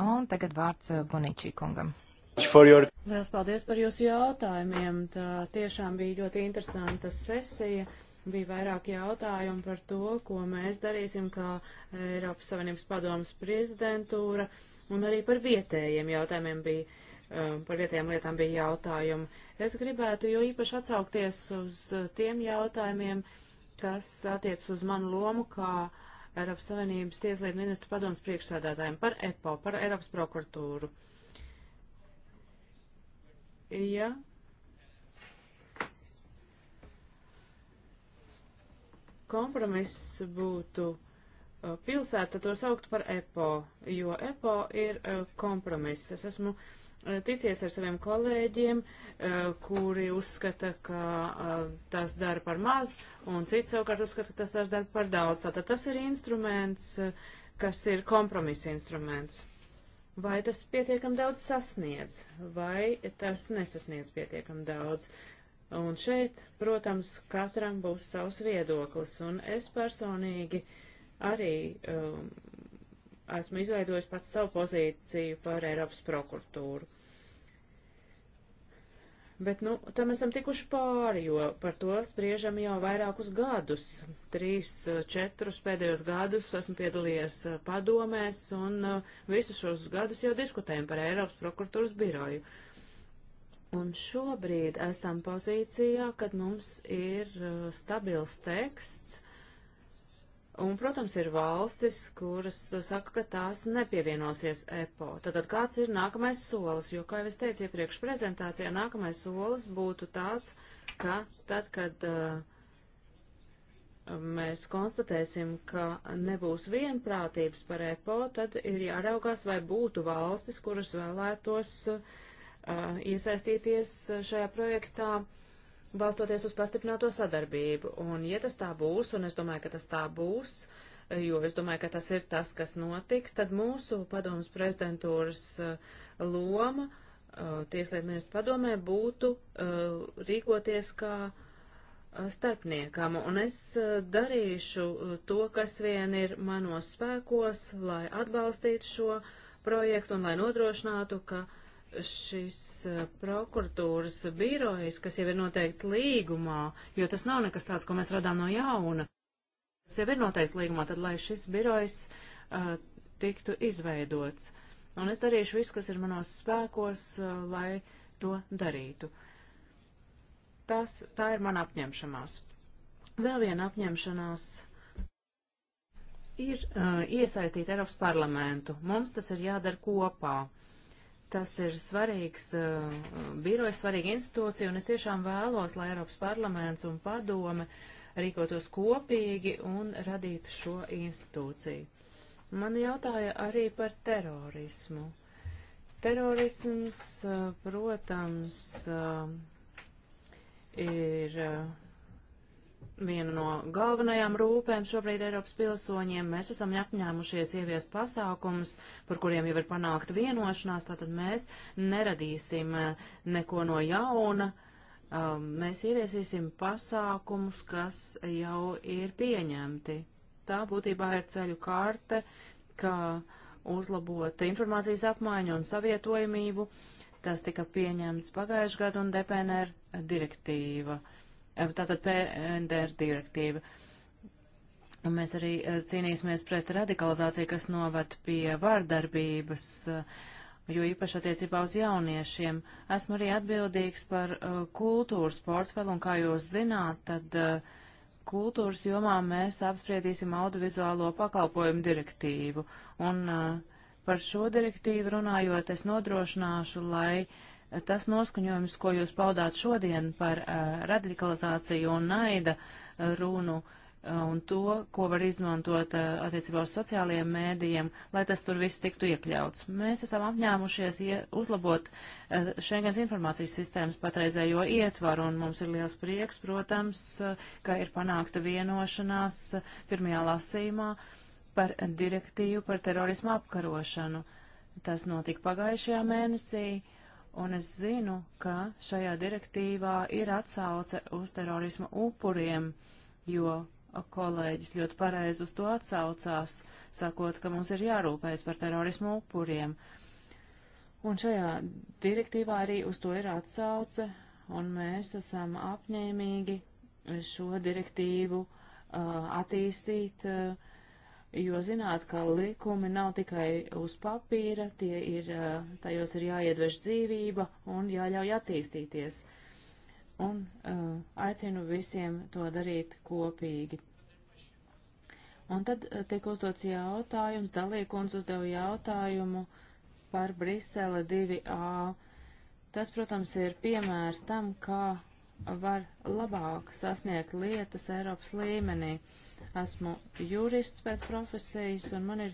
un tagad vārds Boničī kungam. Your... Liels paldies par jūsu jautājumiem. Tā tiešām bija ļoti interesanta sesija bija vairāk jautājumu par to, ko mēs darīsim kā Eiropas Savienības padomas prezidentūra, un arī par vietējiem jautājumiem bija, um, par vietējām lietām bija jautājumi. Es gribētu jo īpaši atsaukties uz tiem jautājumiem, kas attiec uz manu lomu kā Eiropas Savienības tieslietu ministru padomas priekšsādātājiem par EPO, par Eiropas prokuratūru. Ja kompromiss būtu uh, pilsēta, tad to sauktu par EPO, jo EPO ir uh, kompromiss. Es esmu uh, ticies ar saviem kolēģiem, kuri uzskata, ka tas dara par maz, un cits savukārt uzskata, ka tas dara par daudz. Tātad tas ir instruments, kas ir kompromisa instruments. Vai tas pietiekam daudz sasniedz, vai tas nesasniedz pietiekam daudz? Un šeit, protams, katram būs savs viedoklis, un es personīgi arī um, esmu izveidojis pats savu pozīciju par Eiropas prokuratūru. Bet, nu, tam esam tikuši pāri, jo par to spriežam jau vairākus gadus. Trīs, uh, četrus pēdējos gadus esmu piedalījies uh, padomēs un uh, visus šos gadus jau diskutējam par Eiropas prokuratūras biroju. Uh, Un šobrīd esam pozīcijā, kad mums ir uh, stabils teksts, un, protams, ir valstis, kuras uh, saka, ka tās nepievienosies EPO. Tātad kāds ir nākamais solis, jo, kā jau es teicu iepriekš prezentācijā, nākamais solis būtu tāds, ka tad, kad uh, mēs konstatēsim, ka nebūs vienprātības par EPO, tad ir jāraugās, vai būtu valstis, kuras vēlētos uh, iesaistīties šajā projektā, balstoties uz pastiprināto sadarbību. Un, ja tas tā būs, un es domāju, ka tas tā būs, jo es domāju, ka tas ir tas, kas notiks, tad mūsu padomas prezidentūras loma Tieslietu ministru padomē būtu rīkoties kā starpniekam, un es darīšu to, kas vien ir manos spēkos, lai atbalstītu šo projektu un lai nodrošinātu, ka uh, šis eh, prokuratūras birojs, kas jau ir noteikts līgumā, jo tas nav nekas tāds, ko mēs radām no jauna, tas jau ir noteikts līgumā, tad lai šis birojs uh, tiktu izveidots. Un es darīšu visu, kas ir manos spēkos, uh, lai to darītu. Tas, tā ir mana apņemšanās. Vēl viena apņemšanās ir uh, iesaistīt Eiropas parlamentu. Mums tas ir jādara kopā. Uh, Tas ir svarīgs uh, eh, birojs, svarīga institūcija, un es tiešām vēlos, lai Eiropas parlaments un padome rīkotos kopīgi un radītu šo institūciju. Man jautāja arī par terorismu. Terorisms, uh, protams, uh, ir. Uh, viena no galvenajām rūpēm šobrīd Eiropas pilsoņiem. Mēs esam apņēmušies ieviest pasākumus, par kuriem jau ir panākta vienošanās, tātad mēs neradīsim eh, neko no jauna. Um, mēs ieviesīsim pasākumus, kas jau ir pieņemti. Tā būtībā ir ceļu karte, kā uzlabot informācijas apmaiņu un savietojamību. Tas tika pieņemts pagājušajā gadā un DPNR direktīva. Uh, tātad PNDR direktīva. Un mēs arī eh, cīnīsimies pret radikalizāciju, kas novad pie vārdarbības, eh, jo īpaši attiecībā uz jauniešiem. Esmu arī atbildīgs par eh, kultūras portfeli, un kā jūs zināt, tad kultūras jomā mēs apspriedīsim audiovizuālo pakalpojumu direktīvu. Un par šo direktīvu runājot, es nodrošināšu, lai uh, tas noskaņojums, ko jūs paudāt šodien par uh, radikalizāciju un naida runu uh, un to, ko var izmantot uh, attiecībā uz sociālajiem mēdījiem, lai tas tur viss tiktu iekļauts. Mēs esam apņēmušies ie, uzlabot Schengens informācijas sistēmas patreizējo ietvaru, un mums ir liels prieks, protams, ka ir panākta vienošanās pirmajā lasīmā par direktīvu par terorismu apkarošanu. Tas notika pagājušajā mēnesī. Uh, un es zinu, ka šajā direktīvā ir atsauce uz terorisma upuriem, jo kolēģis ļoti pareizi uz to atsaucās, sakot, ka mums ir jārūpējas par terorismu upuriem. Un šajā direktīvā arī uz to ir atsauce, un mēs esam apņēmīgi šo direktīvu uh, attīstīt. Uh, jo zināt, ka likumi nav tikai uz papīra, tie ir, eh, tajos ir jāiedvež dzīvība un jāļauj attīstīties. Un uh, aicinu visiem to darīt kopīgi. Un tad eh, tiek uzdots jautājums, dalīkons uzdeva jautājumu par Brisele 2A. Tas, protams, ir piemērs tam, kā var labāk sasniegt lietas Eiropas līmenī. Uh, Esmu jurists pēc profesijas, un man ir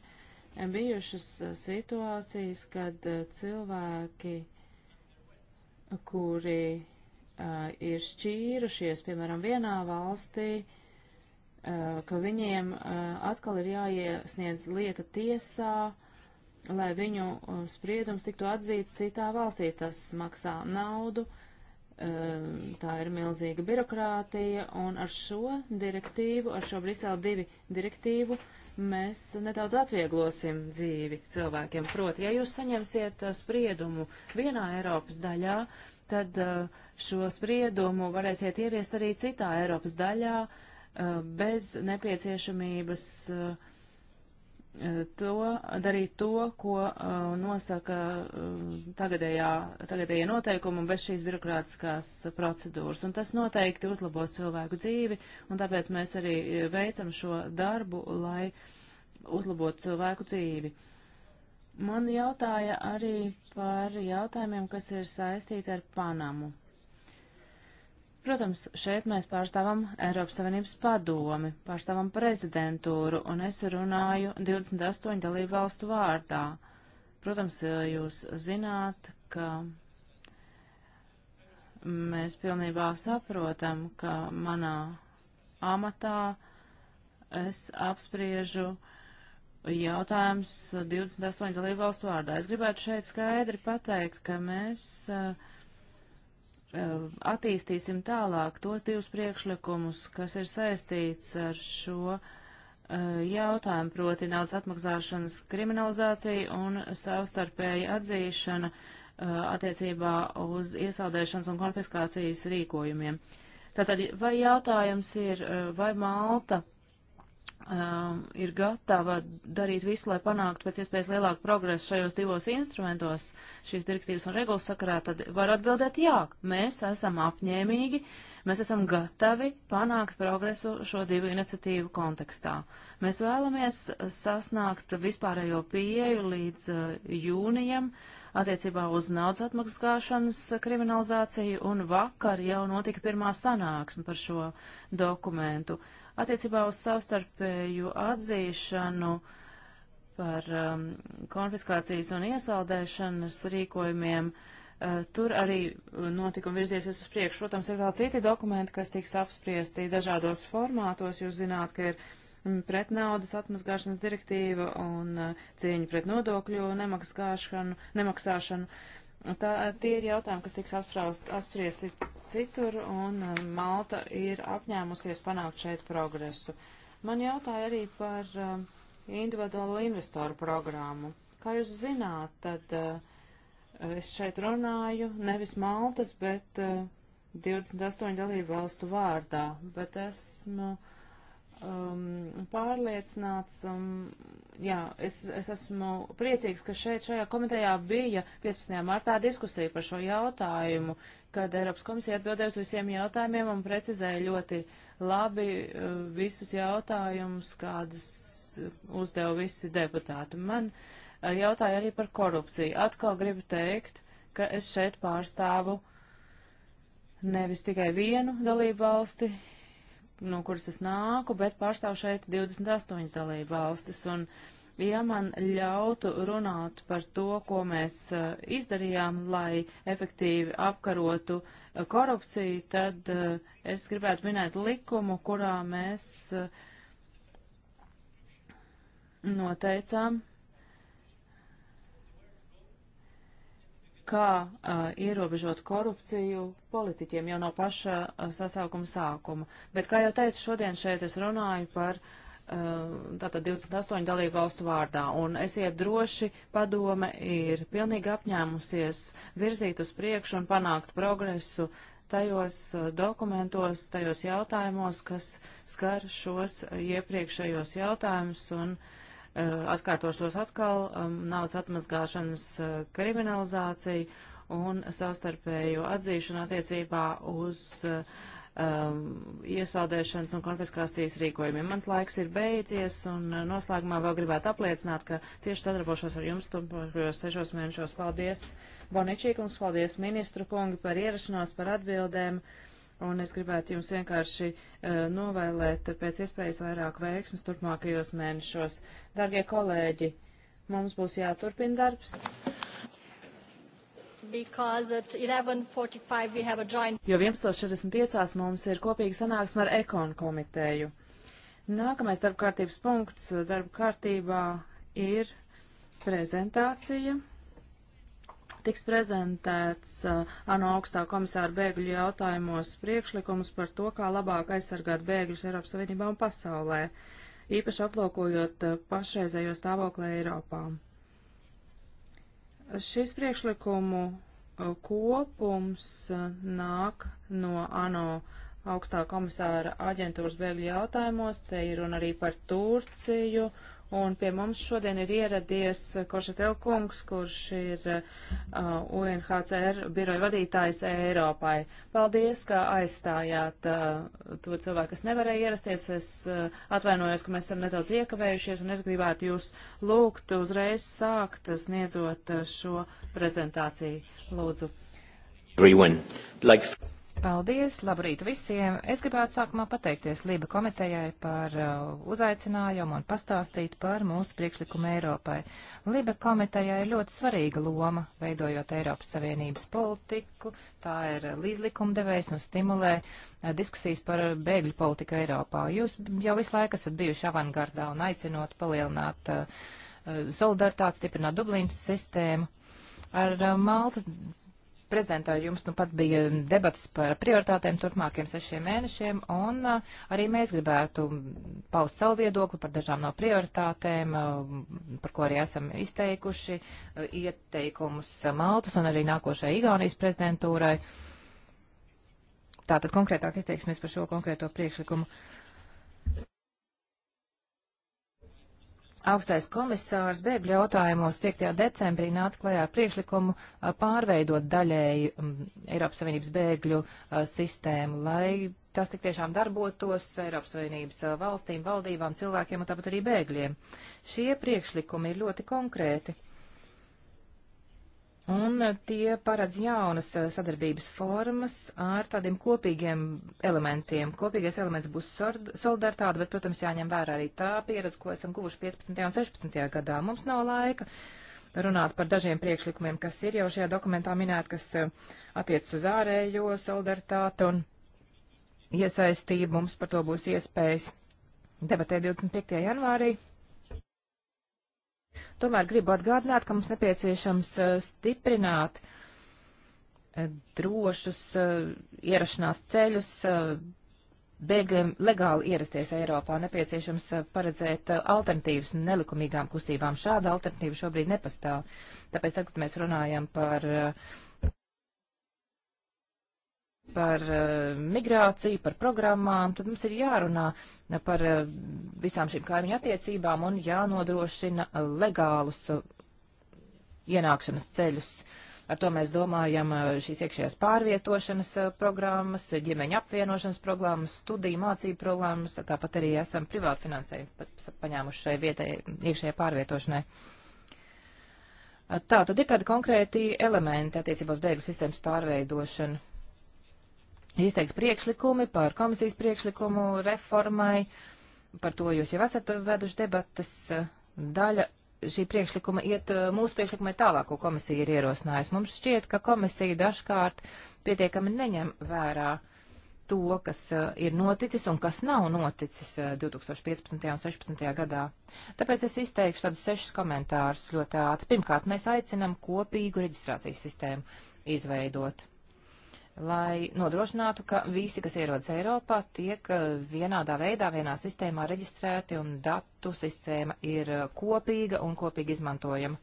bijušas eh, situācijas, kad eh, cilvēki, kuri uh, ir šķīrušies, piemēram, vienā valstī, uh, ka viņiem uh, atkal ir jāiesniedz lieta tiesā, lai viņu spriedums tiktu atzīts citā valstī. Tas maksā naudu. Uh, Ehm, tā ir milzīga birokrātija, un ar šo direktīvu, ar šo Brisele 2 direktīvu, mēs nedaudz atvieglosim dzīvi cilvēkiem. Proti, ja jūs saņemsiet eh, spriedumu vienā Eiropas daļā, tad eh, šo spriedumu varēsiet ieviest arī citā Eiropas daļā eh, bez nepieciešamības uh, to, darīt to, ko uh, nosaka uh, tagadējā, tagadējie noteikumi un bez šīs birokrātiskās procedūras. Un tas noteikti uzlabos cilvēku dzīvi, un tāpēc mēs arī uh, veicam šo darbu, lai uzlabotu cilvēku dzīvi. Man jautāja arī par jautājumiem, kas ir saistīti ar Panamu. Protams, šeit mēs pārstāvam Eiropas Savienības padomi, pārstāvam prezidentūru, un es runāju 28 dalību valstu vārdā. Protams, jūs zināt, ka mēs pilnībā saprotam, ka manā amatā es apspriežu jautājums 28 dalību valstu vārdā. Es gribētu šeit skaidri pateikt, ka mēs uh, Eh, attīstīsim tālāk tos divus priekšlikumus, kas ir saistīts ar šo eh, jautājumu, proti naudas atmaksāšanas kriminalizācija un savstarpēja atzīšana eh, attiecībā uz iesaldēšanas un konfiskācijas rīkojumiem. Tātad, vai jautājums ir, vai Malta um, ir gatava darīt visu, lai panāktu pēc iespējas lielāku progresu šajos divos instrumentos, šīs direktīvas un regulas sakarā, tad var atbildēt jā, mēs esam apņēmīgi, mēs esam gatavi panākt progresu šo divu iniciatīvu kontekstā. Mēs vēlamies sasnākt vispārējo pieeju līdz uh, jūnijam attiecībā uz naudas atmaksāšanas kriminalizāciju, un vakar jau notika pirmā sanāksme par šo dokumentu. Uh, Attiecībā uz savstarpēju atzīšanu par um, konfiskācijas un iesaldēšanas rīkojumiem, uh, tur arī notikumi virziesies uz priekšu. Protams, ir vēl citi dokumenti, kas tiks apspriesti dažādos formātos. Jūs zināt, ka ir mm, pret naudas atmazgāšanas direktīva un uh, cīņa pret nodokļu nemaksāšanu. nemaksāšanu. Tā, tie ir jautājumi, kas tiks apspriesti citur, un um, Malta ir apņēmusies panākt šeit progresu. Man jautāja arī par um, individuālo investoru programmu. Kā jūs zināt, tad uh, es šeit runāju nevis Maltas, bet 28 uh, dalību valstu vārdā, bet esmu. Nu, um, pārliecināts, um, jā, es, es esmu priecīgs, ka šeit šajā komitejā bija 15. martā diskusija par šo jautājumu, kad Eiropas komisija atbildēja uz visiem jautājumiem un precizēja ļoti labi uh, visus jautājumus, kādas uh, uzdeva visi deputāti. Man uh, jautāja arī par korupciju. Atkal gribu teikt, ka es šeit pārstāvu nevis tikai vienu dalību valsti, no kuras es nāku, bet pārstāvu šeit 28 dalību valstis. Un, ja man ļautu runāt par to, ko mēs uh, izdarījām, lai efektīvi apkarotu uh, korupciju, tad uh, es gribētu minēt likumu, kurā mēs noteicām kā uh, ierobežot korupciju politiķiem jau no paša uh, sasaukuma sākuma. Bet, kā jau teicu, šodien šeit es runāju par uh, tātad 28 dalību valstu vārdā, un esiet droši, padome ir pilnīgi apņēmusies virzīt uz priekšu un panākt progresu tajos dokumentos, tajos jautājumos, kas skar šos iepriekšējos jautājumus un uh, Eh, atkārtošos atkal naudas atmazgāšanas eh, kriminalizāciju un savstarpēju atzīšanu attiecībā uz um, iesaldēšanas un konfiskācijas rīkojumiem. Mans laiks ir beidzies, un noslēgumā vēl gribētu apliecināt, ka cieši sadarbošos ar jums turpmākajos sešos mēnešos. Paldies, Boničīkums, paldies ministru kungi par ierašanos, par atbildēm un es gribētu jums vienkārši uh, novēlēt pēc iespējas vairāk veiksmas turpmākajos mēnešos. Dargie kolēģi, mums būs jāturpina darbs. Joint... Jo 11.45 mums ir kopīga sanāksme ar ekonu komiteju. Nākamais darba kārtības punkts darba kārtībā ir prezentācija tiks prezentēts uh, ANO augstā komisāra bēgļu jautājumos priekšlikums par to, kā labāk aizsargāt bēgļus Eiropas Savienībā un pasaulē, īpaši aplūkojot uh, pašreizējo stāvokli Eiropā. Šis priekšlikumu uh, kopums nāk no ANO augstā komisāra aģentūras bēgļu jautājumos, te ir runa arī par Turciju Un pie mums šodien ir ieradies Košetel kungs, kurš ir uh, UNHCR biroja vadītājs Eiropai. Paldies, ka aizstājāt uh, to cilvēku, kas nevarēja ierasties. Es uh, atvainojos, ka mēs esam nedaudz iekavējušies, un es gribētu jūs lūgt uzreiz sākt sniedzot uh, šo prezentāciju. Lūdzu. Everyone. Like... Paldies, labrīt visiem! Es gribētu sākumā pateikties Lība komitejai par uh, uzaicinājumu un pastāstīt par mūsu priekšlikumu Eiropai. Lība komitejai ir ļoti svarīga loma, veidojot Eiropas Savienības politiku, tā ir līdzlikumdevējs un stimulē uh, diskusijas par bēgļu politiku Eiropā. Jūs jau visu laiku esat bijuši avangardā un aicinot palielināt uh, uh solidaritāti, stiprināt Dublīnas sistēmu. Ar uh, Maltas prezidentā ar jums nu pat bija debatas par prioritātēm turpmākiem sešiem mēnešiem, un arī mēs gribētu paust savu viedokli par dažām no prioritātēm, par ko arī esam izteikuši ieteikumus Maltas un arī nākošai Igaunijas prezidentūrai. Tātad konkrētāk izteiksimies par šo konkrēto priekšlikumu. Uh, Augstais komisārs bēgļu jautājumos 5. decembrī nāca klajā ar priekšlikumu pārveidot daļēji Eiropas Savienības bēgļu sistēmu, lai tas tik tiešām darbotos Eiropas Savienības valstīm, valdībām, cilvēkiem un tāpat arī bēgļiem. Šie priekšlikumi ir ļoti konkrēti. Un tie paredz jaunas eh, sadarbības formas ar tādiem kopīgiem elementiem. Kopīgais elements būs solidaritāte, bet, protams, jāņem vērā arī tā pieredze, ko esam guvuši 15. un 16. gadā. Mums nav laika runāt par dažiem priekšlikumiem, kas ir jau šajā dokumentā minēti, kas eh, attiecas uz ārējo solidaritāti un iesaistību. Mums par to būs iespējas debatēt 25. janvārī. Tomēr gribu atgādināt, ka mums nepieciešams eh, stiprināt eh, drošus eh, ierašanās ceļus bēgļiem legāli ierasties Eiropā, nepieciešams paredzēt alternatīvas nelikumīgām kustībām. Šāda alternatīva šobrīd nepastāv. Tāpēc, tad, kad mēs runājam par par uh, migrāciju, par programmām, tad mums ir jārunā par uh, visām šīm kaimiņu attiecībām un jānodrošina legālus uh, ienākšanas ceļus. Ar to mēs domājam šīs iekšējās pārvietošanas programmas, ģimeņa apvienošanas programmas, studiju mācību programmas, tāpat arī esam privāti finansējumu paņēmuši šai vietai iekšējai pārvietošanai. Tā, tad ir kādi konkrēti elementi attiecībā uz bēgļu sistēmas pārveidošanu izteikti priekšlikumi par komisijas priekšlikumu reformai. Par to jūs jau esat veduši debatas. Daļa šī priekšlikuma iet eh, mūsu priekšlikumai tālāk, ko komisija ir ierosinājusi. Mums šķiet, ka komisija dažkārt pietiekami neņem vērā to, kas eh, ir noticis un kas nav noticis 2015. Eh, un 2016. gadā. Tāpēc es izteikšu tādus sešus komentārus ļoti ātri. Pirmkārt, mēs aicinam kopīgu reģistrācijas sistēmu izveidot lai nodrošinātu, ka visi, kas ierodas Eiropā, tiek eh, vienādā veidā, vienā sistēmā reģistrēti un datu sistēma ir eh, kopīga un kopīgi izmantojama.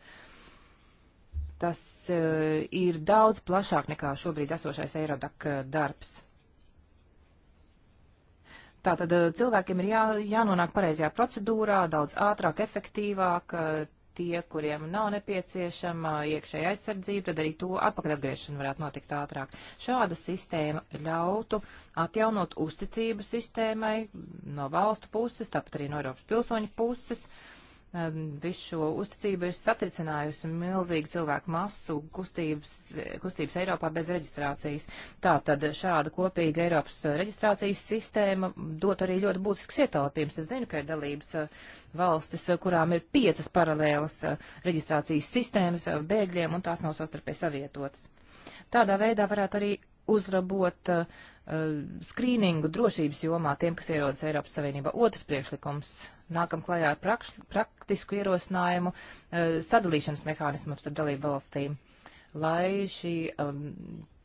Tas eh, ir daudz plašāk nekā šobrīd esošais Eirodak darbs. Tātad cilvēkiem ir jā, jānonāk pareizajā procedūrā, daudz ātrāk, efektīvāk, tie, kuriem nav nepieciešama iekšēja aizsardzība, tad arī to atpakaļatgriešana varētu notikt ātrāk. Šāda sistēma ļautu atjaunot uzticību sistēmai no valstu puses, tāpat arī no Eiropas pilsoņu puses. Uh, visu šo uzticību ir satricinājusi milzīgu cilvēku masu kustības, kustības Eiropā bez reģistrācijas. Tātad šāda kopīga Eiropas reģistrācijas sistēma dot arī ļoti būtisks ietaupījums. Es zinu, ka ir dalības eh, valstis, eh, kurām ir piecas paralēlas eh, reģistrācijas sistēmas bēgļiem, un tās nav sastarpēji savietotas. Tādā veidā varētu arī uzrabot uh, skrīningu drošības jomā tiem, kas ierodas Eiropas Savienībā. Otrs priekšlikums nākam klajā ar prakš, praktisku ierosinājumu eh, sadalīšanas mehānismu starp dalību valstīm, lai šī um,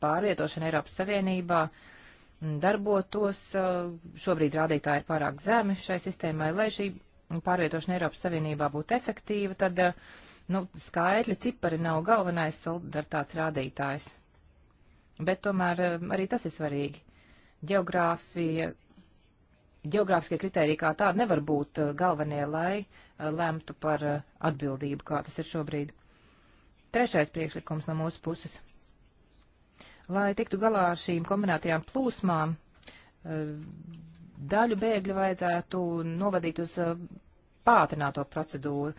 pārvietošana Eiropas Savienībā mm, darbotos. Eh, šobrīd rādītāji ir pārāk zemi šai sistēmai, lai šī pārvietošana Eiropas Savienībā būtu efektīva, tad eh, nu, skaitļi, cipari nav galvenais solidaritātes rādītājs. Bet tomēr arī tas ir svarīgi. Geogrāfija, geogrāfiskie kriteriji kā tādi nevar būt eh, galvenie, lai eh, lemtu par eh, atbildību, kā tas ir šobrīd. Trešais priekšlikums no mūsu puses. Lai tiktu galā ar šīm kombinētajām plūsmām, daļu bēgļu vajadzētu novadīt uz pātrināto procedūru.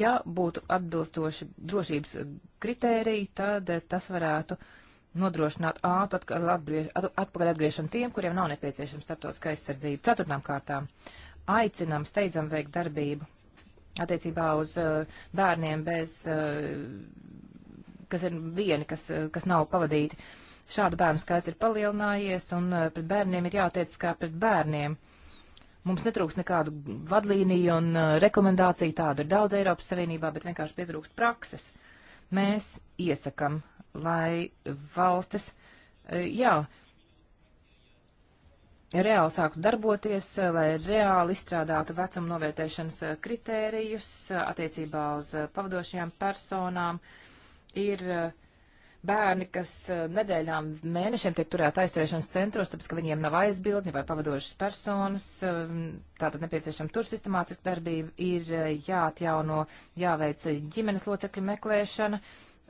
Ja būtu atbilstoši drošības kritēriji, tad tas varētu uh, nodrošināt ātru atkal atgriež, at, atpakaļ atgriešanu tiem, kuriem nav nepieciešama starptautiskā aizsardzība. Ceturtām kārtām aicinām steidzam veikt darbību attiecībā uz uh, bērniem bez, uh, kas ir vieni, kas, uh, kas nav pavadīti. Šādu bērnu skaits ir palielinājies un uh, pret bērniem ir jātiec kā pret bērniem. Mums netrūks nekādu vadlīniju un uh, rekomendāciju, tādu ir daudz Eiropas Savienībā, bet vienkārši pietrūkst prakses. Mēs iesakam uh, lai valstis, e, jā, reāli sāktu darboties, e, lai reāli izstrādātu vecuma novērtēšanas e, kritērijus attiecībā uz pavadošajām personām. Ir bērni, kas nedēļām, mēnešiem tiek turēti aizturēšanas centros, tāpēc, ka viņiem nav aizbildņi vai pavadošas personas, tātad nepieciešama tur sistemātiska darbība, ir jāatjauno, jāveic ģimenes locekļu meklēšana,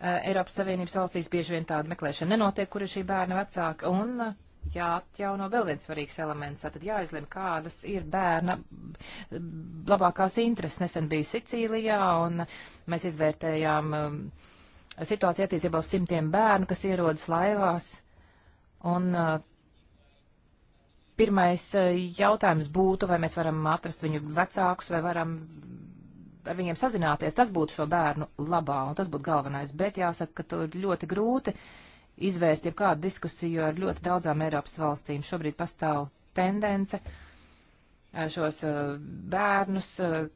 Eh, Eiropas Savienības valstīs bieži vien tāda meklēšana nenotiek, kur ir šī bērna vecāka, un eh, jāatjauno vēl viens svarīgs elements. Tātad jāizlem, kādas ir bērna eh, labākās intereses. Nesen biju Sicīlijā, un mēs izvērtējām situāciju attiecībā uz simtiem bērnu, kas ierodas laivās, un pirmais jautājums būtu, vai mēs varam atrast viņu vecākus, vai varam ar viņiem sazināties, tas būtu šo bērnu labā, un tas būtu galvenais. Bet jāsaka, ka tur ļoti grūti izvērst jau kādu diskusiju ar ļoti daudzām Eiropas valstīm. Šobrīd pastāv tendence šos bērnus,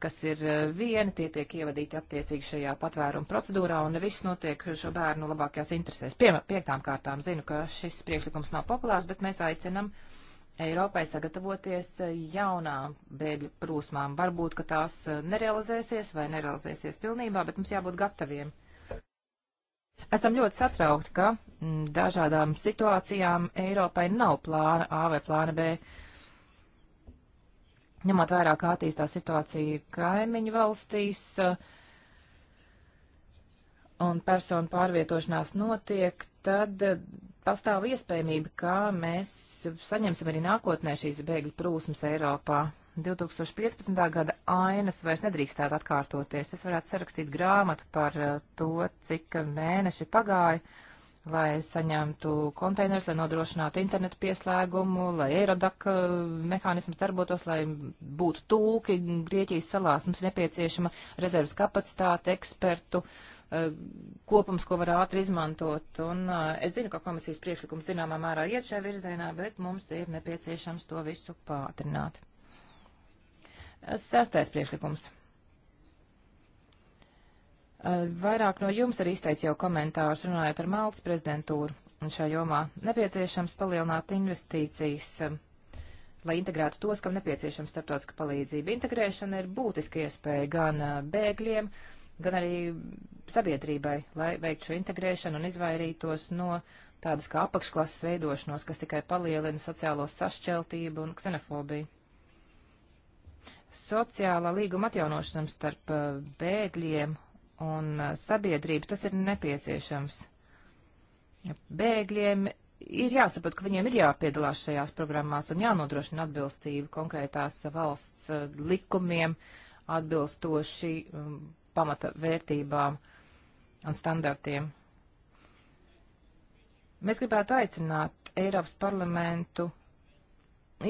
kas ir vieni, tie tiek ievadīti attiecīgi šajā patvērumu procedūrā, un viss notiek šo bērnu labākajās interesēs. Pie, piektām kārtām zinu, ka šis priekšlikums nav populārs, bet mēs aicinam uh, Eiropai sagatavoties eh, jaunām bēgļu plūsmām. Varbūt, ka tās eh, nerealizēsies vai nerealizēsies pilnībā, bet mums jābūt gataviem. Esam ļoti satraukti, ka m, mm, dažādām situācijām Eiropai nav plāna A vai plāna B. Ņemot vērā, kā attīstās situācija kaimiņu valstīs, uh, un personu pārvietošanās notiek, tad pastāv iespējamība, ka mēs saņemsim arī nākotnē šīs bēgļu prūsmas Eiropā. 2015. gada ainas vairs nedrīkstētu atkārtoties. Es varētu sarakstīt grāmatu par eh, to, cik mēneši pagāja, lai saņemtu konteinerus, lai nodrošinātu internetu pieslēgumu, lai Eirodak eh, mehānisms darbotos, lai būtu tulki Grieķijas salās. Mums nepieciešama rezerves kapacitāte, ekspertu. Uh, Eh, kopums, ko var ātri izmantot. Un eh, es zinu, ka komisijas priekšlikums zināmā mērā iet šajā virzienā, bet mums ir nepieciešams to visu pātrināt. Eh, Sestais priekšlikums. Vairāk no jums arī izteica jau komentārus runājot ar Maltas prezidentūru šajā jomā. Nepieciešams palielināt investīcijas lai integrētu tos, kam nepieciešama starptautiska palīdzība. Integrēšana ir būtiska iespēja gan bēgļiem, uh, gan arī sabiedrībai, lai veiktu šo integrēšanu un izvairītos no tādas kā apakšklases veidošanos, kas tikai palielina sociālo sašķeltību un ksenofobiju. Sociālā līguma atjaunošana starp uh, bēgļiem un uh, sabiedrību tas ir nepieciešams. Bēgļiem ir jāsaprot, ka viņiem ir jāpiedalās šajās programmās un jānodrošina atbilstība konkrētās valsts uh, likumiem atbilstoši um, pamata vērtībām un standartiem. Mēs gribētu aicināt Eiropas parlamentu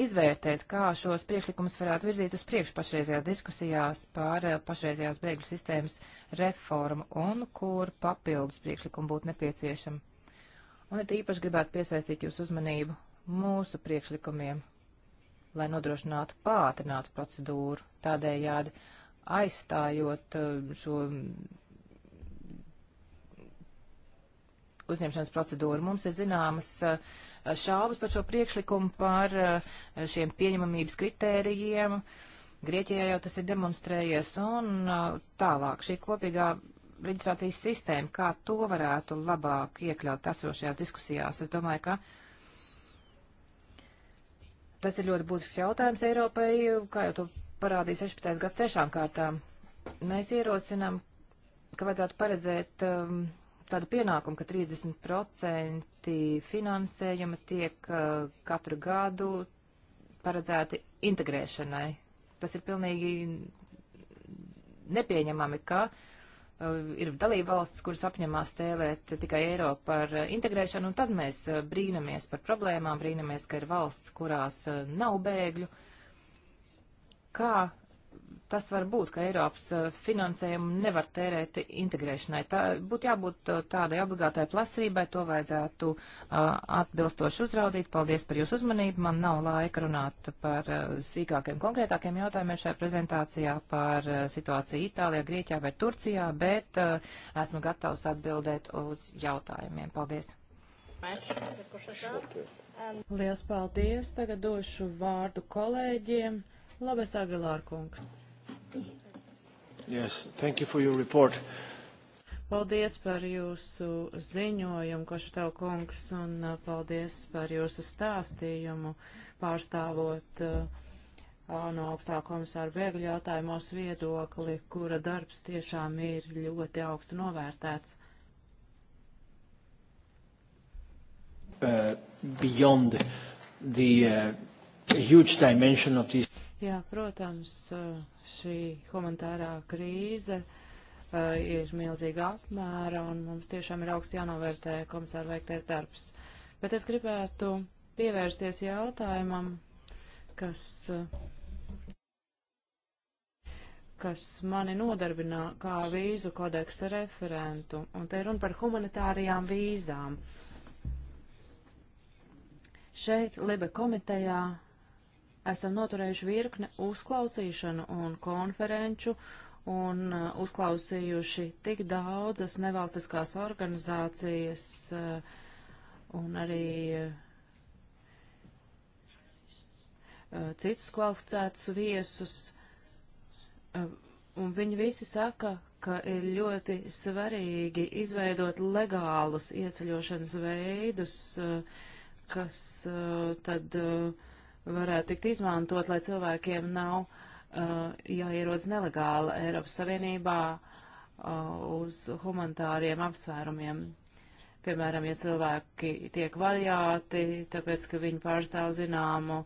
izvērtēt, kā šos priekšlikumus varētu virzīt uz priekšu pašreizējās diskusijās pār eh, pašreizējās bēgļu sistēmas reformu un kur papildus priekšlikumu būtu nepieciešama. Un it īpaši gribētu piesaistīt jūsu uzmanību mūsu priekšlikumiem, lai nodrošinātu pātrinātu procedūru, tādējādi aizstājot eh, šo uzņemšanas procedūru. Mums ir zināmas eh, šaubas par šo priekšlikumu, par eh, šiem pieņemamības kritērijiem. Grieķijā jau tas ir demonstrējies un tālāk šī kopīgā reģistrācijas sistēma, kā to varētu labāk iekļaut esošajās diskusijās. Es domāju, ka tas ir ļoti būtisks jautājums Eiropai, kā jau to parādīja 16. gads trešām kārtām. Mēs ierosinām, ka vajadzētu paredzēt um, tādu pienākumu, ka 30% finansējuma tiek uh, katru gadu paredzēti integrēšanai. Tas ir pilnīgi nepieņemami, ka uh, ir dalība valsts, kuras apņemās tēlēt tikai eiro par uh, integrēšanu, un tad mēs uh, brīnamies par problēmām, brīnamies, ka ir valsts, kurās uh, nav bēgļu. Uh, kā tas var būt, ka Eiropas uh, finansējumu nevar tērēt integrēšanai. Tā būtu jābūt uh, tādai obligātai plasībai, to vajadzētu uh, atbilstoši uzraudzīt. Paldies par jūsu uzmanību. Man nav laika runāt par uh, sīkākiem, konkrētākiem jautājumiem šajā prezentācijā par uh, situāciju Itālijā, Grieķijā vai Turcijā, bet uh, esmu gatavs atbildēt uz jautājumiem. Paldies! Liels paldies! Tagad došu vārdu kolēģiem. Labais Agilār kungs. Yes, thank you for your report. Paldies par jūsu ziņojumu, Košutel kungs, un uh, paldies par jūsu stāstījumu pārstāvot uh, no augstā komisāra bēgļu jautājumos viedokli, kura darbs tiešām ir ļoti augstu novērtēts. Uh, beyond the uh, huge dimension of these Jā, protams, eh, šī humanitārā krīze eh, ir milzīga apmēra un mums tiešām ir augsti jānovērtē komisāra veiktais darbs. Bet es gribētu pievērsties jautājumam, kas, eh, kas mani nodarbinā kā vīzu kodeksa referentu. Un te runa par humanitārajām vīzām. Šeit Libe komitejā esam noturējuši virkne uzklausīšanu un konferenču un uh, uzklausījuši tik daudzas nevalstiskās organizācijas uh, un arī uh, citus kvalificētus viesus. Uh, un viņi visi saka, ka ir ļoti svarīgi izveidot legālus ieceļošanas veidus, uh, kas uh, tad uh, varētu tikt izmantot, lai cilvēkiem nav uh, jāierodas nelegāli Eiropas Savienībā uh, uz humanitāriem apsvērumiem. Piemēram, ja cilvēki tiek vaļāti, tāpēc, ka viņi pārstāv zināmu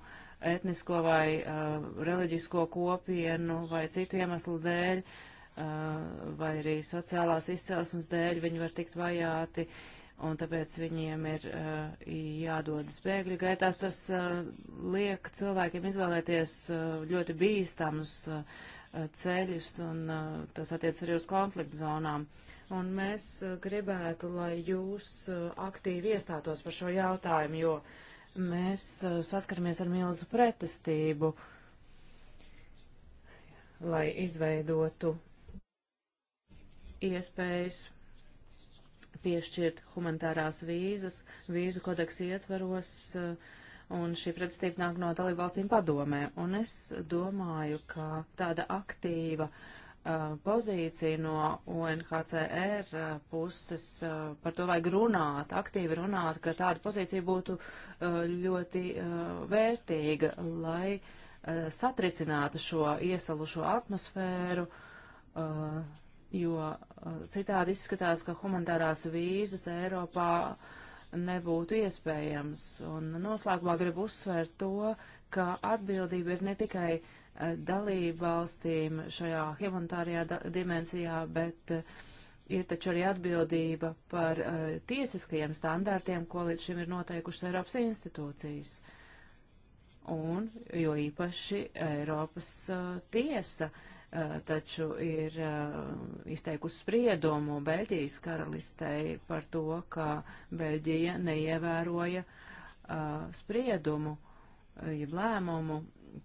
etnisko vai uh, reliģisko kopienu vai citu iemeslu dēļ, uh, vai arī sociālās izcelsmes dēļ, viņi var tikt vajāti. Uh, un tāpēc viņiem ir uh, jādodas bēgļu gaitās. Tas uh, liek cilvēkiem izvēlēties uh, ļoti bīstamus uh, ceļus, un uh, tas attiec arī uz konfliktu zonām. Un mēs uh, gribētu, lai jūs uh, aktīvi iestātos par šo jautājumu, jo mēs uh, saskaramies ar milzu pretestību, lai izveidotu iespējas piešķirt humanitārās vīzas, vīzu kodeks ietvaros, uh, un šī pretestība nāk no dalībvalstīm padomē. Un es domāju, ka tāda aktīva uh, pozīcija no UNHCR uh, puses, uh, par to vajag runāt, aktīvi runāt, ka tāda pozīcija būtu uh, ļoti uh, vērtīga, lai satricinātu šo iesalušo atmosfēru, uh, jo uh, citādi izskatās, ka humanitārās vīzas Eiropā nebūtu iespējams. Un noslēgumā gribu uzsvērt to, ka atbildība ir ne tikai uh, dalību valstīm šajā humanitārajā dimensijā, bet uh, ir taču arī atbildība par uh, tiesiskajiem standārtiem, ko līdz šim ir noteikušas Eiropas institūcijas. Un, jo īpaši Eiropas uh, tiesa uh, Eh, taču ir eh, izteikusi spriedumu Beļģijas karalistei par to, ka Beļģija neievēroja eh, spriedumu, jeb lēmumu,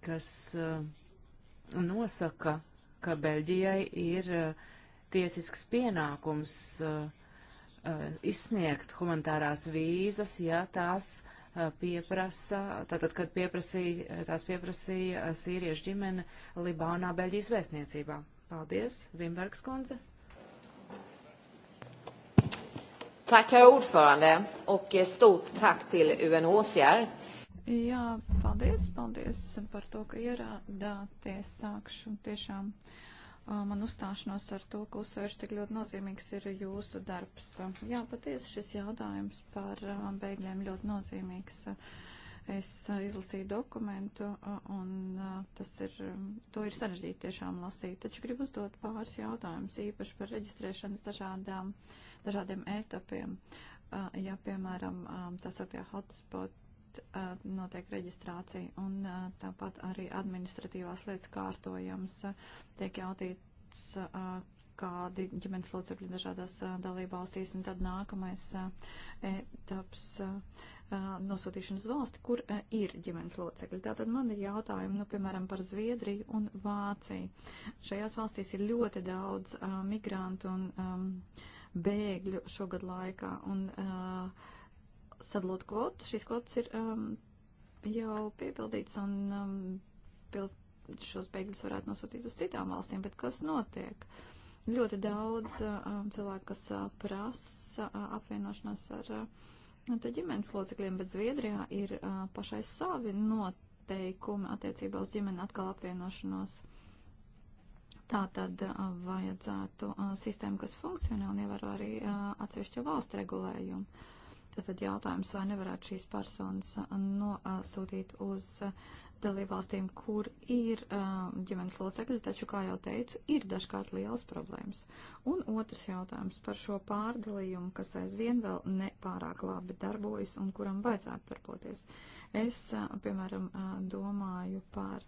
kas nosaka, ka Beļģijai ir tiesisks pienākums izsniegt humanitārās vīzas, ja tās uh, pieprasa, tātad, kad pieprasīja, tās pieprasīja sīriešu ģimene Libānā, Beļģijas vēstniecībā. Paldies, Vimbergs kundze. Tack, herr ordförande, och stort tack till UNHCR. Jā, paldies, paldies par to, ka ierādāties. Sākšu tiešām. Uh, man uzstāšanos ar to, ka uzsvērš, cik ļoti nozīmīgs ir jūsu darbs. Jā, patiesi šis jautājums par bēgļiem ļoti nozīmīgs. Es izlasīju dokumentu, un tas ir, to ir sarežģīti tiešām lasīt, taču gribu uzdot pāris jautājumus, īpaši par reģistrēšanas dažādām, dažādiem etapiem. Ja, piemēram, tas ir tie hotspot bet uh, notiek reģistrācija un uh, tāpat arī administratīvās lietas kārtojams uh, tiek jautīts, uh, kādi ģimenes locekļi dažādās uh, dalībvalstīs, un tad nākamais uh, etaps uh, nosūtīšanas valsti, kur uh, ir ģimenes locekļi. Tātad man ir jautājumi, nu, piemēram, par Zviedriju un Vāciju. Šajās valstīs ir ļoti daudz uh, migrantu un um, bēgļu šogad laikā. Un, uh, sadalot kvotas. Šīs kvotas ir um, jau piepildītas un um, pild, šos bēgļus varētu nosūtīt uz citām valstīm, bet kas notiek? Ļoti daudz um, cilvēku, kas uh, prasa uh, apvienošanos ar uh, ģimenes locekļiem, bet Zviedrijā ir uh, pašai savi noteikumi attiecībā uz ģimeni atkal apvienošanos. Tā tad uh, vajadzētu uh, sistēmu, kas funkcionē un ievēro arī uh, atsevišķo valstu regulējumu. Uh, Tātad jautājums, vai nevarētu šīs personas nosūtīt uz dalībvalstīm, kur ir ģimenes locekļi, taču, kā jau teicu, ir dažkārt lielas problēmas. Un otrs jautājums par šo pārdalījumu, kas aizvien vēl nepārāk labi darbojas un kuram vajadzētu darboties. Es, piemēram, domāju par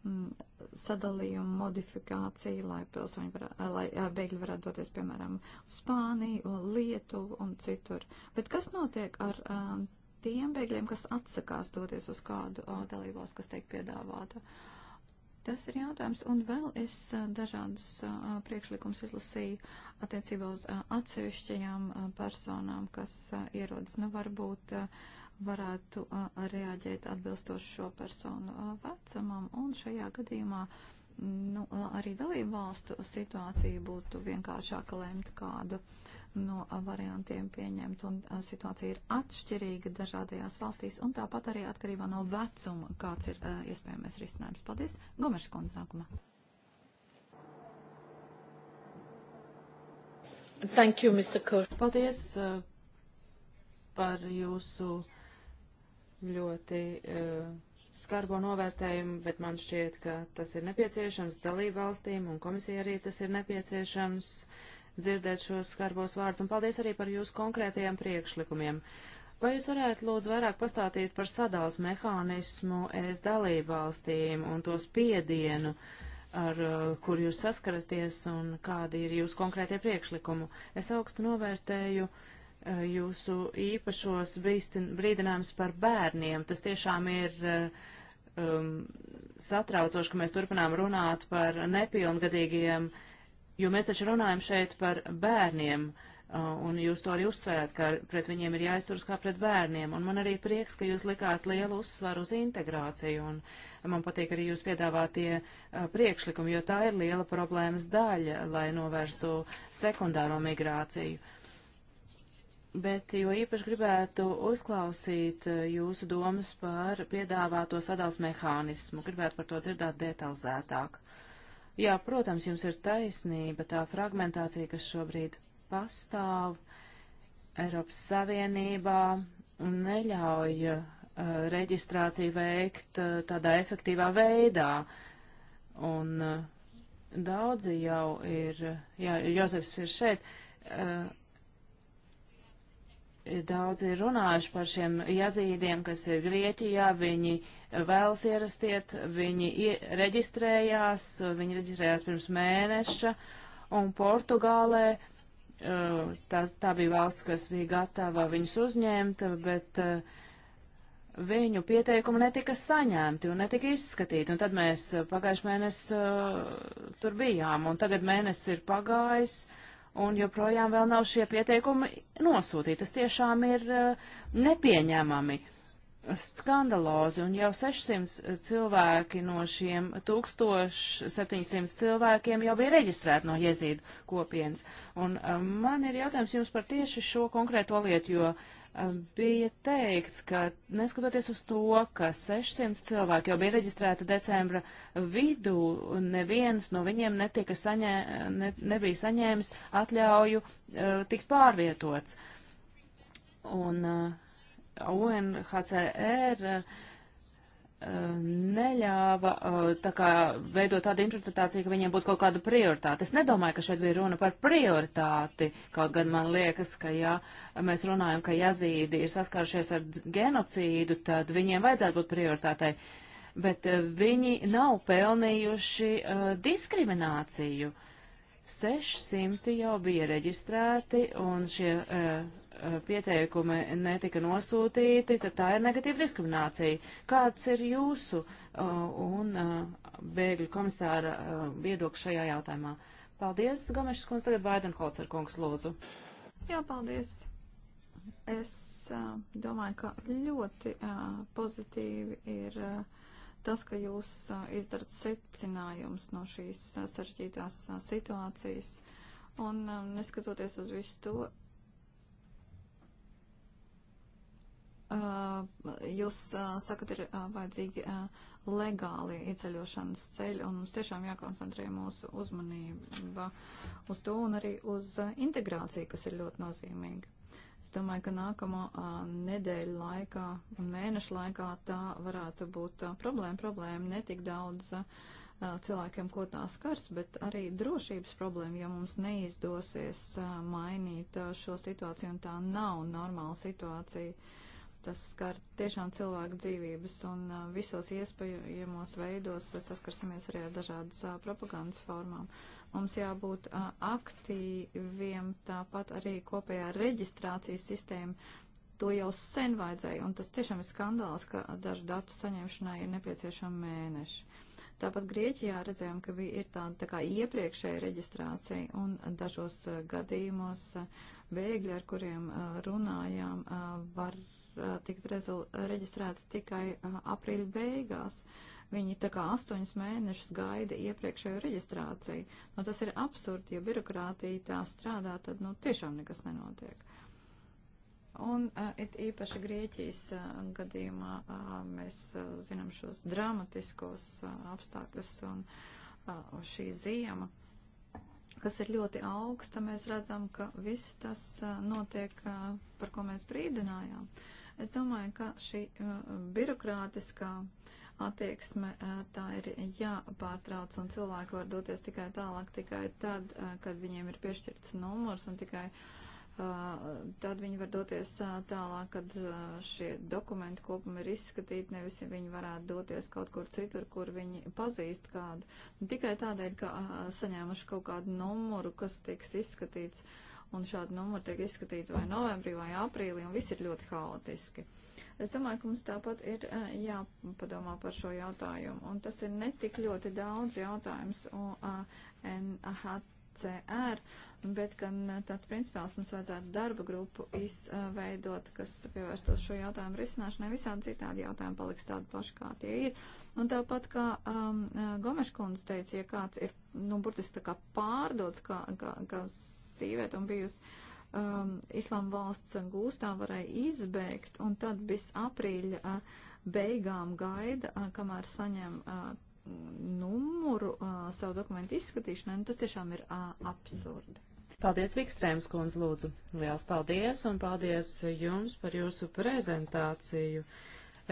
Mm, sadalījumu modifikāciju, lai, pilsoņi var, eh, lai eh, bēgļi varētu doties, piemēram, uz Spāniju, Lietuvu un citur. Bet kas notiek ar um, tiem bēgļiem, kas atsakās doties uz kādu uh, dalībvalstu, kas tiek piedāvāta? Tas ir jautājums, un vēl es uh, dažādus uh, priekšlikums izlasīju attiecībā uz uh, atsevišķajām uh, personām, kas uh, ierodas. Nu, varbūt uh, varētu reaģēt atbilstoši šo personu vecumam. Un šajā gadījumā nu, arī dalību valstu situācija būtu vienkāršāka lemt kādu no variantiem pieņemt. Un situācija ir atšķirīga dažādajās valstīs un tāpat arī atkarībā no vecuma, kāds ir iespējamais risinājums. Paldies! Gomeša kundze nākamā. Thank you, Mr. Kur. Paldies uh, par jūsu ļoti uh, skarbo novērtējumu, bet man šķiet, ka tas ir nepieciešams dalību valstīm un komisija arī tas ir nepieciešams dzirdēt šos skarbos vārdus. Un paldies arī par jūsu konkrētajiem priekšlikumiem. Vai jūs varētu lūdzu vairāk pastāstīt par sadals mehānismu ES dalību valstīm un to spiedienu, ar uh, kur jūs saskaraties un kādi ir jūsu konkrētie priekšlikumu? Es augstu novērtēju uh, Eh, jūsu īpašos brīdinājumus par bērniem. Tas tiešām ir eh, um, satraucoši, ka mēs turpinām runāt par nepilngadīgiem, jo mēs taču runājam šeit par bērniem. Eh, un jūs to arī uzsvērāt, ka pret viņiem ir jāizturas kā pret bērniem. Un man arī prieks, ka jūs likāt lielu uzsvaru uz integrāciju. Un man patīk arī jūs piedāvātie priekšlikumi, jo tā ir liela problēmas daļa, lai novērstu sekundāro migrāciju. Uh, bet jo īpaši gribētu uzklausīt eh, jūsu domas par piedāvāto sadals mehānismu, gribētu par to dzirdēt detalizētāk. Jā, protams, jums ir taisnība, tā fragmentācija, kas šobrīd pastāv Eiropas Savienībā, neļauj uh, reģistrāciju veikt uh, tādā efektīvā veidā. Un uh, daudzi jau ir, jā, Jozefs ir šeit, uh, Daudz ir runājuši par šiem jazīdiem, kas ir Grieķijā, viņi vēlas ierastiet, viņi reģistrējās, viņi reģistrējās pirms mēneša, un Portugālē uh, tā, tā bija valsts, kas bija gatava viņus uzņemt, bet uh, viņu pieteikumi netika saņemti un netika izskatīti, un tad mēs pagājuši mēnesi uh, tur bijām, un tagad mēnesis ir pagājis, uh, un joprojām vēl nav šie pieteikumi nosūtīti. Tas tiešām ir eh, nepieņēmami skandalozi, un jau 600 eh, cilvēki no šiem 1700 cilvēkiem jau bija reģistrēti no jezīdu kopienas. Un eh, man ir jautājums jums par tieši šo konkrēto lietu, jo bija teikts, ka neskatoties uz to, ka 600 cilvēki jau bija reģistrēti decembra vidū, neviens no viņiem netika saņē, ne, nebija saņēmis atļauju uh, tikt pārvietots. Un e, uh, UNHCR uh, Eh, neļāva eh, tā kā veidot tādu interpretāciju, ka viņiem būtu kaut kāda prioritāte. Es nedomāju, ka šeit bija runa par prioritāti, kaut gan man liekas, ka ja mēs runājam, ka jazīdi ir saskārušies ar genocīdu, tad viņiem vajadzētu būt prioritātei, bet eh, viņi nav pelnījuši uh, diskrimināciju. 600 jau bija reģistrēti un šie uh, Eh, pieteikumi netika nosūtīti, tad tā ir negatīva diskriminācija. Kāds ir jūsu eh, un eh, bēgļu komisāra viedoklis šajā jautājumā? Paldies, Gomešs kungs, tagad Baidenholzer kungs lūdzu. Jā, paldies. Es domāju, ka ļoti pozitīvi ir tas, ka jūs izdarat secinājums no šīs sarežģītās situācijas. Un neskatoties uz visu to, jūs sakat, ir vajadzīgi legāli ieceļošanas ceļi, un mums tiešām jākoncentrē mūsu uzmanība uz to un arī uz integrāciju, kas ir ļoti nozīmīga. Es domāju, ka nākamo nedēļu laikā un mēnešu laikā tā varētu būt problēma. Problēma netik daudz a, cilvēkiem, ko tā skars, bet arī drošības problēma, ja mums neizdosies a, mainīt a, šo situāciju, un tā nav normāla situācija Tas skar tiešām cilvēku dzīvības un uh, visos iespējamos veidos saskarsimies arī ar dažādas uh, propagandas formām. Mums jābūt uh, aktīviem, tāpat arī kopējā reģistrācijas sistēma. To jau sen vajadzēja, un tas tiešām ir skandāls, ka dažu datu saņemšanai ir nepieciešama mēneši. Tāpat Grieķijā redzējām, ka bija tāda tā kā iepriekšēja reģistrācija un dažos gadījumos bēgļi, ar kuriem runājām, var Eh, tikt reģistrēti tikai eh, aprīļa beigās. Viņi tā kā astoņus mēnešus gaida iepriekšējo reģistrāciju. Nu, tas ir absurdi, ja birokrātija tā strādā, tad nu, tiešām nekas nenotiek. Un uh, it īpaši Grieķijas uh, gadījumā uh, mēs uh, zinām šos dramatiskos uh, apstākļus un uh, šī ziema, kas ir ļoti augsta, mēs redzam, ka viss tas uh, notiek, uh, par ko mēs brīdinājām. Uh, Es domāju, ka šī uh, birokrātiskā attieksme uh, tā ir jāpārtrauc un cilvēki var doties tikai tālāk, tikai tad, uh, kad viņiem ir piešķirts numurs un tikai tad viņi var doties tālāk, kad šie dokumenti kopumi ir izskatīti, nevis ja viņi varētu doties kaut kur citur, kur viņi pazīst kādu. Un tikai tādēļ, ka saņēmuši kaut kādu numuru, kas tiks izskatīts. Uh, un šādi numuri tiek izskatīti vai novembrī vai aprīlī, un viss ir ļoti haotiski. Es domāju, ka mums tāpat ir eh, jāpadomā par šo jautājumu, un tas ir netik ļoti daudz jautājums UNHCR, er, bet gan tāds principāls mums vajadzētu darba grupu izveidot, kas pievērstos šo jautājumu risināšanai. Visādi citādi jautājumi paliks tādi paši, kā tie ir. Un tāpat kā um, Gomeškundze teica, ja kāds ir, nu, burtiski tā kā pārdots, kā, kā, kas dzīvēt un bijusi um, islāma valsts gūstā, varēja izbēgt, un tad bez aprīļa uh, beigām gaida, uh, kamēr saņem uh, numuru uh, savu dokumentu izskatīšanai, un tas tiešām ir uh, absurdi. Paldies, Vikstrēms kundze, lūdzu. Liels paldies, un paldies jums par jūsu prezentāciju.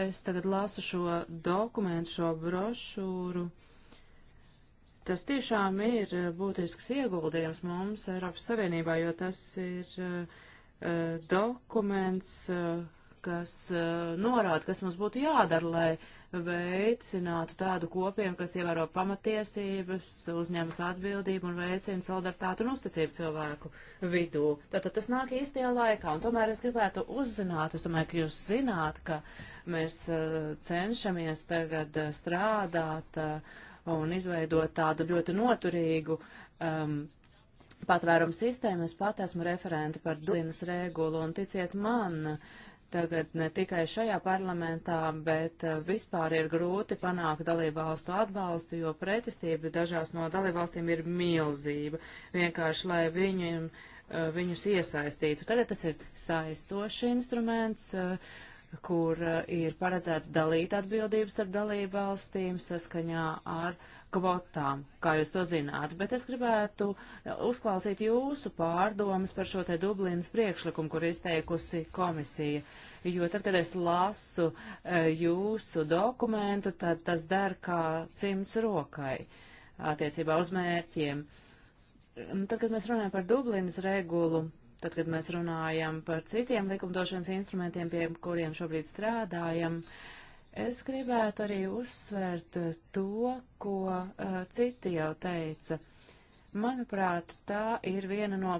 Es tagad lasu šo dokumentu, šo brošūru. Uh, Tas tiešām ir eh, būtisks ieguldījums mums Eiropas Savienībā, jo tas ir eh, eh, dokuments, kas norāda, kas mums būtu jādara, lai veicinātu tādu kopienu, kas ievēro pamatiesības, uzņemas atbildību un veicina solidaritātu un uzticību cilvēku vidū. Tātad tas nāk īstajā laikā, un tomēr es gribētu uzzināt, es domāju, ka jūs zināt, ka mēs cenšamies tagad strādāt, uh, un izveidot tādu ļoti noturīgu um, patvērumu sistēmu. Es pat esmu referenti par Dublinas regulu, un ticiet man, tagad ne tikai šajā parlamentā, bet uh, vispār ir grūti panākt dalībvalstu atbalstu, jo pretestība dažās no dalībvalstīm ir milzība. Vienkārši, lai viņiem, uh, viņus iesaistītu. Tagad tas ir saistošs instruments. Uh, kur eh, ir paredzēts dalīt atbildības starp dalību valstīm saskaņā ar kvotām, kā jūs to zināt, bet es gribētu eh, uzklausīt jūsu pārdomas par šo te Dublinas priekšlikumu, kur izteikusi komisija, jo tad, kad es lasu eh, jūsu dokumentu, tad tas der kā cimts rokai attiecībā uz mērķiem. Tad, kad mēs runājam par Dublinas regulu, tad, kad mēs runājam par citiem likumdošanas instrumentiem, pie kuriem šobrīd strādājam, es gribētu arī uzsvērt to, ko uh, citi jau teica. Manuprāt, tā ir viena no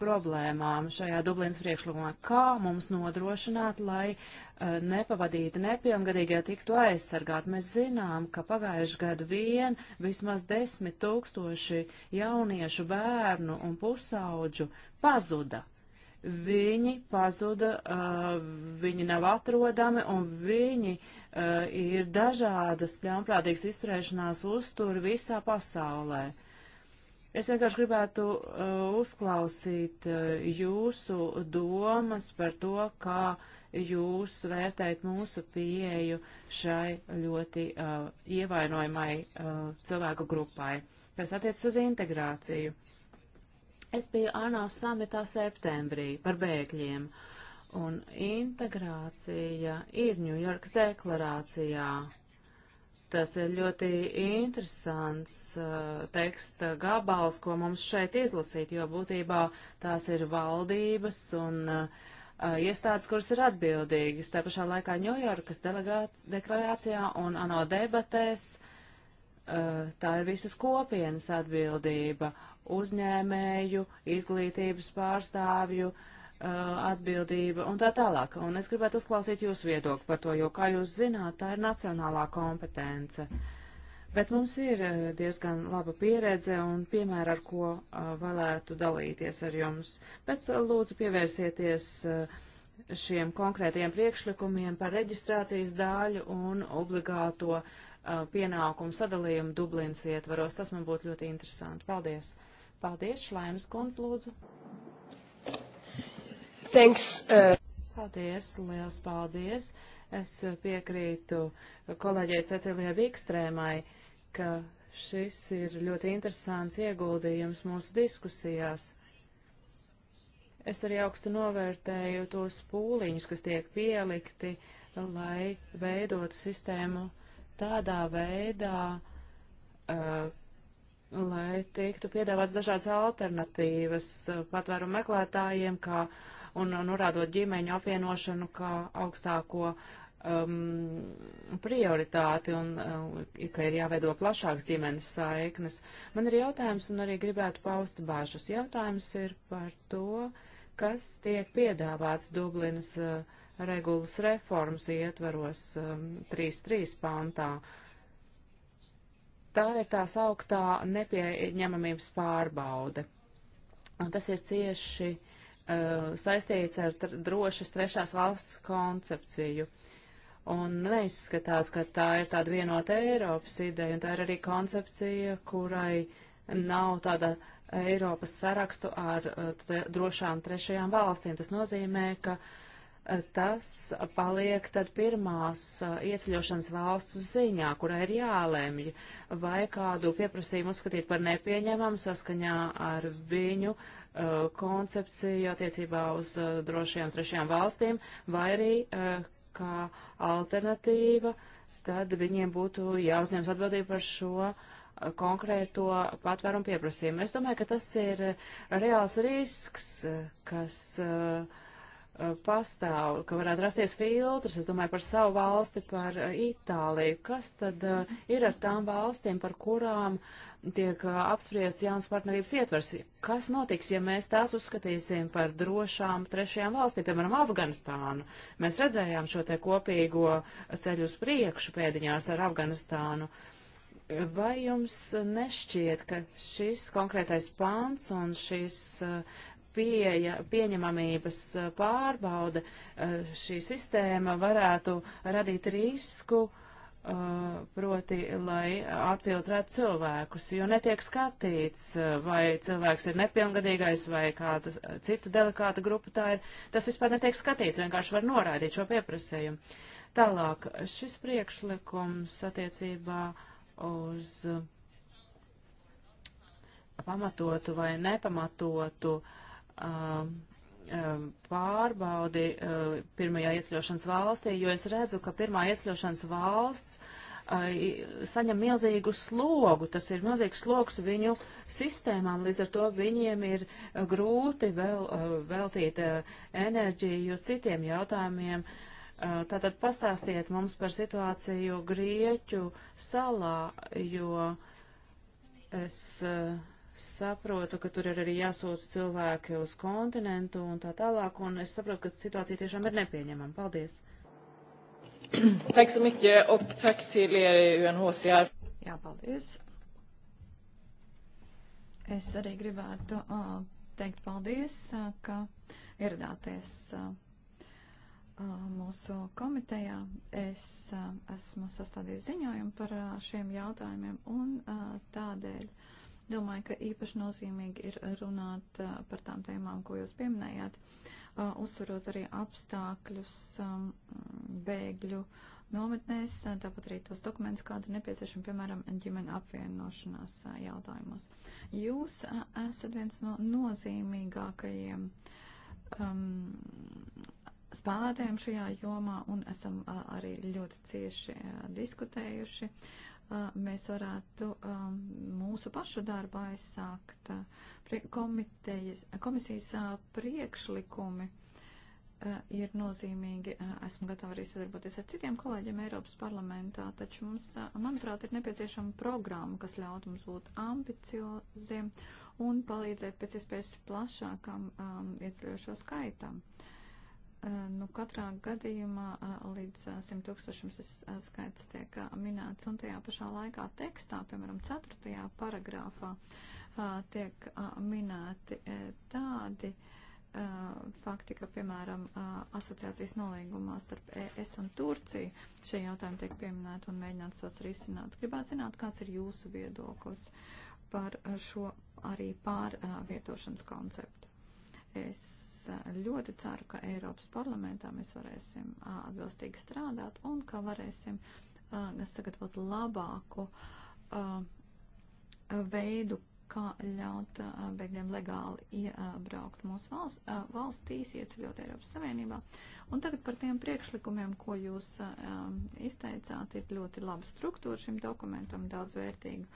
problēmām šajā Dublinas priekšlikumā. Kā mums nodrošināt, lai uh, nepavadīti nepilngadīgie tiktu aizsargāti? Mēs zinām, ka pagājuši gadu vien vismaz desmit tūkstoši jauniešu bērnu un pusauģu pazuda. Viņi pazuda, uh, viņi nav atrodami un viņi uh, ir dažādas ļaunprātīgas izturēšanās uzturi visā pasaulē. Uh, Es vienkārši gribētu uh, uzklausīt uh, jūsu domas par to, kā jūs vērtējat mūsu pieeju šai ļoti uh, ievainojamai uh, cilvēku grupai, kas attiecas uz integrāciju. Es biju ANO samitā septembrī par bēgļiem, un integrācija ir Ņujorkas deklarācijā, Tas ir ļoti interesants uh, teksta gabals, ko mums šeit izlasīt, jo būtībā tās ir valdības un uh, uh iestādes, kuras ir atbildīgas. Tā pašā laikā Ņujorkas deklarācijā un ANO debatēs uh, tā ir visas kopienas atbildība - uzņēmēju, izglītības pārstāvju, uh, Uh, atbildība un tā tālāk. Un es gribētu uzklausīt jūsu viedokli par to, jo, kā jūs zināt, tā ir nacionālā kompetence. Bet mums ir uh, diezgan laba pieredze un piemēra, ar ko uh, vēlētu dalīties ar jums. Bet lūdzu pievērsieties šiem konkrētiem priekšlikumiem par reģistrācijas daļu un obligāto pienākumu sadalījumu Dublīnas ietvaros. Tas man būtu ļoti interesanti. Paldies! Paldies, Šlainas kundz, lūdzu! Thanks. Uh... Paldies, liels paldies. Es piekrītu kolēģei Cecilijai Vikstrēmai, ka šis ir ļoti interesants ieguldījums mūsu diskusijās. Es arī augstu novērtēju tos pūliņus, kas tiek pielikti, lai veidotu sistēmu tādā veidā, uh, lai tiktu piedāvāts dažādas alternatīvas uh, patvērumu meklētājiem, kā uh, un norādot ģimeņu apvienošanu kā augstāko um, prioritāti un um, ka ir jāveido plašāks ģimenes saiknes. Man ir jautājums un arī gribētu paust bāžas. Jautājums ir par to, kas tiek piedāvāts Dublinas uh, regulas reformas ietvaros um, 3.3 pantā. Tā ir tā sauktā nepieņemamības pārbaude. Un tas ir cieši uh, uh, saistīts ar tr drošas trešās valsts koncepciju. Un neizskatās, ka tā ir tāda vienota Eiropas ideja, un tā ir arī koncepcija, kurai nav tāda Eiropas sarakstu ar uh, tre drošām trešajām valstīm. Tas nozīmē, ka uh, tas paliek tad pirmās uh, ieceļošanas valsts ziņā, kurai ir jālemj, vai kādu pieprasījumu uzskatīt par nepieņemamu saskaņā ar viņu uh, koncepciju attiecībā uz uh, drošajām trešajām valstīm, vai arī uh, kā alternatīva, tad viņiem būtu jāuzņems atbildība par šo uh, konkrēto patvērumu pieprasījumu. Es domāju, ka tas ir reāls risks, uh, kas uh, Uh, pastāv, ka varētu rasties filtrs, es domāju par savu valsti, par uh, Itāliju. Kas tad uh, ir ar tām valstīm, par kurām tiek apspriests jauns partnerības ietvers? Kas notiks, ja mēs tās uzskatīsim par drošām trešajām valstīm, piemēram, Afganistānu? Mēs redzējām šo te kopīgo ceļu uz priekšu pēdiņās ar Afganistānu. Vai jums nešķiet, ka šis konkrētais pāns un šīs uh, pieeja, pieņemamības eh, pārbaude, eh, šī sistēma varētu radīt risku, eh, proti, lai atfiltrētu cilvēkus, jo netiek skatīts, vai cilvēks ir nepilngadīgais vai kāda cita delikāta grupa tā ir. Tas vispār netiek skatīts, vienkārši var noraidīt šo pieprasējumu. Tālāk, šis priekšlikums attiecībā uz pamatotu vai nepamatotu uh, Um, um, pārbaudi uh, pirmajā iesļošanas valstī, jo es redzu, ka pirmā iesļošanas valsts uh, saņem milzīgu slogu, tas ir milzīgs sloks viņu sistēmām, līdz ar to viņiem ir uh, grūti vēl, uh, veltīt uh, enerģiju citiem jautājumiem. Uh, tātad pastāstiet mums par situāciju Grieķu salā, jo es uh, saprotu, ka tur ir arī jāsūta cilvēki uz kontinentu un tā tālāk, un es saprotu, ka situācija tiešām ir nepieņemama. Paldies! Tack så mycket och tack till er UNHCR. Jā, paldies. Es arī gribētu uh, teikt paldies, uh, ka ieradāties uh, mūsu komitejā. Es uh, esmu sastādījis ziņojumu par uh, šiem jautājumiem un uh, tādēļ Domāju, ka īpaši nozīmīgi ir runāt par tām tēmām, ko jūs pieminējāt, uzsverot arī apstākļus bēgļu nometnēs, tāpat arī tos dokumentus, kāda nepieciešama, piemēram, ģimene apvienošanās jautājumos. Jūs esat viens no nozīmīgākajiem um, spēlētājiem šajā jomā un esam arī ļoti cieši diskutējuši. Uh, mēs varētu um, mūsu pašu darbu aizsākt. Komitejas, komisijas uh, priekšlikumi uh, ir nozīmīgi. Uh, esmu gatava arī sadarboties ar citiem kolēģiem Eiropas parlamentā, taču mums, manuprāt, ir nepieciešama programma, kas ļaut mums būt ambicioziem un palīdzēt pēc iespējas plašākam um, ieceļošo skaitam. Uh, Eh, nu, katrā gadījumā eh, līdz 100 eh, tūkstošiem šis skaits tiek minēts, un tajā pašā laikā tekstā, piemēram, 4. paragrāfā, tiek minēti tādi fakti, ka, piemēram, asociācijas nolīgumā starp ES un Turciju šie jautājumi tiek pieminēti un mēģināts tos risināt. Gribētu zināt, kāds ir jūsu viedoklis par šo arī pārvietošanas konceptu. Es Eh, ļoti ceru, ka Eiropas parlamentā mēs varēsim eh, atbilstīgi strādāt un ka varēsim eh, sagatavot labāku veidu, kā ļaut bēgļiem legāli iebraukt mūsu valsts, valstīs, ieceļot Eiropas Savienībā. Un tagad par tiem priekšlikumiem, ko jūs izteicāt, ir ļoti laba struktūra šim dokumentam, daudz vērtīgu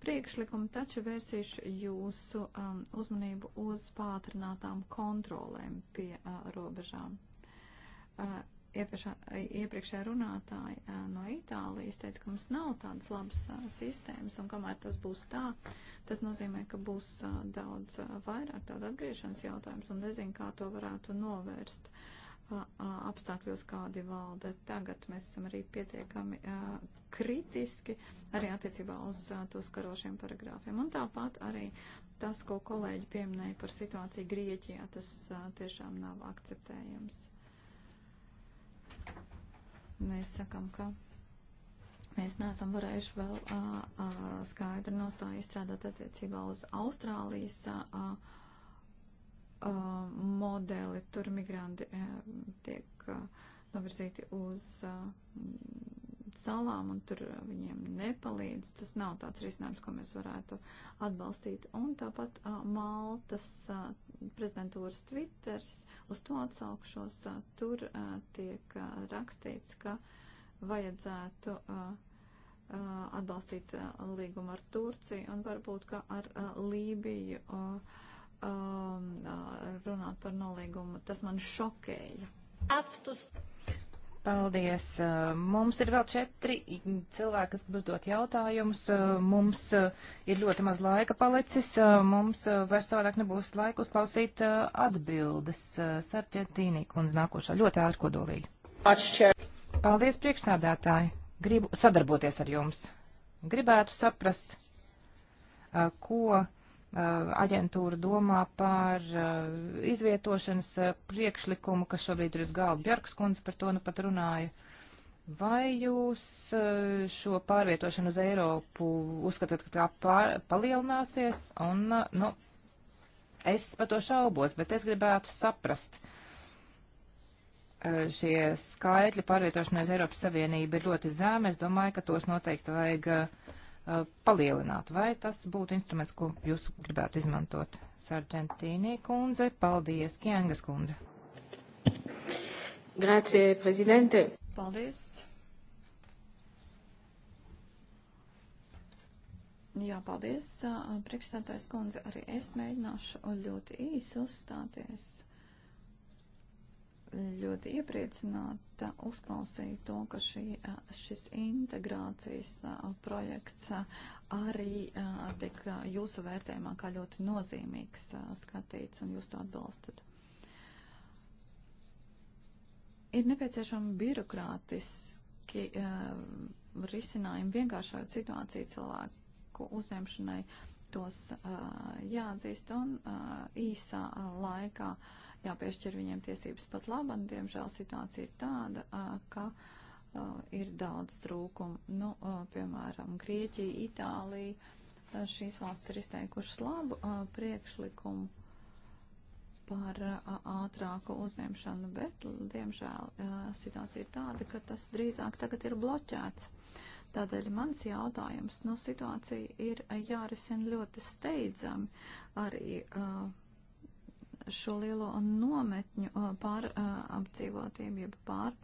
priekšlikumu, taču vērsīšu jūsu um, uzmanību uz pātrinātām kontrolēm pie uh, robežām. Uh, iepriekšējā runātāja uh, no Itālijas teica, ka mums nav tādas labas uh, sistēmas, un kamēr tas būs tā, tas nozīmē, ka būs uh, daudz vairāk tādu atgriešanas jautājums, un nezinu, kā to varētu novērst. Uh, apstākļos, kādi valda tagad. Mēs esam arī pietiekami uh, kritiski arī attiecībā uz uh, to skarošiem paragrāfiem. Un tāpat arī tas, ko kolēģi pieminēja par situāciju Grieķijā, tas uh, tiešām nav akceptējams. Mēs sakam, ka mēs neesam varējuši vēl uh, uh, skaidru nostāju izstrādāt attiecībā uz Austrālijas. Uh, uh, Uh, modeli, tur migranti uh, tiek uh, novirzīti uz salām un tur viņiem nepalīdz. Tas nav tāds risinājums, ko mēs varētu atbalstīt. Un tāpat Maltas prezidentūras Twitters, uz to atsaukšos, tur tiek rakstīts, ka vajadzētu atbalstīt līgumu ar Turciju un varbūt, ka ar Lībiju. Uh, um, runāt par nolīgumu. Tas man šokēja. Aptus. Paldies. Mums ir vēl četri cilvēki, kas būs dot jautājumus. Mums ir ļoti maz laika palicis. Mums vairs savādāk nebūs laika uzklausīt atbildes. Sarķetīnī kundze nākošā ļoti ārkodolīgi. Paldies, priekšsādātāji. Gribu sadarboties ar jums. Gribētu saprast, ko Uh, aģentūra domā par uh, izvietošanas uh, priekšlikumu, kas šobrīd ir uz galda. Bjorkas kundze par to nu pat runāja. Vai jūs šo pārvietošanu uz Eiropu uzskatāt, ka tā pār, palielināsies? Un, nu, es par to šaubos, bet es gribētu saprast. Šie skaitļi pārvietošanai uz Eiropas Savienību ir ļoti zēmi. Es domāju, ka tos noteikti vajag uh, Uh, palielināt. Vai tas būtu instruments, ko jūs gribētu izmantot? Sargentīnī kundze, paldies, Kjangas kundze. Grācie, prezidente. Paldies. Jā, paldies, uh, priekšstādājs kundze. Arī es mēģināšu ļoti īsi uzstāties ļoti iepriecināta uzklausīt to, ka šī, šis integrācijas projekts arī tiek jūsu vērtējumā kā ļoti nozīmīgs skatīts un jūs to atbalstat. Ir nepieciešama birokrātiski risinājumi vienkāršot situāciju cilvēku uzņemšanai, tos jāatzīst un īsā laikā. Uh, jāpiešķir viņiem tiesības pat labam. Diemžēl situācija ir tāda, ka ir daudz trūkumu. Nu, piemēram, Grieķija, Itālija. Šīs valsts ir izteikušas labu priekšlikumu par ātrāku uzņemšanu, bet, diemžēl, situācija ir tāda, ka tas drīzāk tagad ir bloķēts. Tādēļ mans jautājums, nu, situācija ir jārisina ļoti steidzami arī uh, šo lielo nometņu pārapdzīvotību, jeb pār,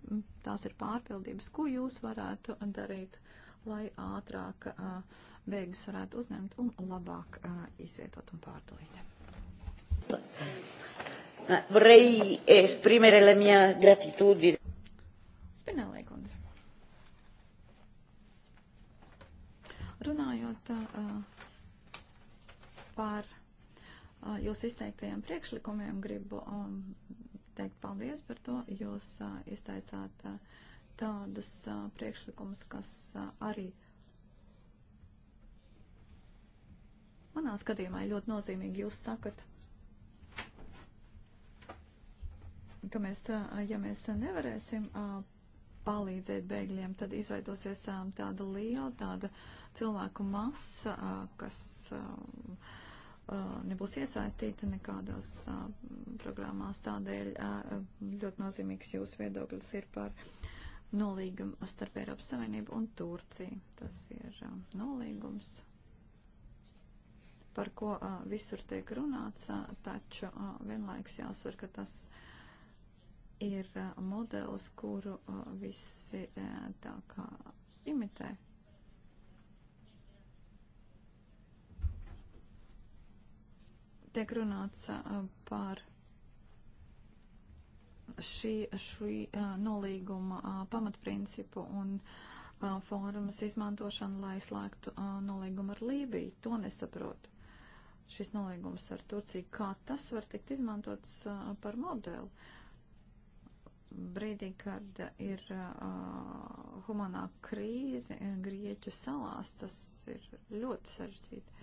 tās ir pārpildības, ko jūs varētu darīt, lai ātrāk beigas varētu uzņemt un labāk izvietot un pārdalīt. Vorrei esprimere la mia gratitudine. Spinelli, kundze. Runājot uh, par jūs izteiktajiem priekšlikumiem gribu um, teikt paldies par to. Jūs izteicāt tādus priekšlikumus, kas arī manā skatījumā ļoti nozīmīgi jūs sakat, ka mēs, ja mēs nevarēsim palīdzēt bēgļiem, tad izveidosies tāda liela, tāda cilvēku masa, kas Uh, nebūs iesaistīta nekādās uh, programmās. Tādēļ uh, ļoti nozīmīgs jūsu viedoklis ir par nolīgumu starp Eiropas Savienību un Turciju. Tas ir nolīgums, par ko visur tiek runāts, taču vienlaikus jāsver, ka tas ir modelis, kuru visi tā kā imitē. tiek runāts par šī, šī nolīguma pamatprincipu un fórumas izmantošanu, lai slēgtu nolīgumu ar Lībiju. To nesaprotu. Šis nolīgums ar Turciju, kā tas var tikt izmantots par modeli? Brīdī, kad ir uh, humanā krīze Grieķu salās, tas ir ļoti sarežģīti.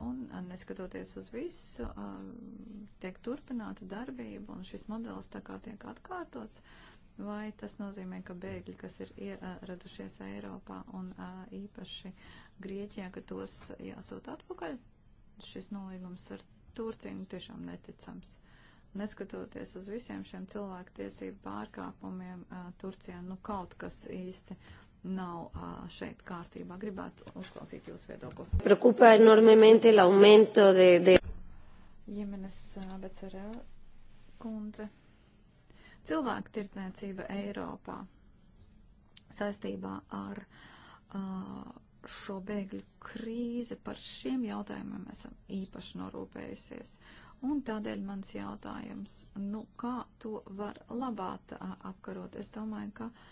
Un neskatoties uz visu, tiek turpināta darbība un šis modelis tā kā tiek atkārtots. Vai tas nozīmē, ka bēgļi, kas ir ieradušies Eiropā un īpaši Grieķijā, ka tos jāsūt atpakaļ? Šis nolīgums ar Turciju tiešām neticams. Neskatoties uz visiem šiem cilvēku tiesību pārkāpumiem Turcijā, nu kaut kas īsti nav šeit kārtībā. Gribētu uzklausīt jūsu viedokli. Preocupa enormemente el aumento de. de... Jemenes Becerel kundze. Cilvēku tirdzniecība Eiropā saistībā ar uh, šo bēgļu krīzi par šiem jautājumiem esam īpaši norūpējusies. Un tādēļ mans jautājums, nu kā to var labāk apkarot? Es domāju, ka uh,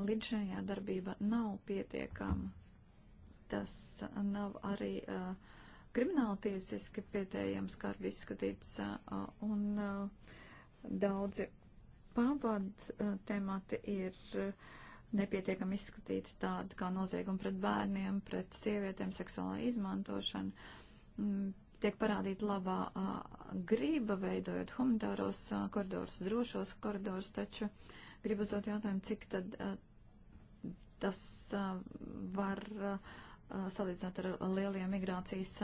Līdzšējā darbība nav pietiekama. Tas nav arī uh, krimināla tiesiski pietējams, kā arī izskatīts, uh, un uh, daudzi pavad uh, temati ir uh, nepietiekami izskatīti tādi kā noziegumi pret bērniem, pret sievietēm, seksuālā izmantošana. Mm, tiek parādīta labā uh, grība, veidojot humanitāros uh, koridors, drošos koridors, taču uh, Gribu uzdot jautājumu, cik tad eh, tas eh, var eh, salīdzināt ar lielajām migrācijas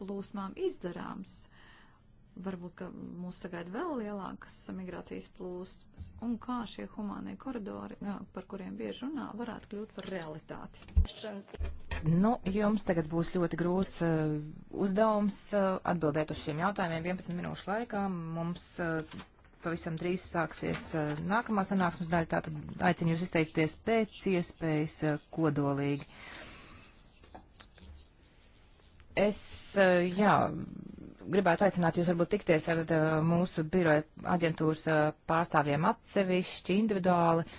plūsmām izdarāms. Varbūt, ka mūs sagaida vēl lielākas migrācijas plūsmas un kā šie humānie koridori, par kuriem bieži runā, varētu kļūt par realitāti. Nu, jums tagad būs ļoti grūts uh, uzdevums uh, atbildēt uz šiem jautājumiem 11 minūšu laikā. Mums uh, pavisam drīz sāksies eh, nākamā sanāksmes daļa, tātad aicinu jūs izteikties pēc iespējas eh, kodolīgi. Es, eh, jā, gribētu aicināt jūs varbūt tikties ar mūsu biroja aģentūras pārstāvjiem atsevišķi, individuāli. Uh,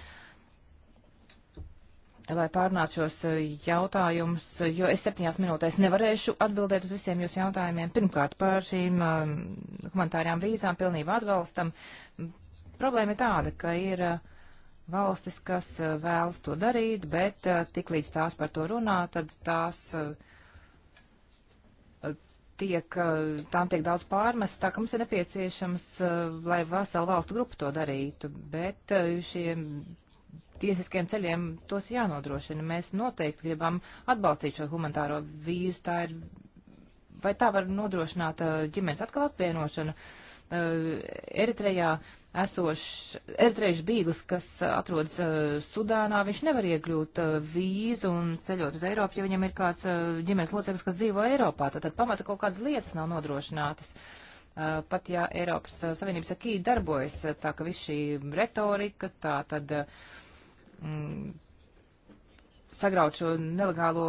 lai pārnātu šos eh, jautājumus, jo es septiņās minūtēs nevarēšu atbildēt uz visiem jūsu jautājumiem. Pirmkārt, par šīm um, humanitārajām vīzām pilnībā atbalstam. Problēma ir tāda, ka ir uh, valstis, kas uh, vēlas to darīt, bet uh, tiklīdz tās par to runā, tad tās tiek, tām tiek daudz pārmests, tā ka mums ir nepieciešams, lai vesela valstu grupa to darītu, bet šie tiesiskiem ceļiem tos jānodrošina. Mēs noteikti gribam atbalstīt šo humanitāro vīzu. Tā ir, vai tā var nodrošināt uh, ģimenes atkal apvienošanu? Uh, Eritrejā esošs, eritrejšs bīglis, kas uh, atrodas Sudānā, viņš nevar iegļūt vīzu un ceļot uz Eiropu, ja viņam ir kāds ģimenes loceklis, kas dzīvo Eiropā. Tad, tad pamata kaut kādas lietas nav nodrošinātas. Uh, pat ja Eiropas uh, Savienības akī darbojas, uh, tā ka viss šī retorika, tā tad uh, mm, sagraut šo nelegālo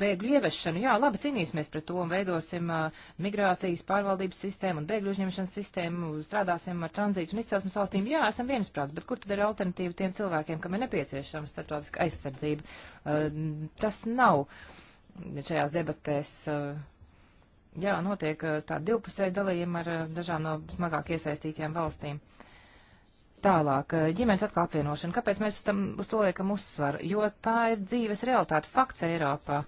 bēgļu ieviešanu. Jā, labi, cīnīsimies pret to un veidosim uh, migrācijas pārvaldības sistēmu un bēgļu uzņemšanas sistēmu, strādāsim ar tranzītu un izcelsmes valstīm. Jā, esam viensprāts, bet kur tad ir alternatīva tiem cilvēkiem, kam ir nepieciešama starptautiska aizsardzība? Uh, tas nav šajās debatēs. Uh, jā, notiek uh, tā divpusēja dalījuma ar uh, dažām no smagāk iesaistītajām valstīm. Uh, Tālāk, eh, ģimenes atkal apvienošana. Kāpēc mēs tam, uz to liekam uzsvaru? Jo tā ir dzīves realitāte, fakts Eiropā.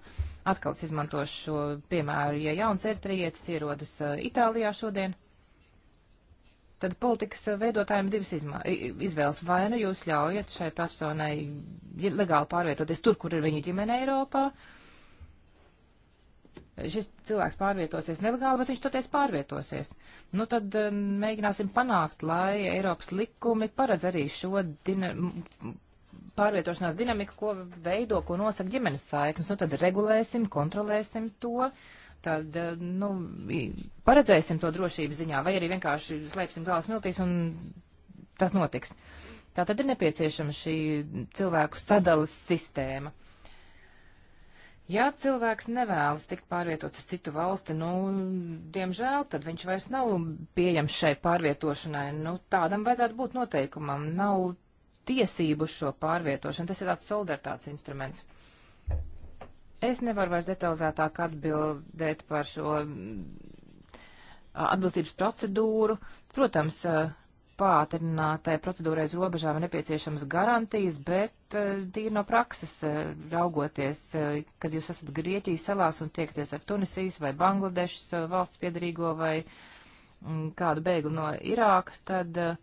Atkal es izmantošu šo piemēru, ja jauns eritrietis ierodas eh, Itālijā šodien, tad politikas veidotājiem divas izmā, izvēles. Vai nu jūs ļaujat šai personai legāli pārvietoties tur, kur ir viņa ģimene Eiropā, uh, šis cilvēks pārvietosies nelegāli, bet viņš toties pārvietosies. Nu tad eh, mēģināsim panākt, lai Eiropas likumi paredz arī šo dina pārvietošanās dinamiku, ko veido, ko nosaka ģimenes saiknes. Nu tad regulēsim, kontrolēsim to. Tad, eh, nu, paredzēsim to drošības ziņā, vai arī vienkārši slēpsim galvas miltīs un tas notiks. Tā tad ir nepieciešama šī cilvēku sadalas sistēma. Uh, Ja cilvēks nevēlas tikt pārvietots uz citu valsti, nu, diemžēl, tad viņš vairs nav pieejams šai pārvietošanai. Nu, tādam vajadzētu būt noteikumam. Nav tiesību uz šo pārvietošanu. Tas ir tāds solidaritātes instruments. Es nevaru vairs detalizētāk atbildēt par šo mm, atbilstības procedūru. Protams, uh, pātrinātai procedūrai uz robežām ir nepieciešamas garantijas, bet eh, tīri no prakses eh, raugoties, eh, kad jūs esat Grieķijas salās un tiekties ar Tunisijas vai Bangladešas valsts piedarīgo vai mm, kādu bēglu no Irākas, tad uh,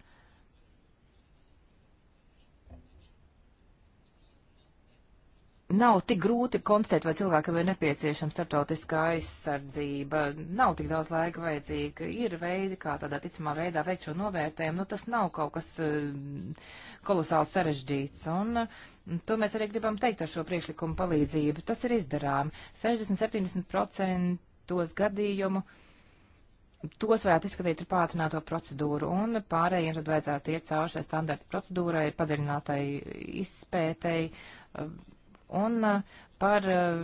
nav tik grūti konstatēt, vai cilvēkam ir nepieciešama starptautiskā aizsardzība, nav tik daudz laika vajadzīga, ir veidi, kā tādā ticamā veidā veikt šo novērtējumu, nu tas nav kaut kas eh, kolosāli sarežģīts, un mm, to mēs arī gribam teikt ar šo priekšlikumu palīdzību. Tas ir izdarām. 60-70% gadījumu tos varētu izskatīt ar pātrināto procedūru, un pārējiem tad vajadzētu iet cauri šai standarta procedūrai, padziļinātai izpētēji, eh, un uh, par uh,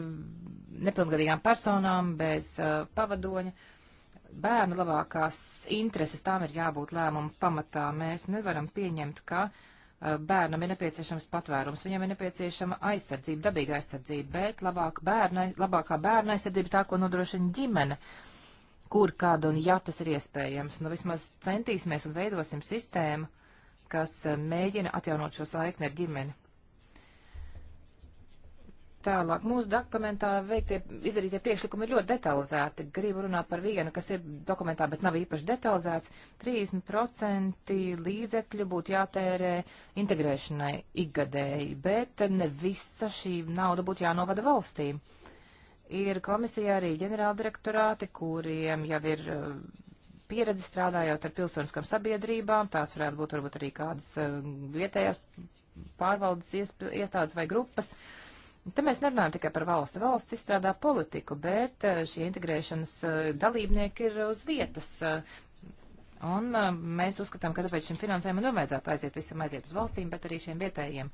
nepilngadīgām personām bez uh, pavadoņa. Bērnu labākās intereses tām ir jābūt lēmumu pamatā. Mēs nevaram pieņemt, ka bērnam ir nepieciešams patvērums, viņam ir nepieciešama aizsardzība, dabīga aizsardzība, bet labāk bērna, labākā bērna aizsardzība tā, ko nodrošina ģimene kur, kad un ja tas ir iespējams. Nu, vismaz centīsimies un veidosim sistēmu, kas mēģina atjaunot šo saikni ar ģimeni. Tālāk mūsu dokumentā veiktie, izdarītie priekšlikumi ir ļoti detalizēti. Gribu runāt par vienu, kas ir dokumentā, bet nav īpaši detalizēts. 30% līdzekļu būtu jātērē integrēšanai ikgadēji, bet ne visa šī nauda būtu jānovada valstīm. Ir komisija arī ģenerāldirektorāti, kuriem jau ir uh, pieredze strādājot ar pilsoniskām sabiedrībām, tās varētu būt varbūt arī kādas uh, vietējās pārvaldes iestādes vai grupas. Uh, Te mēs nerunājam tikai par valsti. Valsts izstrādā politiku, bet eh, šie integrēšanas eh, dalībnieki ir uz vietas. Eh, un mēs uzskatām, ka tāpēc šim finansējumam nevajadzētu aiziet visam aiziet uz valstīm, bet arī šiem vietējiem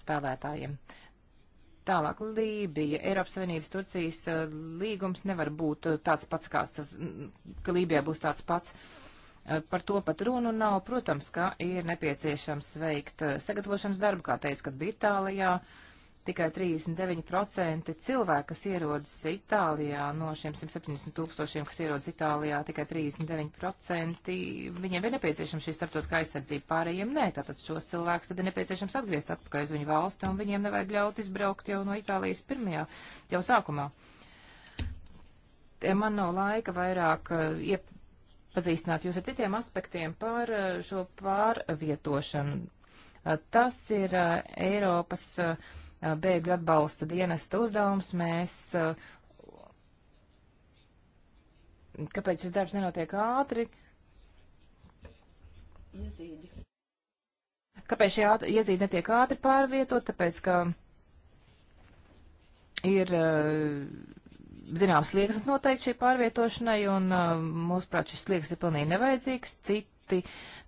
spēlētājiem. Tālāk Lībija, Eiropas Savienības Turcijas līgums nevar būt tāds pats, kāds tas, mm, ka Lībijā būs tāds pats. Par to pat runu nav. Protams, ka ir nepieciešams veikt sagatavošanas darbu, kā teicu, kad bija Itālijā. Uh, tikai 39% cilvēki, kas ierodas Itālijā, no šiem 170 tūkstošiem, kas ierodas Itālijā, tikai 39% viņiem ir nepieciešama šī starptautiskā aizsardzība, pārējiem nē. Tātad šos cilvēkus tad ir nepieciešams atgriezt atpakaļ uz viņu valsti, un viņiem nevajag ļaut izbraukt jau no Itālijas pirmajā, jau sākumā. Te man nav laika vairāk uh, iepazīstināt jūs ar citiem aspektiem par uh, šo pārvietošanu. Uh, tas ir Eiropas uh, bēgļu atbalsta dienesta uzdevums. Mēs, kāpēc šis darbs nenotiek ātri? Iezīdi. Kāpēc šie iezīdi netiek ātri pārvietot? Tāpēc, ka ir zināms slieksnis noteikti šī pārvietošanai, un mūsuprāt šis slieksnis ir pilnīgi nevajadzīgs. Citi,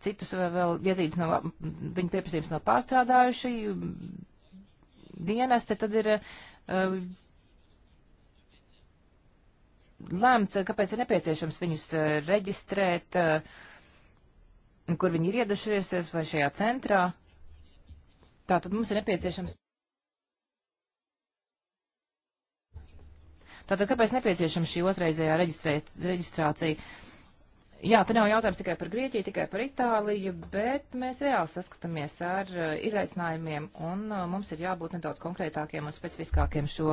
citus vēl, vēl iezīdes no, viņa pieprasījums nav pārstrādājuši, dienesti, tad ir uh, lēmts, kāpēc ir nepieciešams viņus uh, reģistrēt, uh, kur viņi ir iedušies vai šajā centrā. Tātad mums ir nepieciešams. Tātad kāpēc nepieciešama šī otraizējā reģistrācija? Jā, te nav jautājums tikai par Grieķiju, tikai par Itāliju, bet mēs reāli saskatāmies ar uh, izaicinājumiem, un uh, mums ir jābūt nedaudz konkrētākiem un specifiskākiem šo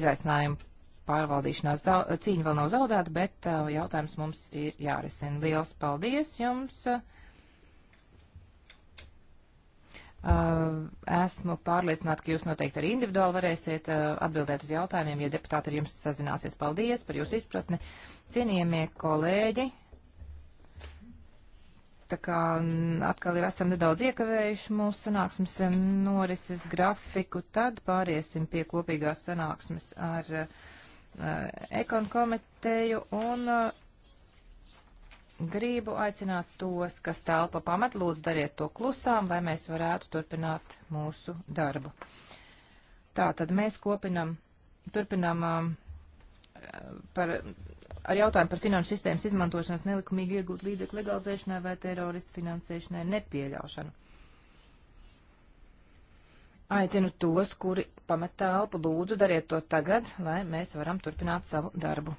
izaicinājumu pārvaldīšanās. Cīņa vēl nav zaudēta, bet uh, jautājums mums ir jārisina. Liels paldies jums! Esmu pārliecināta, ka jūs noteikti arī individuāli varēsiet atbildēt uz jautājumiem, ja deputāti ar jums sazināsies. Paldies par jūsu izpratni. Cienījamie kolēģi! Tā kā mm, atkal jau esam nedaudz iekavējuši mūsu sanāksmes norises grafiku, tad pāriesim pie kopīgās sanāksmes ar uh, eh, ekonu komiteju un uh, gribu aicināt tos, kas telpa pamat, lūdzu dariet to klusām, lai mēs varētu turpināt mūsu darbu. Tā tad mēs kopinam, turpinam uh, eh, par ar jautājumu par finanšu sistēmas izmantošanas nelikumīgi iegūt līdzekļu legalizēšanai vai teroristu finansēšanai nepieļaušanu. Aicinu tos, kuri pamet telpu, lūdzu dariet to tagad, lai mēs varam turpināt savu darbu.